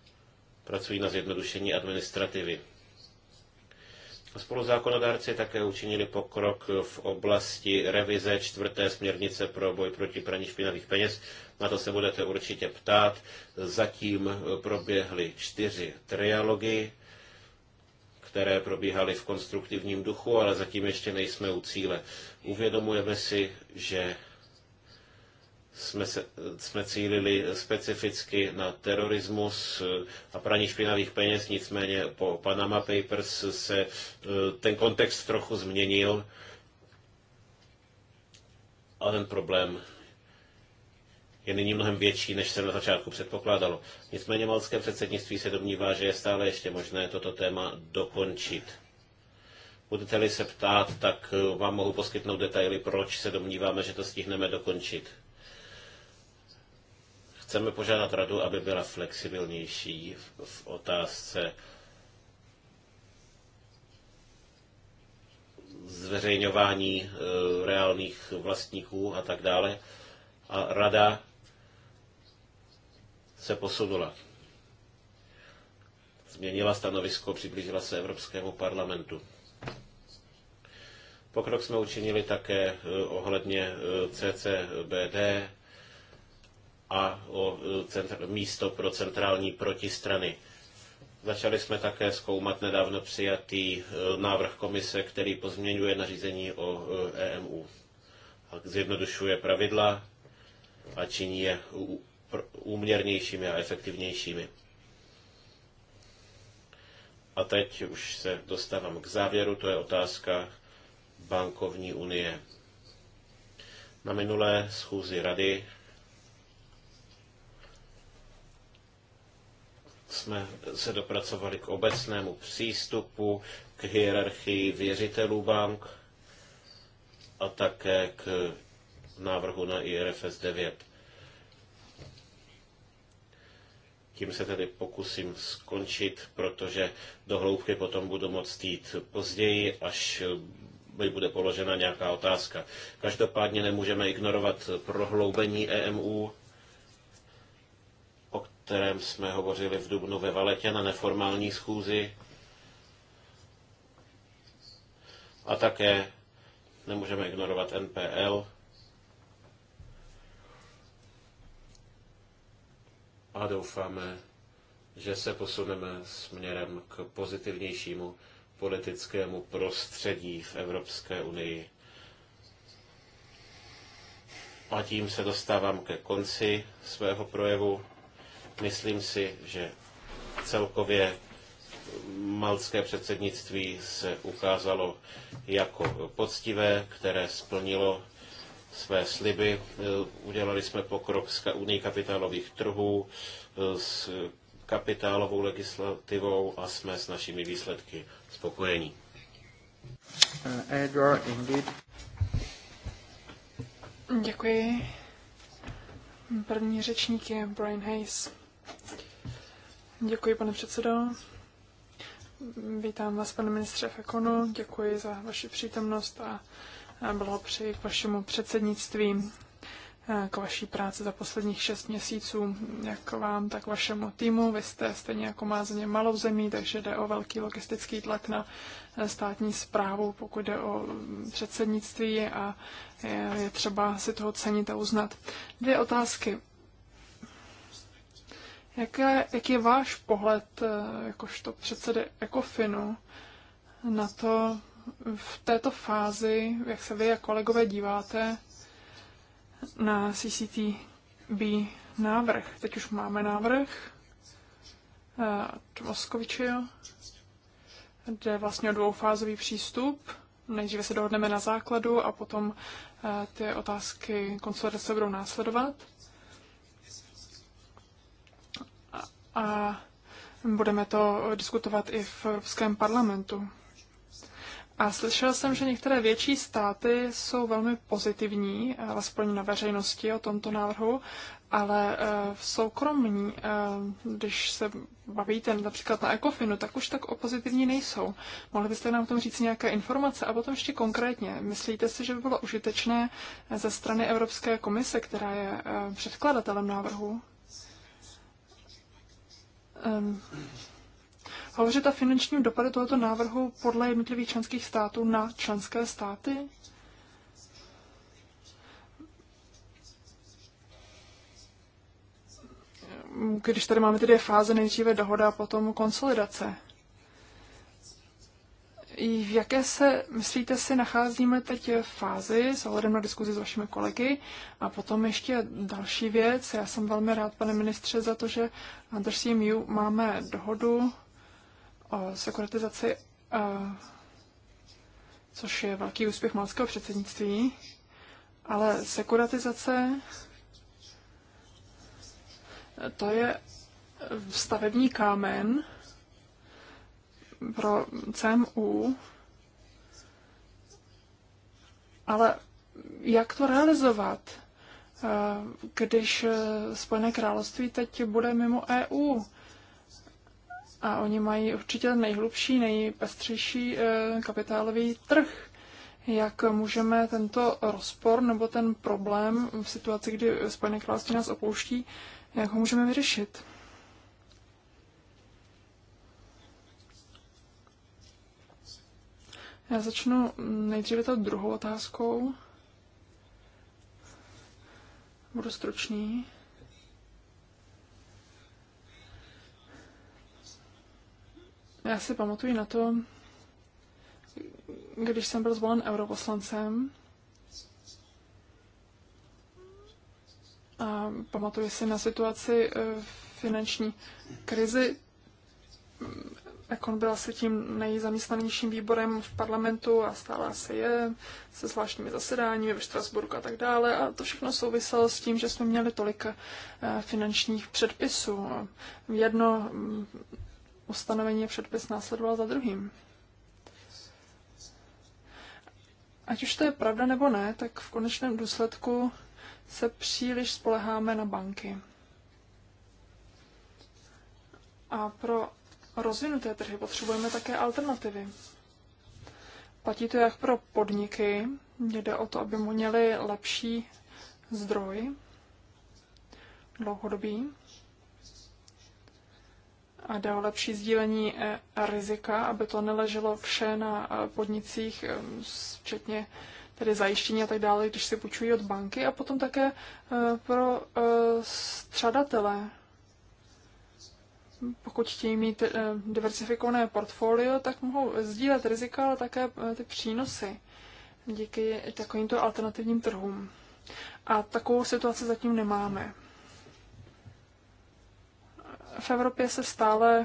pracují na zjednodušení administrativy. Spoluzákonodárci také učinili pokrok v oblasti revize čtvrté směrnice pro boj proti praní špinavých peněz, na to se budete určitě ptát. Zatím eh, proběhly čtyři trialogy, které probíhaly v konstruktivním duchu, ale zatím ještě nejsme u cíle. Uvědomujeme si, že jsme, se, jsme cílili specificky na terorismus eh, a praní špinavých peněz, nicméně po Panama Papers se eh, ten kontext trochu změnil a ten problém je nyní mnohem větší, než se na začátku předpokládalo. Nicméně malské předsednictví se domnívá, že je stále ještě možné toto téma dokončit. Budete-li se ptát, tak eh, vám mohu poskytnout detaily, proč se domníváme, že to stihneme dokončit. Chceme požádat radu, aby byla flexibilnější v otázce zveřejňování eh, reálných vlastníků a tak dále. A rada se posunula. Změnila stanovisko, přiblížila se Evropskému parlamentu. Pokrok jsme učinili také eh, ohledně eh, CCBD a o eh, místo pro centrální protistrany. Začali jsme také zkoumat nedávno přijatý návrh komise, který pozměňuje nařízení o EMU. E zjednodušuje pravidla a činí je úměrnějšími a efektivnějšími. A teď už se dostávám k závěru, to je otázka bankovní unie. Na minulé schůzi rady jsme se dopracovali k obecnému přístupu, k hierarchii věřitelů bank a také k návrhu na IRFS 9. Tím se tedy pokusím skončit, protože do hloubky potom budu moct jít později, až mi bude položena nějaká otázka. Každopádně nemůžeme ignorovat prohloubení EMU, o kterém jsme hovořili v Dubnu ve Valetě na neformální schůzi. A také nemůžeme ignorovat NPL, a doufáme, že se posuneme směrem k pozitivnějšímu politickému prostředí v Evropské unii. A tím se dostávám ke konci svého projevu. Myslím si, že celkově malské předsednictví se ukázalo jako poctivé, které splnilo své sliby. E, udělali jsme pokrok s Unii kapitálových trhů, e, s kapitálovou legislativou a jsme s našimi výsledky spokojení. Uh, Edward, indeed. Děkuji. První řečník je Brian Hayes. Děkuji, pane předsedo. Vítám vás, pane ministře Fekonu. Děkuji za vaši přítomnost a blahopřeji k vašemu předsednictví, eh, k vaší práci za posledních šest měsíců, jak vám, tak vašemu týmu. Vy jste stejně jako má země malou zemí, takže jde o velký logistický tlak na eh, státní zprávu, pokud jde o mm, předsednictví a je, eh, je třeba si toho cenit a uznat. Dvě otázky. Jak je, jak je váš pohled jakožto předsedy Ekofinu na to, v této fázi, jak se vy a jako kolegové díváte na CCTB návrh? Teď už máme návrh eh, od kde je vlastně o dvoufázový přístup. Nejdříve se dohodneme na základu a potom eh, ty otázky konsolidace budou následovat. A budeme to diskutovat i v Evropském parlamentu. A slyšel jsem, že některé větší státy jsou velmi pozitivní, alespoň na veřejnosti o tomto návrhu, ale eh, v soukromí, eh, když se bavíte například na Ecofinu, tak už tak opozitivní nejsou. Mohli byste nám o tomu říct nějaké informace? A potom ještě konkrétně, myslíte si, že by bylo užitečné ze strany Evropské komise, která je eh, předkladatelem návrhu, ehm, hovořit o finančním dopadu tohoto návrhu podle jednotlivých členských států na členské státy? Když tady máme ty dvě fáze, nejdříve dohoda a potom konsolidace. v jaké se, myslíte si, nacházíme teď v fázi s ohledem na diskuzi s vašimi kolegy? A potom ještě další věc. Já jsem velmi rád, pane ministře, za to, že na máme dohodu o sekuritizaci, což je velký úspěch malského předsednictví, ale sekuratizace to je stavební kámen pro CMU, ale jak to realizovat, když Spojené království teď bude mimo EU? A oni mají určitě nejhlubší, nejpestřejší eh, kapitálový trh. Jak můžeme tento rozpor nebo ten problém v situaci, kdy Spojené království nás opouští, jak ho můžeme vyřešit? Já začnu nejdříve tou druhou otázkou. Budu stručný. Já si pamatuju na to, když jsem byl zvolen europoslancem, a pamatuju si na situaci eh, finanční krizi. Ekon byl asi tím nejzaměstnanějším výborem v parlamentu a stále asi je, se zvláštními zasedáními ve Štrasburku a tak dále. A to všechno souviselo s tím, že jsme měli tolik eh, finančních předpisů. Jedno ustanovení a předpis následoval za druhým. Ať už to je pravda nebo ne, tak v konečném důsledku se příliš spoleháme na banky. A pro rozvinuté trhy potřebujeme také alternativy. Platí to jak pro podniky, jde o to, aby mu měli lepší zdroj dlouhodobý, a jde o lepší sdílení eh, rizika, aby to neleželo vše na eh, podnicích, ehm, včetně tedy zajištění a tak dále, když si půjčují od banky a potom také eh, pro střadatele. Pokud chtějí mít diversifikované portfolio, tak mohou sdílet rizika, ale také ty přínosy díky takovýmto alternativním trhům. A takovou situaci zatím nemáme. V Evropě se stále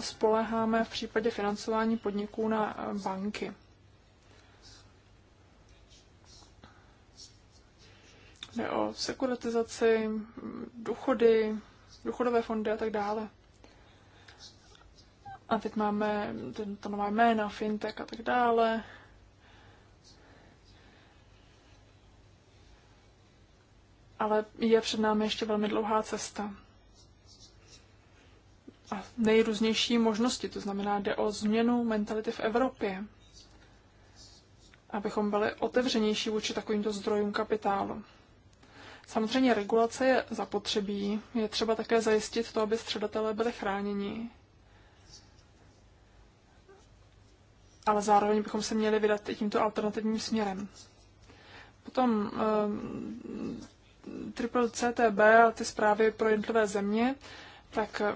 spoleháme v případě financování podniků na eh, banky. Jde o sekuritizaci, důchody, důchodové fondy a tak dále. A teď máme to nová jména, fintech a tak dále. Ale je před námi ještě velmi dlouhá cesta nejrůznější možnosti. To znamená, jde o změnu mentality v Evropě, abychom byli otevřenější vůči takovýmto zdrojům kapitálu. Samozřejmě regulace je zapotřebí, je třeba také zajistit to, aby středatelé byli chráněni. Ale zároveň bychom se měli vydat i tímto alternativním směrem. Potom eh, triple CTB a ty zprávy pro jednotlivé země, tak eh,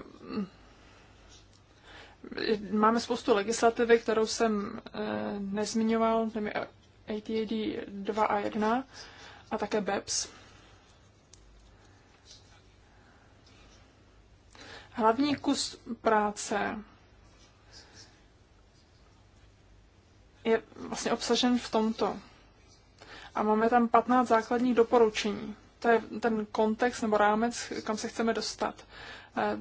Máme spoustu legislativy, kterou jsem e, nezmiňoval, nevím, ATAD 2 a 1 a také BEPS. Hlavní kus práce je vlastně obsažen v tomto. A máme tam 15 základních doporučení to je ten kontext nebo rámec, kam se chceme dostat. Eh,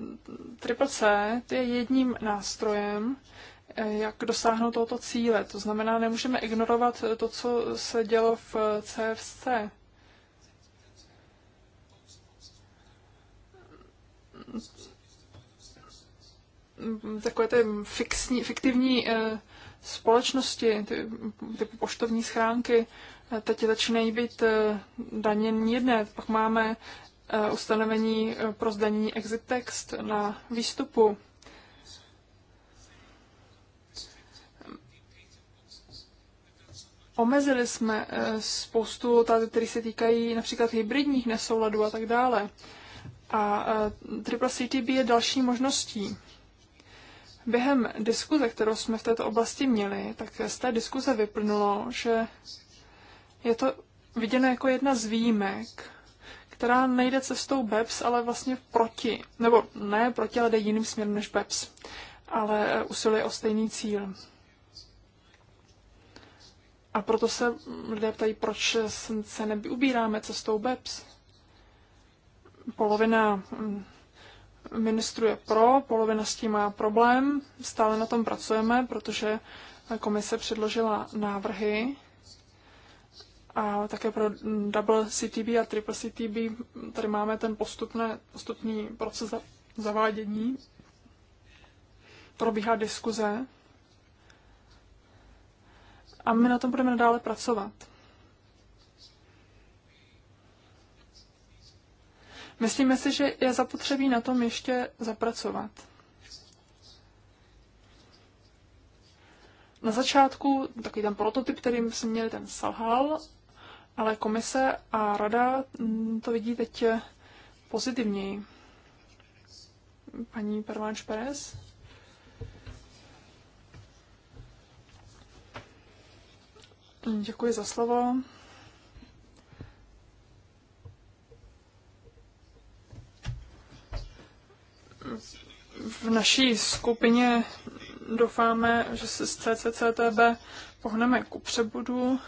Triple C je jedním nástrojem, eh, jak dosáhnout tohoto cíle. To znamená, nemůžeme ignorovat to, co se dělo v CFC. Takové ty fixní, fiktivní eh, společnosti, ty, ty poštovní schránky, teď začínají být eh, danění jedné. Pak máme eh, ustanovení eh, pro zdanění exit text na výstupu. Omezili jsme spoustu otázek, které se týkají například hybridních nesouladů a tak dále. A Triple CTB je další možností. Během diskuze, kterou jsme v této oblasti měli, tak z té diskuze vyplnulo, že je to viděno jako jedna z výjimek, která nejde cestou BEPS, ale vlastně proti, nebo ne proti, ale jde jiným směrem než BEPS, ale eh, usiluje o stejný cíl. A proto se lidé ptají, proč se neubíráme cestou BEPS. Polovina hm, ministruje pro, polovina s tím má problém. Stále na tom pracujeme, protože eh, komise předložila návrhy, a také pro double CTB a triple CTB tady máme ten postupné, postupný proces zavádění. Probíhá diskuze a my na tom budeme nadále pracovat. Myslíme si, že je zapotřebí na tom ještě zapracovat. Na začátku takový ten prototyp, kterým jsme měli, ten selhal ale komise a rada mm, to vidí teď pozitivněji. Paní Pervánč Perez? Děkuji za slovo. V naší skupině doufáme, že se z CCCTB pohneme ku přebudu.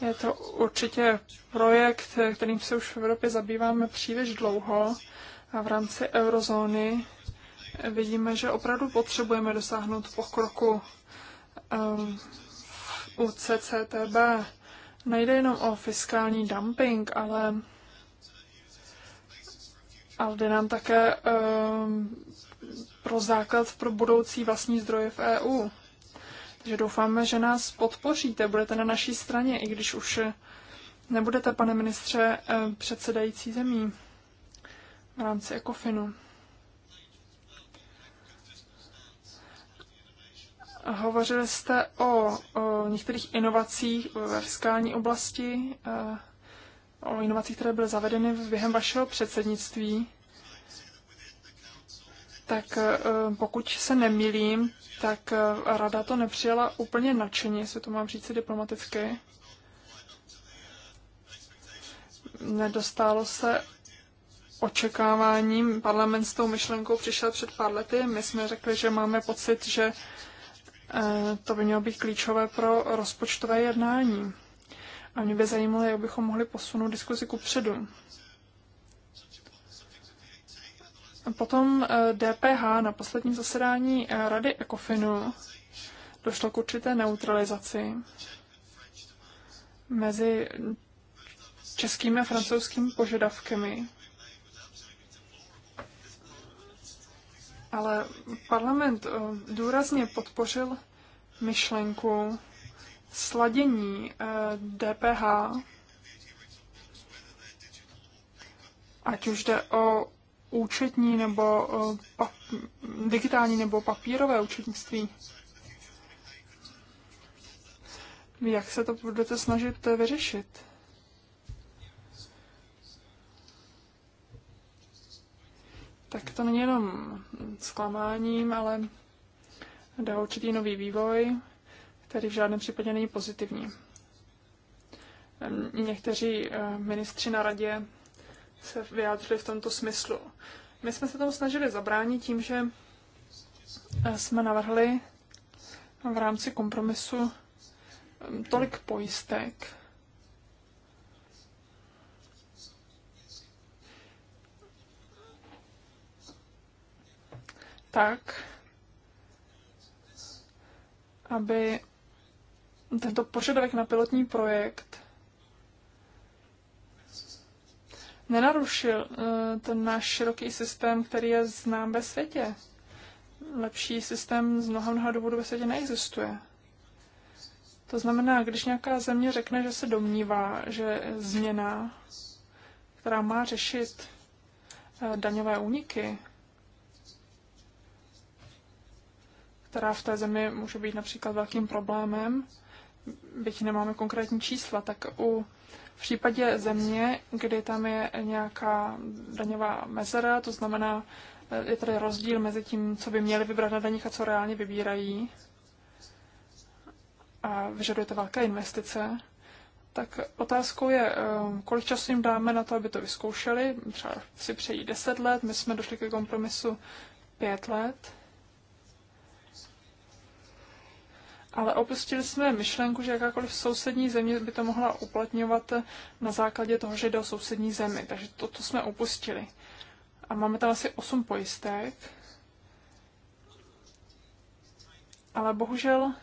Je to určitě projekt, kterým se už v Evropě zabýváme příliš dlouho a v rámci eurozóny vidíme, že opravdu potřebujeme dosáhnout pokroku ehm, u CCTB. Nejde jenom o fiskální dumping, ale, ale jde nám také um, pro základ pro budoucí vlastní zdroje v EU. Takže doufáme, že nás podpoříte, budete na naší straně, i když už eh, nebudete, pane ministře, eh, předsedající zemí v rámci ECOFINu. Hovořili jste o, o některých inovacích ve fiskální oblasti, eh, o inovacích, které byly zavedeny během vašeho předsednictví tak eh, pokud se nemilím, tak eh, rada to nepřijala úplně nadšeně, jestli to mám říct diplomaticky. Nedostálo se očekáváním. Parlament s tou myšlenkou přišel před pár lety. My jsme řekli, že máme pocit, že eh, to by mělo být klíčové pro rozpočtové jednání. A mě by zajímalo, jak bychom mohli posunout diskuzi ku předu. Potom DPH eh, na posledním zasedání eh, Rady Ecofinu došlo k určité neutralizaci mezi českými a francouzskými požadavkami. Ale parlament eh, důrazně podpořil myšlenku sladění DPH, ať už jde o účetní nebo eh, pap, digitální nebo papírové účetnictví. Jak se to budete snažit eh, vyřešit? Tak to není jenom zklamáním, ale jde určitý nový vývoj, který v žádném případě není pozitivní. Ehm, někteří eh, ministři na radě se vyjádřili v tomto smyslu. My jsme se tomu snažili zabránit tím, že eh, jsme navrhli v rámci kompromisu eh, tolik pojistek, tak, aby tento požadavek na pilotní projekt nenarušil eh, ten náš široký systém, který je znám ve světě. Lepší systém z mnoha, mnoha důvodů ve světě neexistuje. To znamená, když nějaká země řekne, že se domnívá, že změna, která má řešit eh, daňové úniky, která v té zemi může být například velkým problémem, byť nemáme konkrétní čísla, tak u v případě země, kdy tam je nějaká daňová mezera, to znamená, je tady rozdíl mezi tím, co by měli vybrat na daních a co reálně vybírají, a vyžaduje to velké investice, tak otázkou je, eh, kolik času jim dáme na to, aby to vyzkoušeli. Třeba si přejí 10 let, my jsme došli ke kompromisu 5 let. ale opustili jsme myšlenku, že jakákoliv sousední země by to mohla uplatňovat na základě toho, že jde o sousední zemi. Takže toto to jsme opustili. A máme tam asi 8 pojistek. Ale bohužel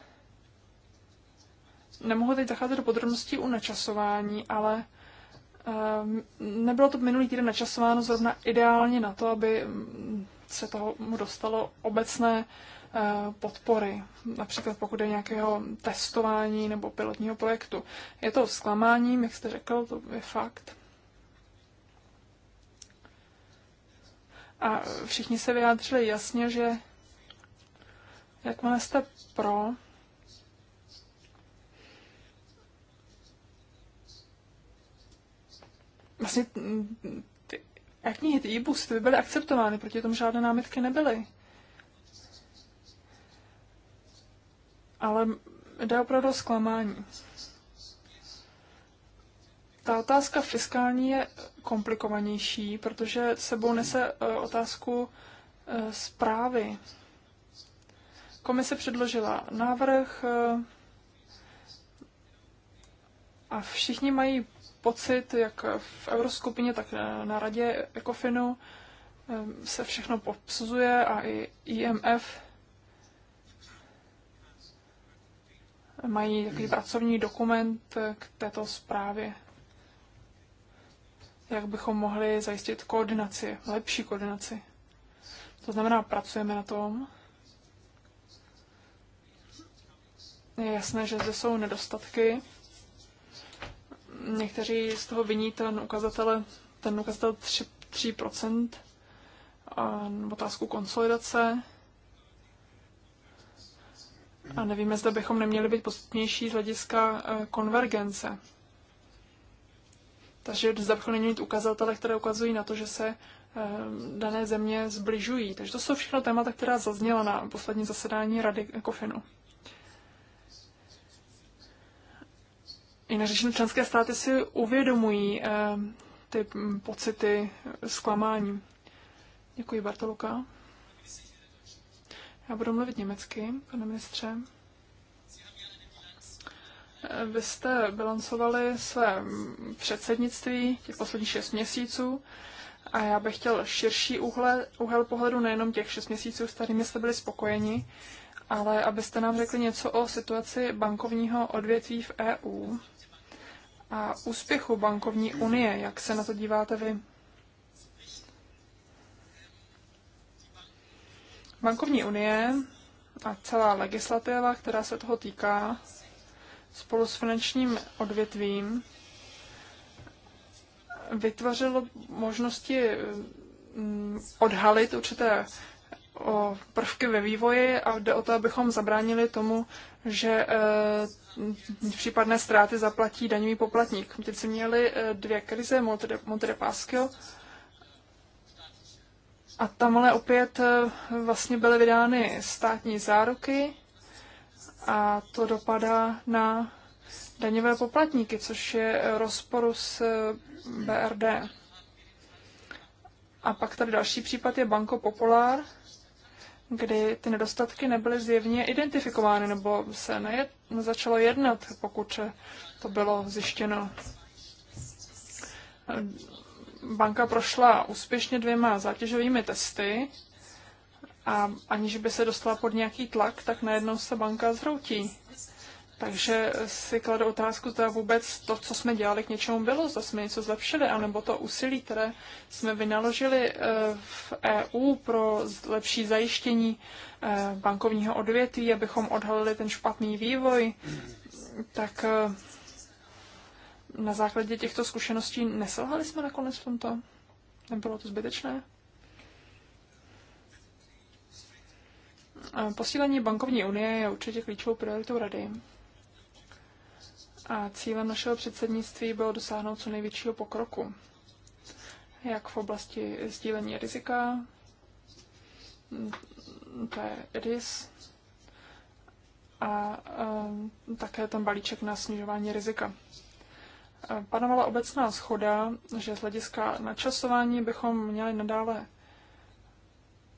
nemohu teď zacházet do podrobností u načasování, ale ehm, nebylo to minulý týden načasováno zrovna ideálně na to, aby se toho mu dostalo obecné Eh, podpory, například pokud je nějakého testování nebo pilotního projektu. Je to zklamáním, jak jste řekl, to je fakt. A všichni se vyjádřili jasně, že jakmile jste pro, vlastně ty, jak knihy, ty e-boosty by byly akceptovány, proti tomu žádné námitky nebyly. ale jde opravdu zklamání. Ta otázka fiskální je komplikovanější, protože sebou nese eh, otázku eh, zprávy. Komise předložila návrh eh, a všichni mají pocit, jak v Euroskupině, tak na radě Ecofinu se všechno popsuzuje a i IMF mají takový pracovní dokument k této zprávě. Jak bychom mohli zajistit koordinaci, lepší koordinaci. To znamená, pracujeme na tom. Je jasné, že zde jsou nedostatky. Někteří z toho viní ten ukazatel, ten ukazatel 3, 3% a otázku konsolidace. A nevíme, zda bychom neměli být postupnější z hlediska eh, konvergence. Takže zda bychom neměli mít ukazatele, které ukazují na to, že se eh, dané země zbližují. Takže to jsou všechno témata, která zazněla na poslední zasedání Rady Ekofinu. Jinak řečeno, členské státy si uvědomují eh, ty pocity zklamání. Děkuji, Bartoluka. Já budu mluvit německy, pane ministře. Vy jste bilancovali své předsednictví těch posledních šest měsíců a já bych chtěl širší úhel pohledu, nejenom těch šest měsíců, s kterými jste byli spokojeni, ale abyste nám řekli něco o situaci bankovního odvětví v EU a úspěchu bankovní unie, jak se na to díváte vy. Bankovní unie a celá legislativa, která se toho týká, spolu s finančním odvětvím vytvořilo možnosti mm, odhalit určité prvky ve vývoji a jde o to, abychom zabránili tomu, že e, případné ztráty zaplatí daňový poplatník. Teď jsme měli e, dvě krize, Monterey Pascal a tam ale opět eh, vlastně byly vydány státní záruky a to dopadá na daňové poplatníky, což je rozporu s eh, BRD. A pak tady další případ je Banco Popular, kdy ty nedostatky nebyly zjevně identifikovány, nebo se nezačalo jednat, pokud eh, to bylo zjištěno banka prošla úspěšně dvěma zátěžovými testy a aniž by se dostala pod nějaký tlak, tak najednou se banka zhroutí. Takže si kladu otázku, zda vůbec to, co jsme dělali, k něčemu bylo, zda jsme něco zlepšili, anebo to úsilí, které jsme vynaložili eh, v EU pro lepší zajištění eh, bankovního odvětví, abychom odhalili ten špatný vývoj, tak eh, na základě těchto zkušeností neselhali jsme nakonec v tomto? Nebylo to zbytečné? Posílení bankovní unie je určitě klíčovou prioritou Rady. A cílem našeho předsednictví bylo dosáhnout co největšího pokroku, jak v oblasti sdílení rizika, to je RIS, a, a také ten balíček na snižování rizika panovala obecná schoda, že z hlediska načasování bychom měli nadále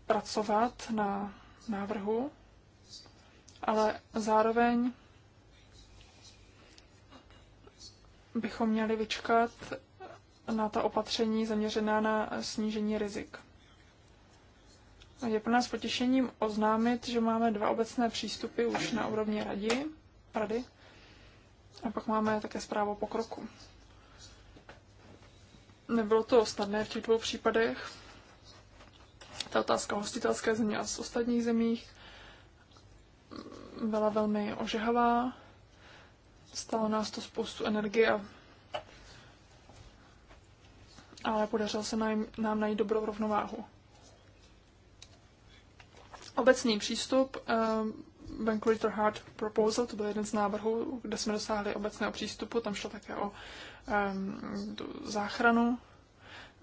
pracovat na návrhu, ale zároveň bychom měli vyčkat na ta opatření zaměřená na snížení rizik. Je pro nás potěšením oznámit, že máme dva obecné přístupy už na úrovni rady. rady. A pak máme také zprávu o pokroku. Nebylo to snadné v těch dvou případech. Ta otázka hostitelské země a z ostatních zemích byla velmi ožehavá. Stalo nás to spoustu energie a ale podařilo se nám, nám najít dobrou rovnováhu. Obecný přístup ehm, Bankriter Hard Proposal, to byl jeden z návrhů, kde jsme dosáhli obecného přístupu, tam šlo také o um, záchranu,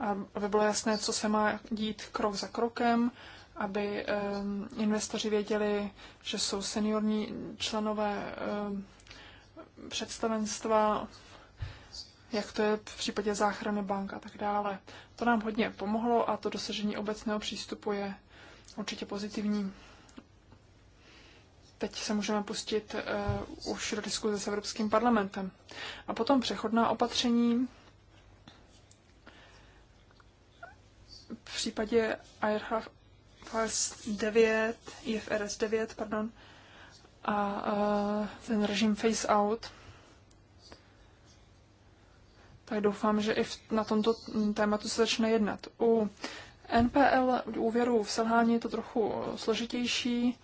a aby bylo jasné, co se má dít krok za krokem, aby um, investoři věděli, že jsou seniorní členové um, představenstva, jak to je v případě záchrany bank a tak dále. To nám hodně pomohlo a to dosažení obecného přístupu je určitě pozitivní. Teď se můžeme pustit uh, už do diskuze s Evropským parlamentem. A potom přechodná opatření. V případě IFRS 9, IFRS 9, pardon, a uh, ten režim face out, tak doufám, že i v, na tomto tématu se začne jednat. U NPL úvěru v selhání je to trochu eh, složitější.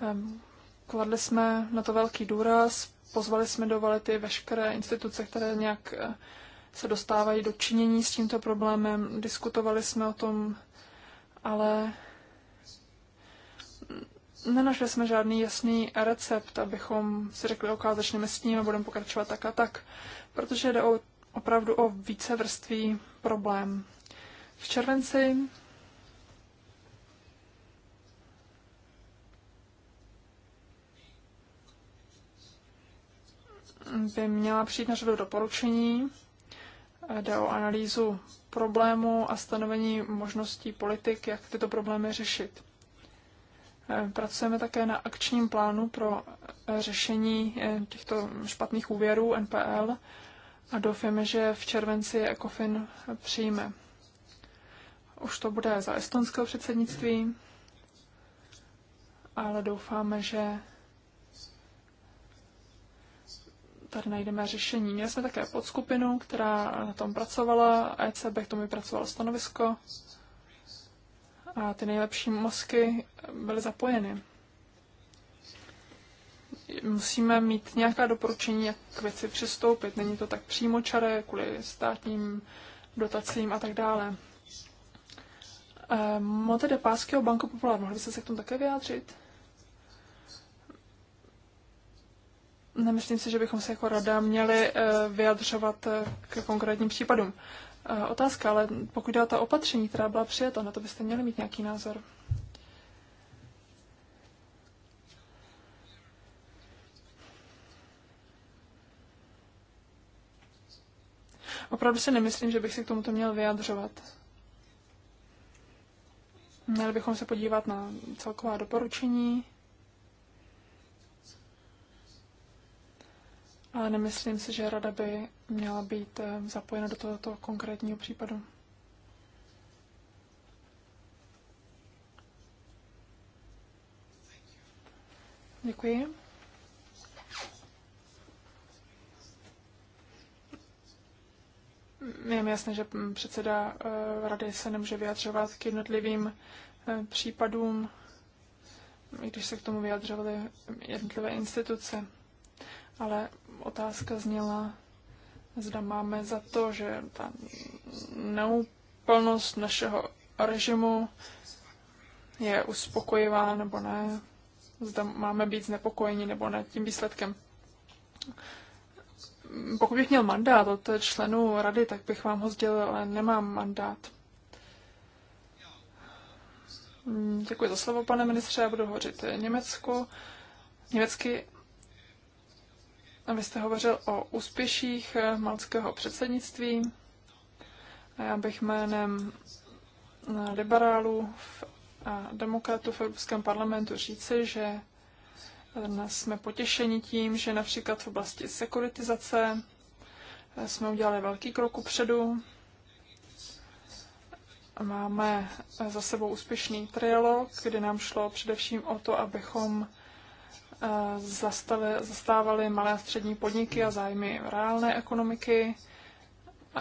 Um, Kladli jsme na to velký důraz, pozvali jsme do Valety veškeré instituce, které nějak eh, se dostávají do činění s tímto problémem, diskutovali jsme o tom, ale nenašli jsme žádný jasný recept, abychom si řekli, ok, začneme s tím a budeme pokračovat tak a tak, protože jde o, opravdu o vrství problém. V červenci by měla přijít na řadu doporučení. Jde o analýzu problému a stanovení možností politik, jak tyto problémy řešit. Pracujeme také na akčním plánu pro řešení eh, těchto špatných úvěrů NPL a doufáme, že v červenci ECOFIN přijme. Už to bude za estonského předsednictví, ale doufáme, že tady najdeme řešení. Měli jsme také podskupinu, která na tom pracovala, ECB k tomu vypracovala stanovisko a ty nejlepší mozky byly zapojeny. Musíme mít nějaká doporučení, jak k věci přistoupit. Není to tak přímo čaré kvůli státním dotacím a tak dále. Eh, Monte de o banku Popular, mohli byste se k tomu také vyjádřit? nemyslím si, že bychom se jako rada měli eh, vyjadřovat eh, k konkrétním případům. Eh, otázka, ale pokud jde o ta opatření, která byla přijata, na to byste měli mít nějaký názor. Opravdu si nemyslím, že bych se k tomuto měl vyjadřovat. Měli bychom se podívat na celková doporučení, Ale nemyslím si, že rada by měla být eh, zapojena do tohoto konkrétního případu. Děkuji. Je mi jasné, že mm, předseda eh, rady se nemůže vyjadřovat k jednotlivým eh, případům, i když se k tomu vyjadřovaly jednotlivé instituce ale otázka zněla, zda máme za to, že ta neúplnost našeho režimu je uspokojivá nebo ne, zda máme být znepokojeni nebo ne tím výsledkem. Pokud bych měl mandát od členů rady, tak bych vám ho sdělil, ale nemám mandát. Děkuji za slovo, pane ministře, já budu hovořit německu. Německy vy jste hovořil o úspěších eh, malckého předsednictví. A já bych jménem eh, liberálů a demokratů v Evropském parlamentu říci, že eh, jsme potěšeni tím, že například v oblasti sekuritizace jsme udělali velký krok upředu. Máme za sebou úspěšný trialog, kdy nám šlo především o to, abychom Eh, zastávaly malé a střední podniky a zájmy reálné ekonomiky. A,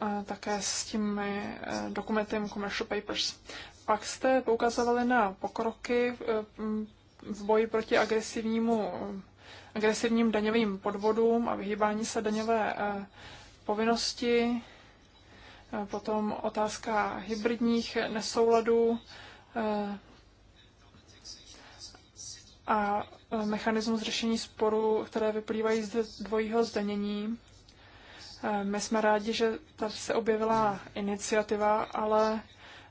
a také s tím eh, dokumentem Commercial Papers. Pak jste poukazovali na pokroky v eh, boji proti agresivnímu, agresivním daňovým podvodům a vyhýbání se daňové povinnosti. Potom otázka hybridních nesouladů, a e, mechanismus řešení sporů, které vyplývají z dvojího zdanění. E, my jsme rádi, že tady se objevila iniciativa, ale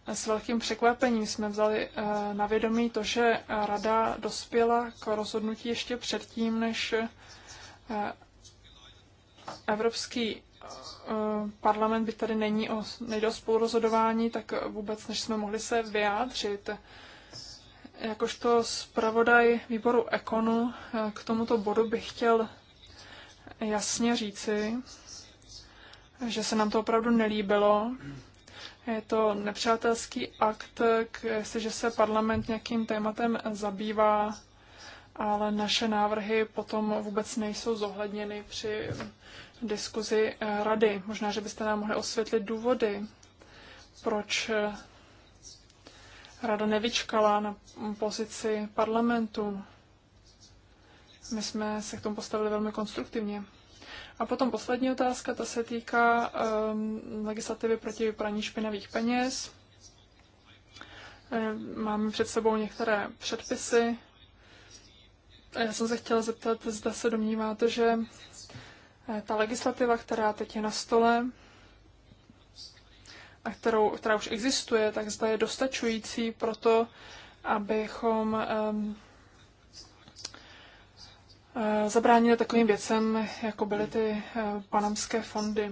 s velkým překvapením jsme vzali e, na vědomí to, že rada dospěla k rozhodnutí ještě předtím, než Evropský parlament by tady není o, nejde spolurozhodování, tak vůbec než jsme mohli se vyjádřit. Jakožto zpravodaj výboru Ekonu eh, k tomuto bodu bych chtěl jasně říci, že se nám to opravdu nelíbilo. Je to nepřátelský akt, jestliže se parlament nějakým tématem zabývá, ale naše návrhy potom vůbec nejsou zohledněny při diskuzi eh, rady. Možná, že byste nám mohli osvětlit důvody, proč eh, rada nevyčkala na pozici parlamentu. My jsme se k tomu postavili velmi konstruktivně. A potom poslední otázka, ta se týká um, legislativy proti praní špinavých peněz. Ehm, máme před sebou některé předpisy. Já jsem se chtěla zeptat, zda se domníváte, že eh, ta legislativa, která teď je na stole, a kterou, která už existuje, tak zda je dostačující pro to, abychom um, zabránili takovým věcem, jako byly ty eh, panamské fondy.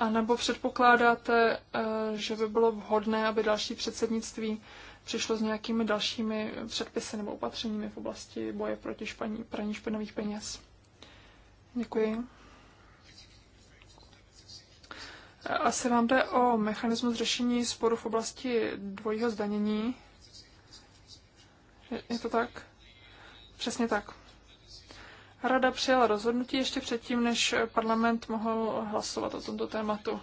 A nebo předpokládáte, eh, že by bylo vhodné, aby další předsednictví přišlo s nějakými dalšími předpisy nebo opatřeními v oblasti boje proti španí, praní špinavých peněz? Děkuji. Asi nám jde o mechanismus řešení sporu v oblasti dvojího zdanění. Je to tak? Přesně tak. Rada přijala rozhodnutí ještě předtím, než parlament mohl hlasovat o tomto tématu,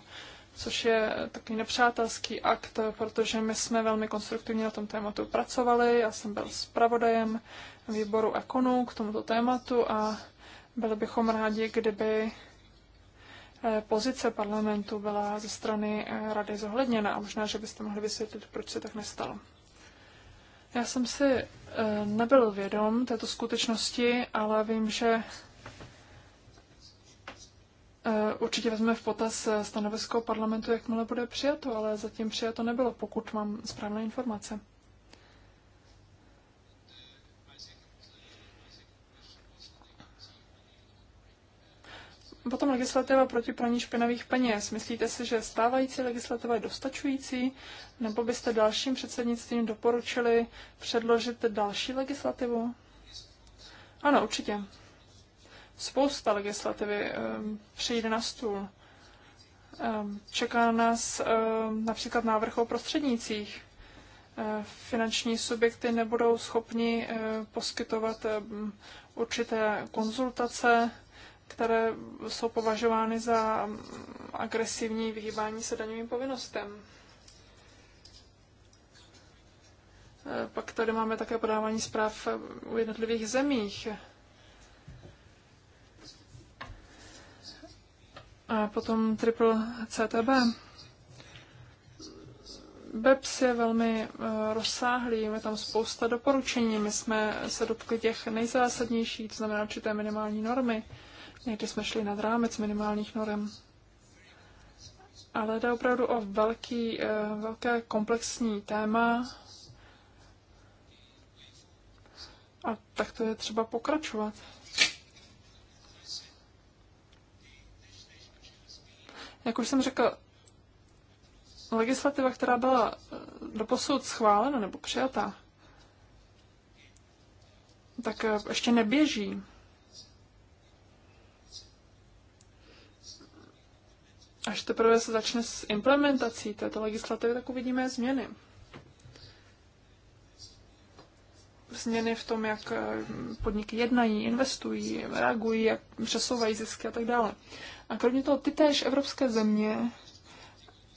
což je takový nepřátelský akt, protože my jsme velmi konstruktivně na tom tématu pracovali. Já jsem byl zpravodajem výboru Ekonu k tomuto tématu a byli bychom rádi, kdyby pozice parlamentu byla ze strany eh, rady zohledněna a možná, že byste mohli vysvětlit, proč se tak nestalo. Já jsem si eh, nebyl vědom této skutečnosti, ale vím, že eh, určitě vezme v potaz stanovisko parlamentu, jakmile bude přijato, ale zatím přijato nebylo, pokud mám správné informace. Potom legislativa proti praní špinavých peněz. Myslíte si, že stávající legislativa je dostačující, nebo byste dalším předsednictvím doporučili předložit další legislativu? Ano, určitě. Spousta legislativy um, přijde na stůl. Um, čeká na nás um, například návrh o prostřednících. Finanční subjekty nebudou schopni poskytovat určité konzultace které jsou považovány za agresivní vyhýbání se daňovým povinnostem. Eh, pak tady máme také podávání zpráv u jednotlivých zemích. A potom triple CTB. BEPS je velmi eh, rozsáhlý, je tam spousta doporučení. My jsme se dotkli těch nejzásadnějších, to znamená určité minimální normy. Někdy jsme šli nad rámec minimálních norem. Ale jde opravdu o velký, eh, velké komplexní téma. A tak to je třeba pokračovat. Jak už jsem řekl, legislativa, která byla eh, doposud schválena nebo přijatá, tak eh, ještě neběží. až teprve se začne s implementací této legislativy, tak uvidíme změny. Změny v tom, jak eh, podniky jednají, investují, reagují, jak přesouvají zisky a tak dále. A kromě toho, ty též evropské země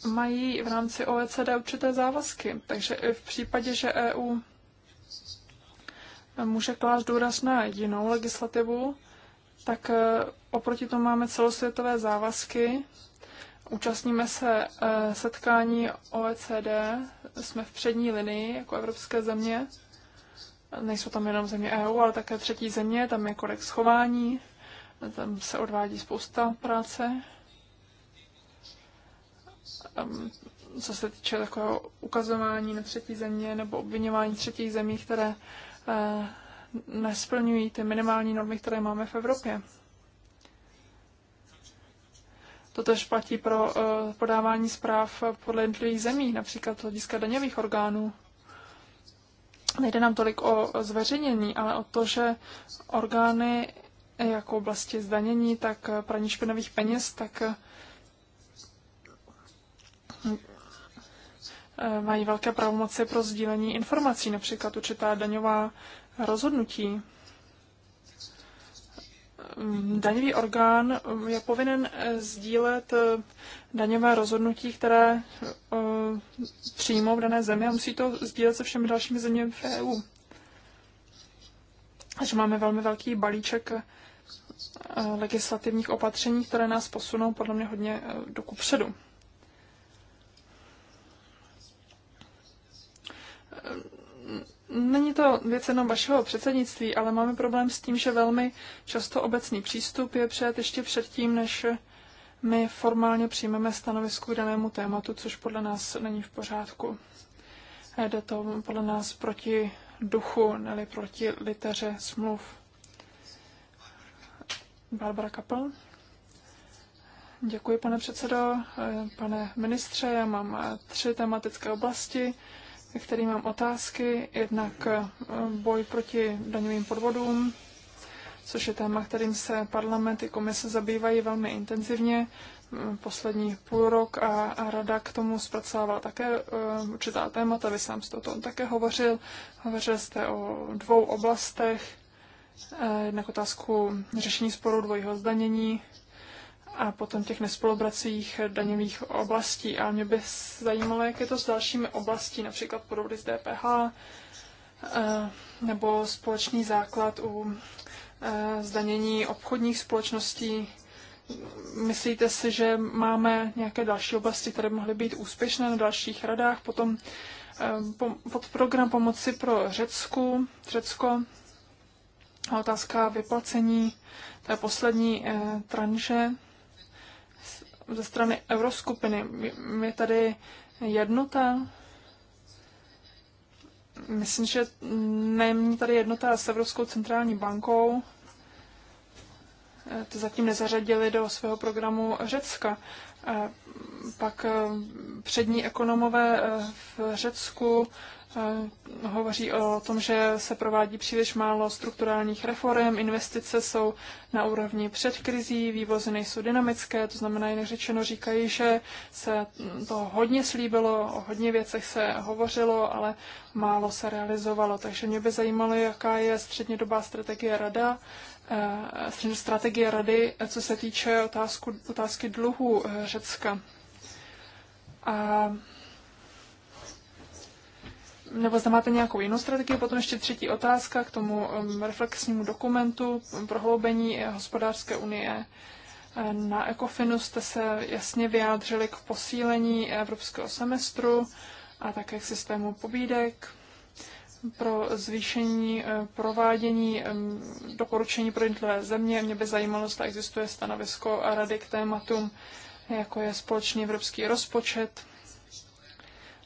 mají v rámci OECD určité závazky. Takže v případě, že EU může klást důraz na jinou legislativu, tak eh, oproti tomu máme celosvětové závazky Účastníme se eh, setkání OECD, jsme v přední linii jako evropské země. Nejsou tam jenom země EU, ale také třetí země, tam je kodex chování, tam se odvádí spousta práce. Ehm, co se týče takového ukazování na třetí země nebo obvinování třetích zemí, které eh, nesplňují ty minimální normy, které máme v Evropě. To tež platí pro eh, podávání zpráv podle jednotlivých zemí, například hlediska daňových orgánů. Nejde nám tolik o zveřejnění, ale o to, že orgány eh, jako oblasti zdanění, tak eh, praní špinavých peněz, tak mají velké pravomoci pro sdílení informací, například určitá daňová rozhodnutí Mm, daňový orgán mm, je povinen eh, sdílet eh, daňové rozhodnutí, které eh, přijmou v dané zemi a musí to sdílet se všemi dalšími zeměmi v EU. Takže máme velmi velký balíček legislativních opatření, které nás posunou podle mě hodně do kupředu. Není to věc jenom vašeho předsednictví, ale máme problém s tím, že velmi často obecný přístup je před ještě předtím, než my formálně přijmeme stanovisku k danému tématu, což podle nás není v pořádku. Jde to podle nás proti duchu, neli proti liteře smluv. Barbara Kapl. Děkuji, pane předsedo. Pane ministře, já mám tři tematické oblasti. Který mám otázky. Jednak eh, boj proti daňovým podvodům, což je téma, kterým se parlament i komise zabývají velmi intenzivně mm, poslední půl rok a, a rada k tomu zpracovala také eh, určitá témata. Vy sám jste o tom také hovořil. Hovořil jste o dvou oblastech. Eh, jednak otázku řešení sporu dvojího zdanění a potom těch nespolupracích daňových oblastí. A mě by zajímalo, jak je to s dalšími oblastí, například podobně z DPH eh, nebo společný základ u eh, zdanění obchodních společností. Myslíte si, že máme nějaké další oblasti, které mohly být úspěšné na dalších radách? Potom eh, pod program pomoci pro Řecku, Řecko, otázka vyplacení té poslední tranže ze strany euroskupiny je tady jednota. Myslím, že není tady jednota s Evropskou centrální bankou. Eh, to zatím nezařadili do svého programu Řecka. Eh, pak eh, přední ekonomové v Řecku Eh, hovoří o tom, že se provádí příliš málo strukturálních reform, investice jsou na úrovni před krizí, vývozy nejsou dynamické, to znamená, jinak řečeno, říkají, že se to hodně slíbilo, o hodně věcech se hovořilo, ale málo se realizovalo. Takže mě by zajímalo, jaká je střednědobá strategie rada, eh, strategie rady, co se týče otázku, otázky dluhu eh, Řecka. A nebo zda máte nějakou jinou strategii. Potom ještě třetí otázka k tomu um, reflexnímu dokumentu um, prohloubení eh, hospodářské unie. Eh, na Ecofinu jste se jasně vyjádřili k posílení evropského semestru a také k systému pobídek pro zvýšení eh, provádění doporučení pro jednotlivé země. Mě by zajímalo, zda existuje stanovisko a rady k tématům, jako je společný evropský rozpočet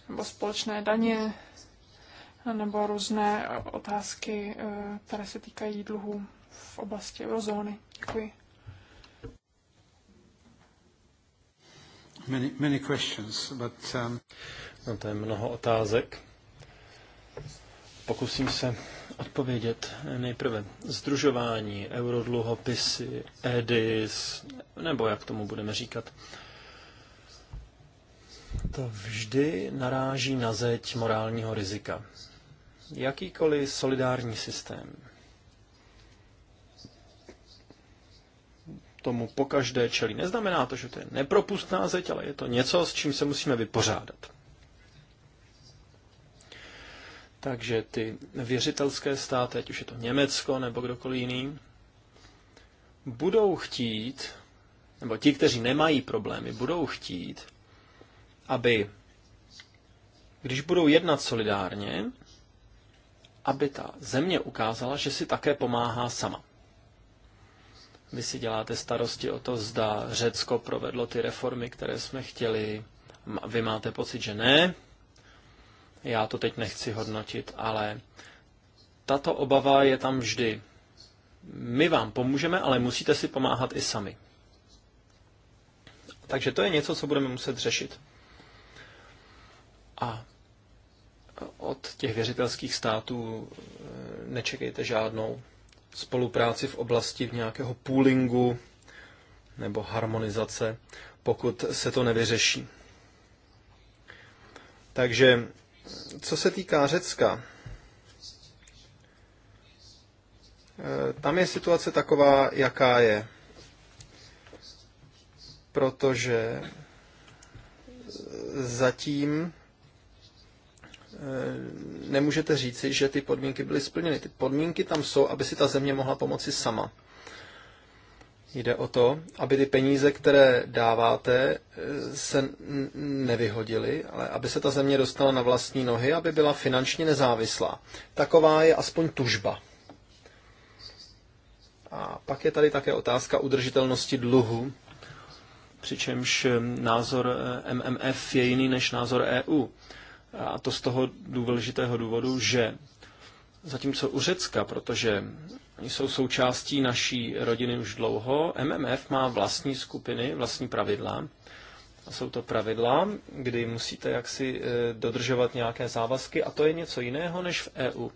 nebo společné daně, nebo různé otázky, eh, které se týkají dluhů v oblasti eurozóny. Děkuji. Many, many questions, but, um... no, to je mnoho otázek. Pokusím se odpovědět nejprve. Združování, eurodluhopisy, EDIS, nebo jak tomu budeme říkat. To vždy naráží na zeď morálního rizika jakýkoliv solidární systém tomu pokaždé čelí. Neznamená to, že to je nepropustná zeď, ale je to něco, s čím se musíme vypořádat. Takže ty věřitelské státy, ať už je to Německo nebo kdokoliv jiný, budou chtít, nebo ti, kteří nemají problémy, budou chtít, aby když budou jednat solidárně, aby ta země ukázala, že si také pomáhá sama. Vy si děláte starosti o to, zda Řecko provedlo ty reformy, které jsme chtěli. Vy máte pocit, že ne. Já to teď nechci hodnotit, ale tato obava je tam vždy. My vám pomůžeme, ale musíte si pomáhat i sami. Takže to je něco, co budeme muset řešit. A od těch věřitelských států eh, nečekejte žádnou spolupráci v oblasti v nějakého poolingu nebo harmonizace, pokud se to nevyřeší. Takže co se týká Řecka, eh, tam je situace taková, jaká je. Protože zatím Eh, nemůžete říci, že ty podmínky byly splněny. Ty podmínky tam jsou, aby si ta země mohla pomoci sama. Jde o to, aby ty peníze, které dáváte, eh, se nevyhodily, ale aby se ta země dostala na vlastní nohy, aby byla finančně nezávislá. Taková je aspoň tužba. A pak je tady také otázka udržitelnosti dluhu, přičemž eh, názor MMF je jiný než názor EU. A to z toho důležitého důvodu, že zatímco u Řecka, protože jsou součástí naší rodiny už dlouho, MMF má vlastní skupiny, vlastní pravidla. A jsou to pravidla, kdy musíte jaksi e, dodržovat nějaké závazky a to je něco jiného než v EU.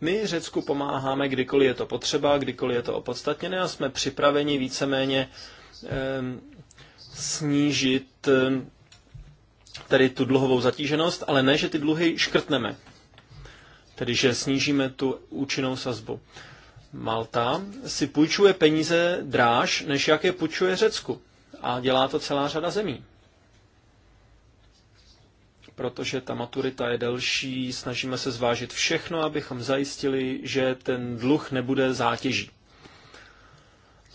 My Řecku pomáháme, kdykoliv je to potřeba, kdykoliv je to opodstatněné a jsme připraveni víceméně e, snížit e, tedy tu dluhovou zatíženost, ale ne, že ty dluhy škrtneme. Tedy, že snížíme tu účinnou sazbu. Malta si půjčuje peníze dráž, než jak je půjčuje Řecku. A dělá to celá řada zemí. Protože ta maturita je delší, snažíme se zvážit všechno, abychom zajistili, že ten dluh nebude zátěží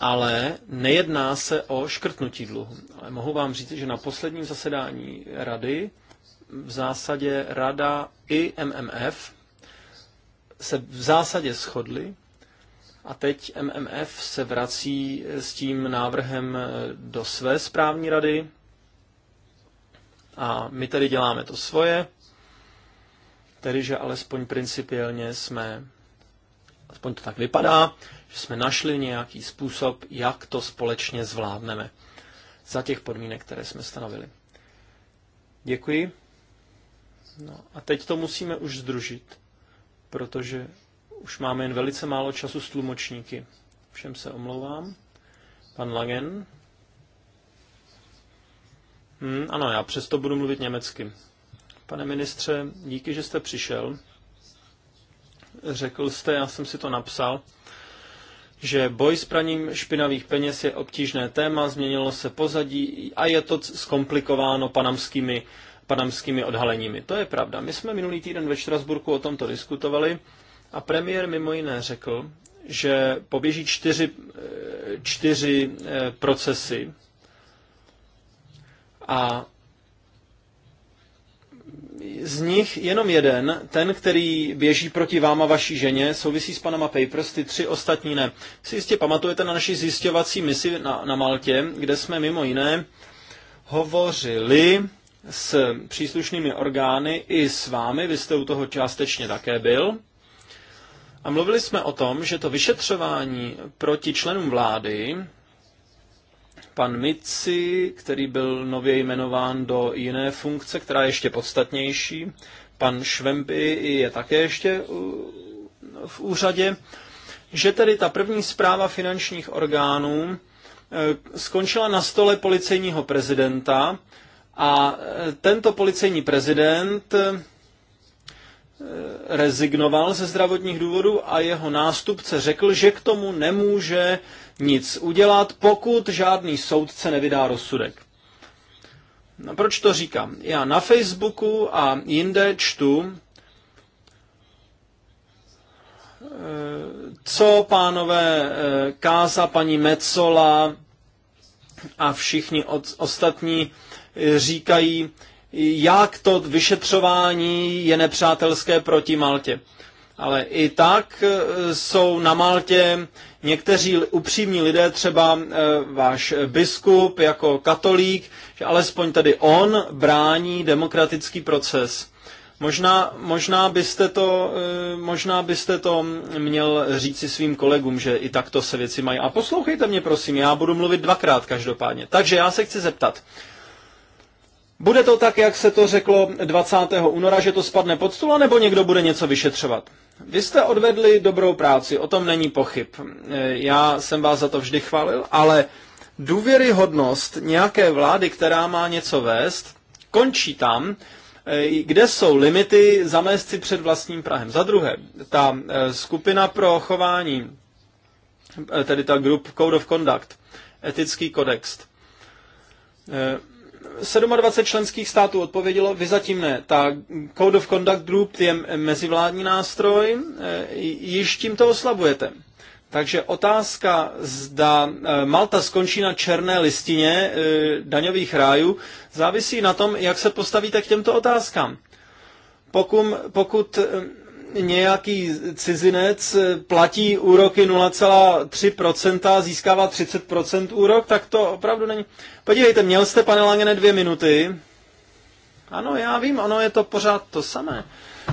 ale nejedná se o škrtnutí dluhu. Ale mohu vám říct, že na posledním zasedání rady v zásadě rada i MMF se v zásadě shodly a teď MMF se vrací s tím návrhem do své správní rady a my tedy děláme to svoje, tedy že alespoň principiálně jsme, aspoň to tak vypadá, že jsme našli nějaký způsob, jak to společně zvládneme za těch podmínek, které jsme stanovili. Děkuji. No a teď to musíme už združit, protože už máme jen velice málo času s tlumočníky. Všem se omlouvám. Pan Lagen. Hm, ano, já přesto budu mluvit německy. Pane ministře, díky, že jste přišel. Řekl jste, já jsem si to napsal, že boj s praním špinavých peněz je obtížné téma, změnilo se pozadí a je to zkomplikováno panamskými, panamskými odhaleními. To je pravda. My jsme minulý týden ve Štrasburku o tomto diskutovali a premiér mimo jiné řekl, že poběží čtyři, eh, čtyři eh, procesy a z nich jenom jeden, ten, který běží proti vám a vaší ženě, souvisí s Panama Papers, ty tři ostatní ne. Si jistě pamatujete na naší zjišťovací misi na, na Maltě, kde jsme mimo jiné hovořili s příslušnými orgány i s vámi, vy jste u toho částečně také byl, a mluvili jsme o tom, že to vyšetřování proti členům vlády Pan Mici, který byl nově jmenován do jiné funkce, která je ještě podstatnější. Pan Švempy je také ještě v úřadě. Že tedy ta první zpráva finančních orgánů e, skončila na stole policejního prezidenta a e, tento policejní prezident e, rezignoval ze zdravotních důvodů a jeho nástupce řekl, že k tomu nemůže nic udělat, pokud žádný soudce nevydá rozsudek. No, proč to říkám? Já na Facebooku a jinde čtu, eh, co pánové eh, Káza, paní Mecola a všichni od, ostatní říkají, jak to vyšetřování je nepřátelské proti Maltě. Ale i tak eh, jsou na Maltě někteří upřímní lidé, třeba eh, váš biskup jako katolík, že alespoň tady on brání demokratický proces. Možná, možná, byste to, eh, možná byste to měl říci svým kolegům, že i takto se věci mají. A poslouchejte mě, prosím, já budu mluvit dvakrát každopádně. Takže já se chci zeptat. Bude to tak, jak se to řeklo 20. února, že to spadne pod stůl, nebo někdo bude něco vyšetřovat? Vy jste odvedli dobrou práci, o tom není pochyb. E, já jsem vás za to vždy chvalil, ale důvěryhodnost nějaké vlády, která má něco vést, končí tam, e, kde jsou limity zamést si před vlastním Prahem. Za druhé, ta e, skupina pro chování, tedy ta Group Code of Conduct, etický kodex, 27 členských států odpovědělo, vy zatím ne. Ta Code of Conduct Group je mezivládní nástroj, eh, již tím to oslabujete. Takže otázka, zda eh, Malta skončí na černé listině eh, daňových rájů, závisí na tom, jak se postavíte k těmto otázkám. Pokud, pokud nějaký cizinec eh, platí úroky 0,3% a získává 30% úrok, tak to opravdu není. Podívejte, měl jste, pane Langene, dvě minuty. Ano, já vím, ono je to pořád to samé.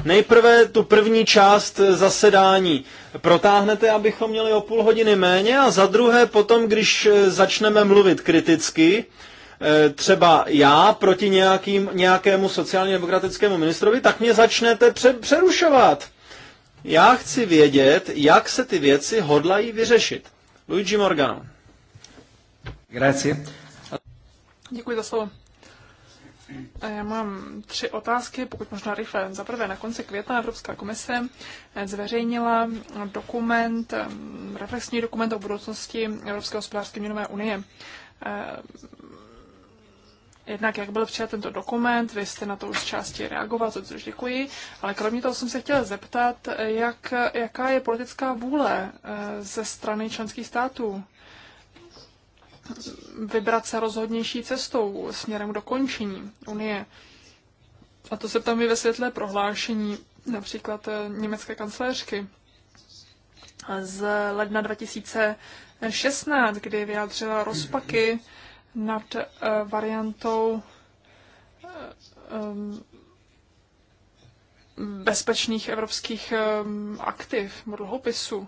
Nejprve tu první část zasedání protáhnete, abychom měli o půl hodiny méně a za druhé potom, když eh, začneme mluvit kriticky, E, třeba já proti nějakým, nějakému sociálně demokratickému ministrovi, tak mě začnete pře- přerušovat. Já chci vědět, jak se ty věci hodlají vyřešit. Luigi Morgano. Grazie. Děkuji za slovo. E, já mám tři otázky, pokud možná rychle. Za prvé, na konci května Evropská komise e, zveřejnila dokument, reflexní dokument o budoucnosti Evropské hospodářské měnové unie jednak jak byl přijat tento dokument, vy jste na to už části reagoval, co, což děkuji, ale kromě toho jsem se chtěla zeptat, jak, jaká je politická vůle eh, ze strany členských států vybrat se rozhodnější cestou směrem k dokončení Unie. A to se tam i ve světle prohlášení například eh, německé kancléřky z ledna 2016, kdy vyjádřila rozpaky nad eh, variantou eh, eh, bezpečných evropských aktiv, dluhopisů.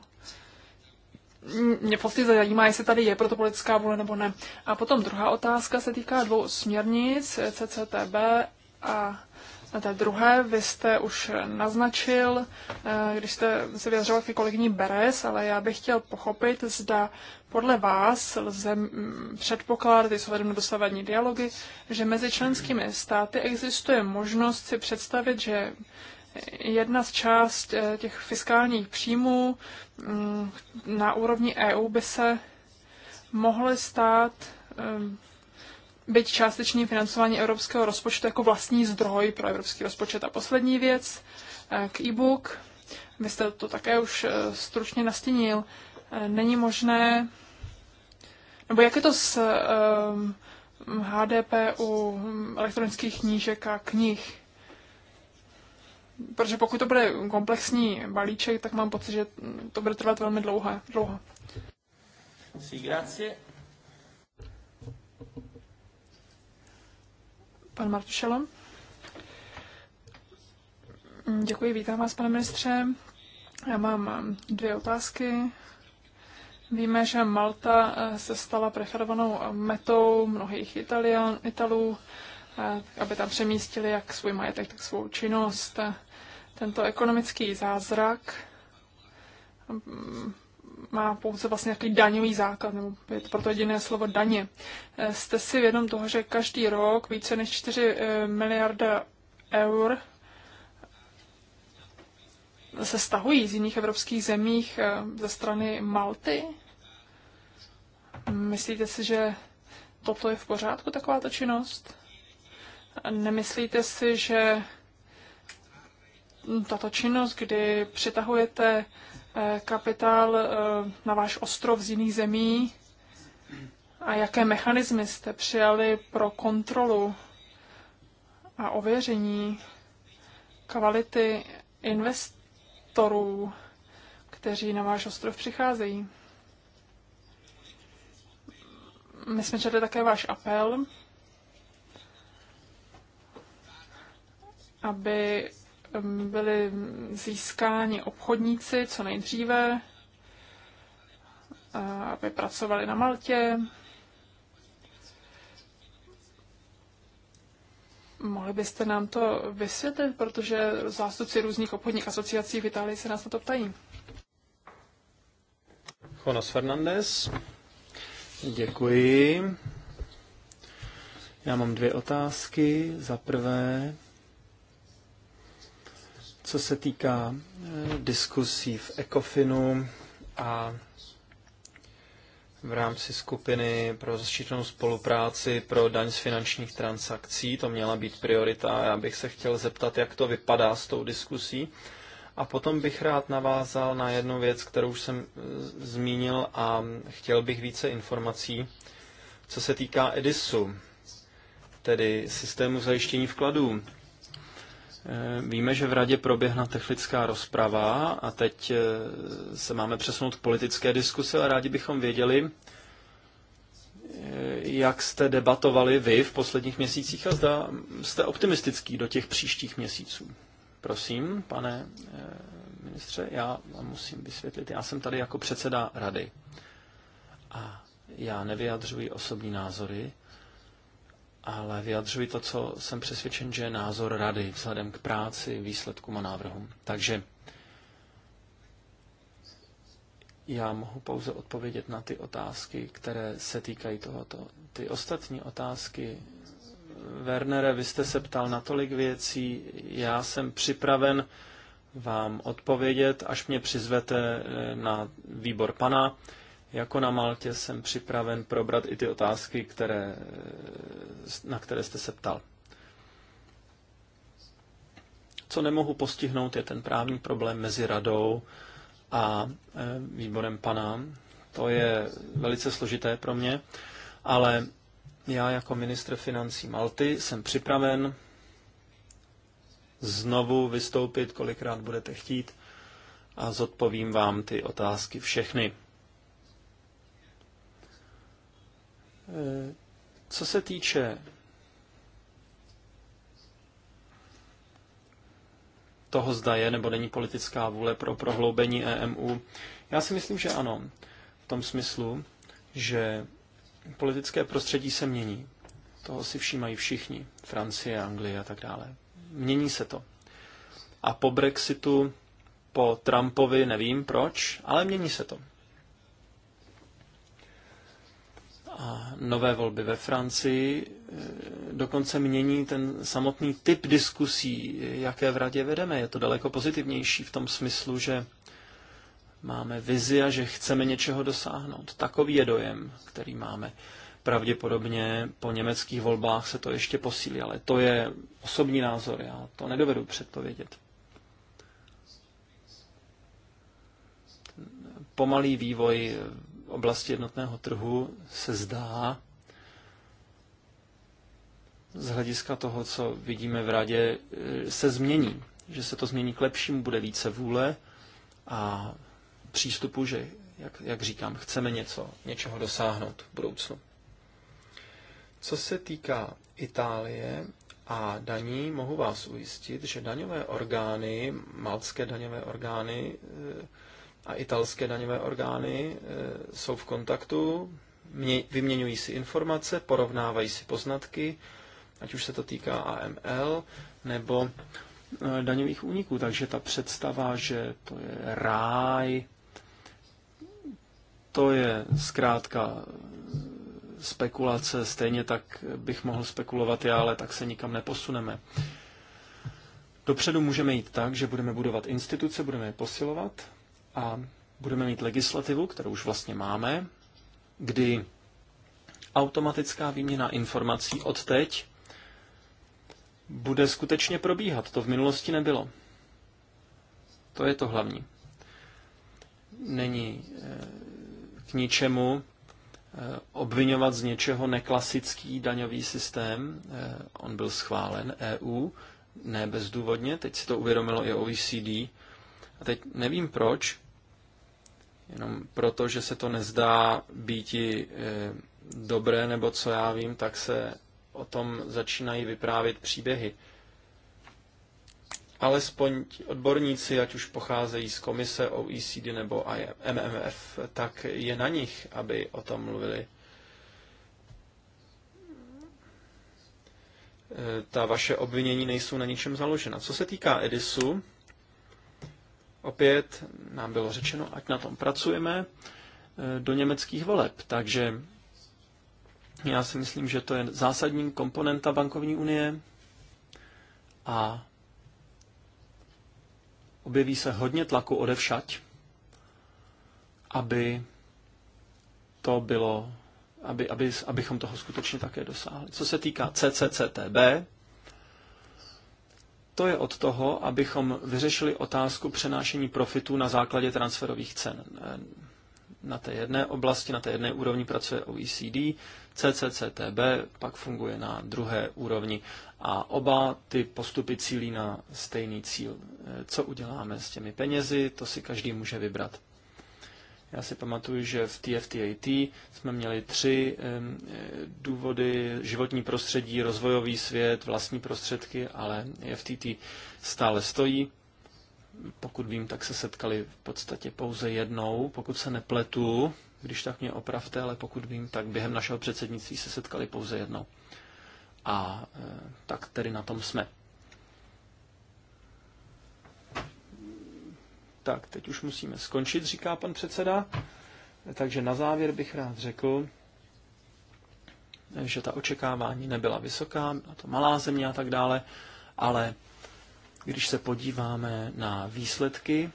Mě prostě zajímá, jestli tady je proto politická vůle nebo ne. A potom druhá otázka se týká dvou směrnic, CCTB a na té druhé vy jste už naznačil, když jste se vyjadřoval ke kolegyní Beres, ale já bych chtěl pochopit, zda podle vás lze mm, předpokládat, i s ohledem na dosavadní dialogy, že mezi členskými státy existuje možnost si představit, že jedna z část eh, těch fiskálních příjmů mm, na úrovni EU by se mohly stát ehm, byť částečným financování evropského rozpočtu jako vlastní zdroj pro evropský rozpočet. A poslední věc eh, k e-book. Vy jste to také už eh, stručně nastínil není možné, nebo jak je to s um, ehm, HDP u elektronických knížek a knih? Protože pokud to bude komplexní balíček, tak mám pocit, že to bude trvat velmi dlouhé, dlouho. Sí, grazie. Pan Martušelo. Děkuji, vítám vás, pane ministře. Já mám ehm, dvě otázky. Víme, že Malta eh, se stala preferovanou metou mnohých Italian, Italů, eh, aby tam přemístili jak svůj majetek, tak svou činnost. Tento ekonomický zázrak mm, má pouze vlastně nějaký daňový základ, nebo je to proto jediné slovo daně. Eh, jste si vědom toho, že každý rok více než 4 miliarda eur se stahují z jiných evropských zemích ze strany Malty? Myslíte si, že toto je v pořádku, takováto činnost? Nemyslíte si, že tato činnost, kdy přitahujete eh, kapitál eh, na váš ostrov z jiných zemí a jaké mechanismy jste přijali pro kontrolu a ověření kvality investorů, kteří na váš ostrov přicházejí? My jsme četli také váš apel, aby um, byli získáni obchodníci co nejdříve, aby pracovali na Maltě, Mohli byste nám to vysvětlit, protože zástupci různých obchodních asociací v Itálii se nás na to ptají. Jonas Fernandez. Děkuji. Já mám dvě otázky. Za prvé, co se týká eh, diskusí v ECOFINu a v rámci skupiny pro zaštítenou spolupráci pro daň z finančních transakcí. To měla být priorita. Já bych se chtěl zeptat, jak to vypadá s tou diskusí a potom bych rád navázal na jednu věc, kterou už jsem eh, zmínil a chtěl bych více informací, co se týká EDISu, tedy systému zajištění vkladů. Eh, víme, že v radě proběhla technická rozprava a teď eh, se máme přesunout k politické diskusi a rádi bychom věděli, jak jste debatovali vy v posledních měsících a zda jste optimistický do těch příštích měsíců. Prosím, pane eh, ministře, já vám musím vysvětlit. Já jsem tady jako předseda rady a já nevyjadřuji osobní názory, ale vyjadřuji to, co jsem přesvědčen, že je názor rady vzhledem k práci, výsledkům a návrhům. Takže já mohu pouze odpovědět na ty otázky, které se týkají tohoto. Ty ostatní otázky Wernere, vy jste se ptal na tolik věcí, já jsem připraven vám odpovědět, až mě přizvete eh, na výbor pana. Jako na Maltě jsem připraven probrat i ty otázky, které, eh, na které jste se ptal. Co nemohu postihnout, je ten právní problém mezi radou a eh, výborem pana. To je velice složité pro mě, ale já jako ministr financí Malty jsem připraven znovu vystoupit, kolikrát budete chtít, a zodpovím vám ty otázky všechny. Eh, co se týče toho zda je nebo není politická vůle pro prohloubení EMU, já si myslím, že ano. V tom smyslu, že politické prostředí se mění. Toho si všímají všichni. Francie, Anglie a tak dále. Mění se to. A po Brexitu, po Trumpovi, nevím proč, ale mění se to. A nové volby ve Francii eh, dokonce mění ten samotný typ diskusí, jaké v radě vedeme. Je to daleko pozitivnější v tom smyslu, že máme vizi a že chceme něčeho dosáhnout. Takový je dojem, který máme. Pravděpodobně po německých volbách se to ještě posílí, ale to je osobní názor, já to nedovedu předpovědět. Pomalý vývoj v oblasti jednotného trhu se zdá z hlediska toho, co vidíme v radě, se změní. Že se to změní k lepšímu, bude více vůle a přístupu, že, jak, jak říkám, chceme něco, něčeho dosáhnout v budoucnu. Co se týká Itálie a daní, mohu vás ujistit, že daňové orgány, maltské daňové orgány eh, a italské daňové orgány eh, jsou v kontaktu, vyměňují si informace, porovnávají si poznatky, ať už se to týká AML nebo eh, daňových úniků. Takže ta představa, že to je ráj to je zkrátka spekulace, stejně tak bych mohl spekulovat já, ale tak se nikam neposuneme. Dopředu můžeme jít tak, že budeme budovat instituce, budeme je posilovat a budeme mít legislativu, kterou už vlastně máme, kdy automatická výměna informací od teď bude skutečně probíhat. To v minulosti nebylo. To je to hlavní. Není eh, k ničemu eh, obvinovat z něčeho neklasický daňový systém. Eh, on byl schválen EU, ne bezdůvodně, teď si to uvědomilo i OECD. A teď nevím proč, jenom proto, že se to nezdá být eh, dobré, nebo co já vím, tak se o tom začínají vyprávět příběhy alespoň odborníci, ať už pocházejí z komise OECD nebo MMF, tak je na nich, aby o tom mluvili. E, ta vaše obvinění nejsou na ničem založena. Co se týká Edisu, opět nám bylo řečeno, ať na tom pracujeme e, do německých voleb. Takže já si myslím, že to je zásadní komponenta bankovní unie a objeví se hodně tlaku odevšať, aby to bylo, aby, aby, abychom toho skutečně také dosáhli. Co se týká CCCTB, to je od toho, abychom vyřešili otázku přenášení profitů na základě transferových cen. Na té jedné oblasti, na té jedné úrovni pracuje OECD, CCCTB pak funguje na druhé úrovni a oba ty postupy cílí na stejný cíl. Eh, co uděláme s těmi penězi, to si každý může vybrat. Já si pamatuju, že v TFTAT jsme měli tři eh, důvody, životní prostředí, rozvojový svět, vlastní prostředky, ale FTT stále stojí. Pokud vím, tak se setkali v podstatě pouze jednou, pokud se nepletu, když tak mě opravte, ale pokud vím, tak během našeho předsednictví se setkali pouze jednou. A e, tak tedy na tom jsme. Tak, teď už musíme skončit, říká pan předseda. Takže na závěr bych rád řekl, že ta očekávání nebyla vysoká, byla to malá země a tak dále, ale když se podíváme na výsledky,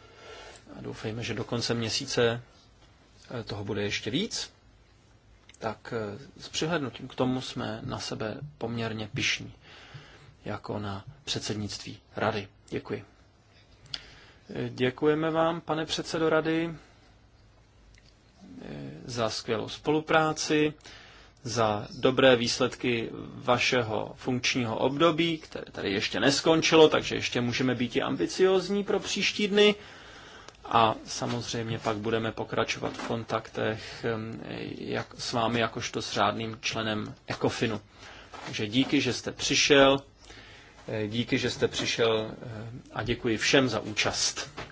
a doufejme, že do konce měsíce Eh, toho bude ještě víc, tak eh, s přihlednutím k tomu jsme na sebe poměrně pišní, jako na předsednictví rady. Děkuji. Eh, děkujeme vám, pane předsedo rady, za skvělou spolupráci, za dobré výsledky vašeho funkčního období, které tady ještě neskončilo, takže ještě můžeme být i ambiciozní pro příští dny a samozřejmě pak budeme pokračovat v kontaktech jak s vámi jakožto s řádným členem ECOFINu. Takže díky, že jste přišel, eh, díky, že jste přišel eh, a děkuji všem za účast.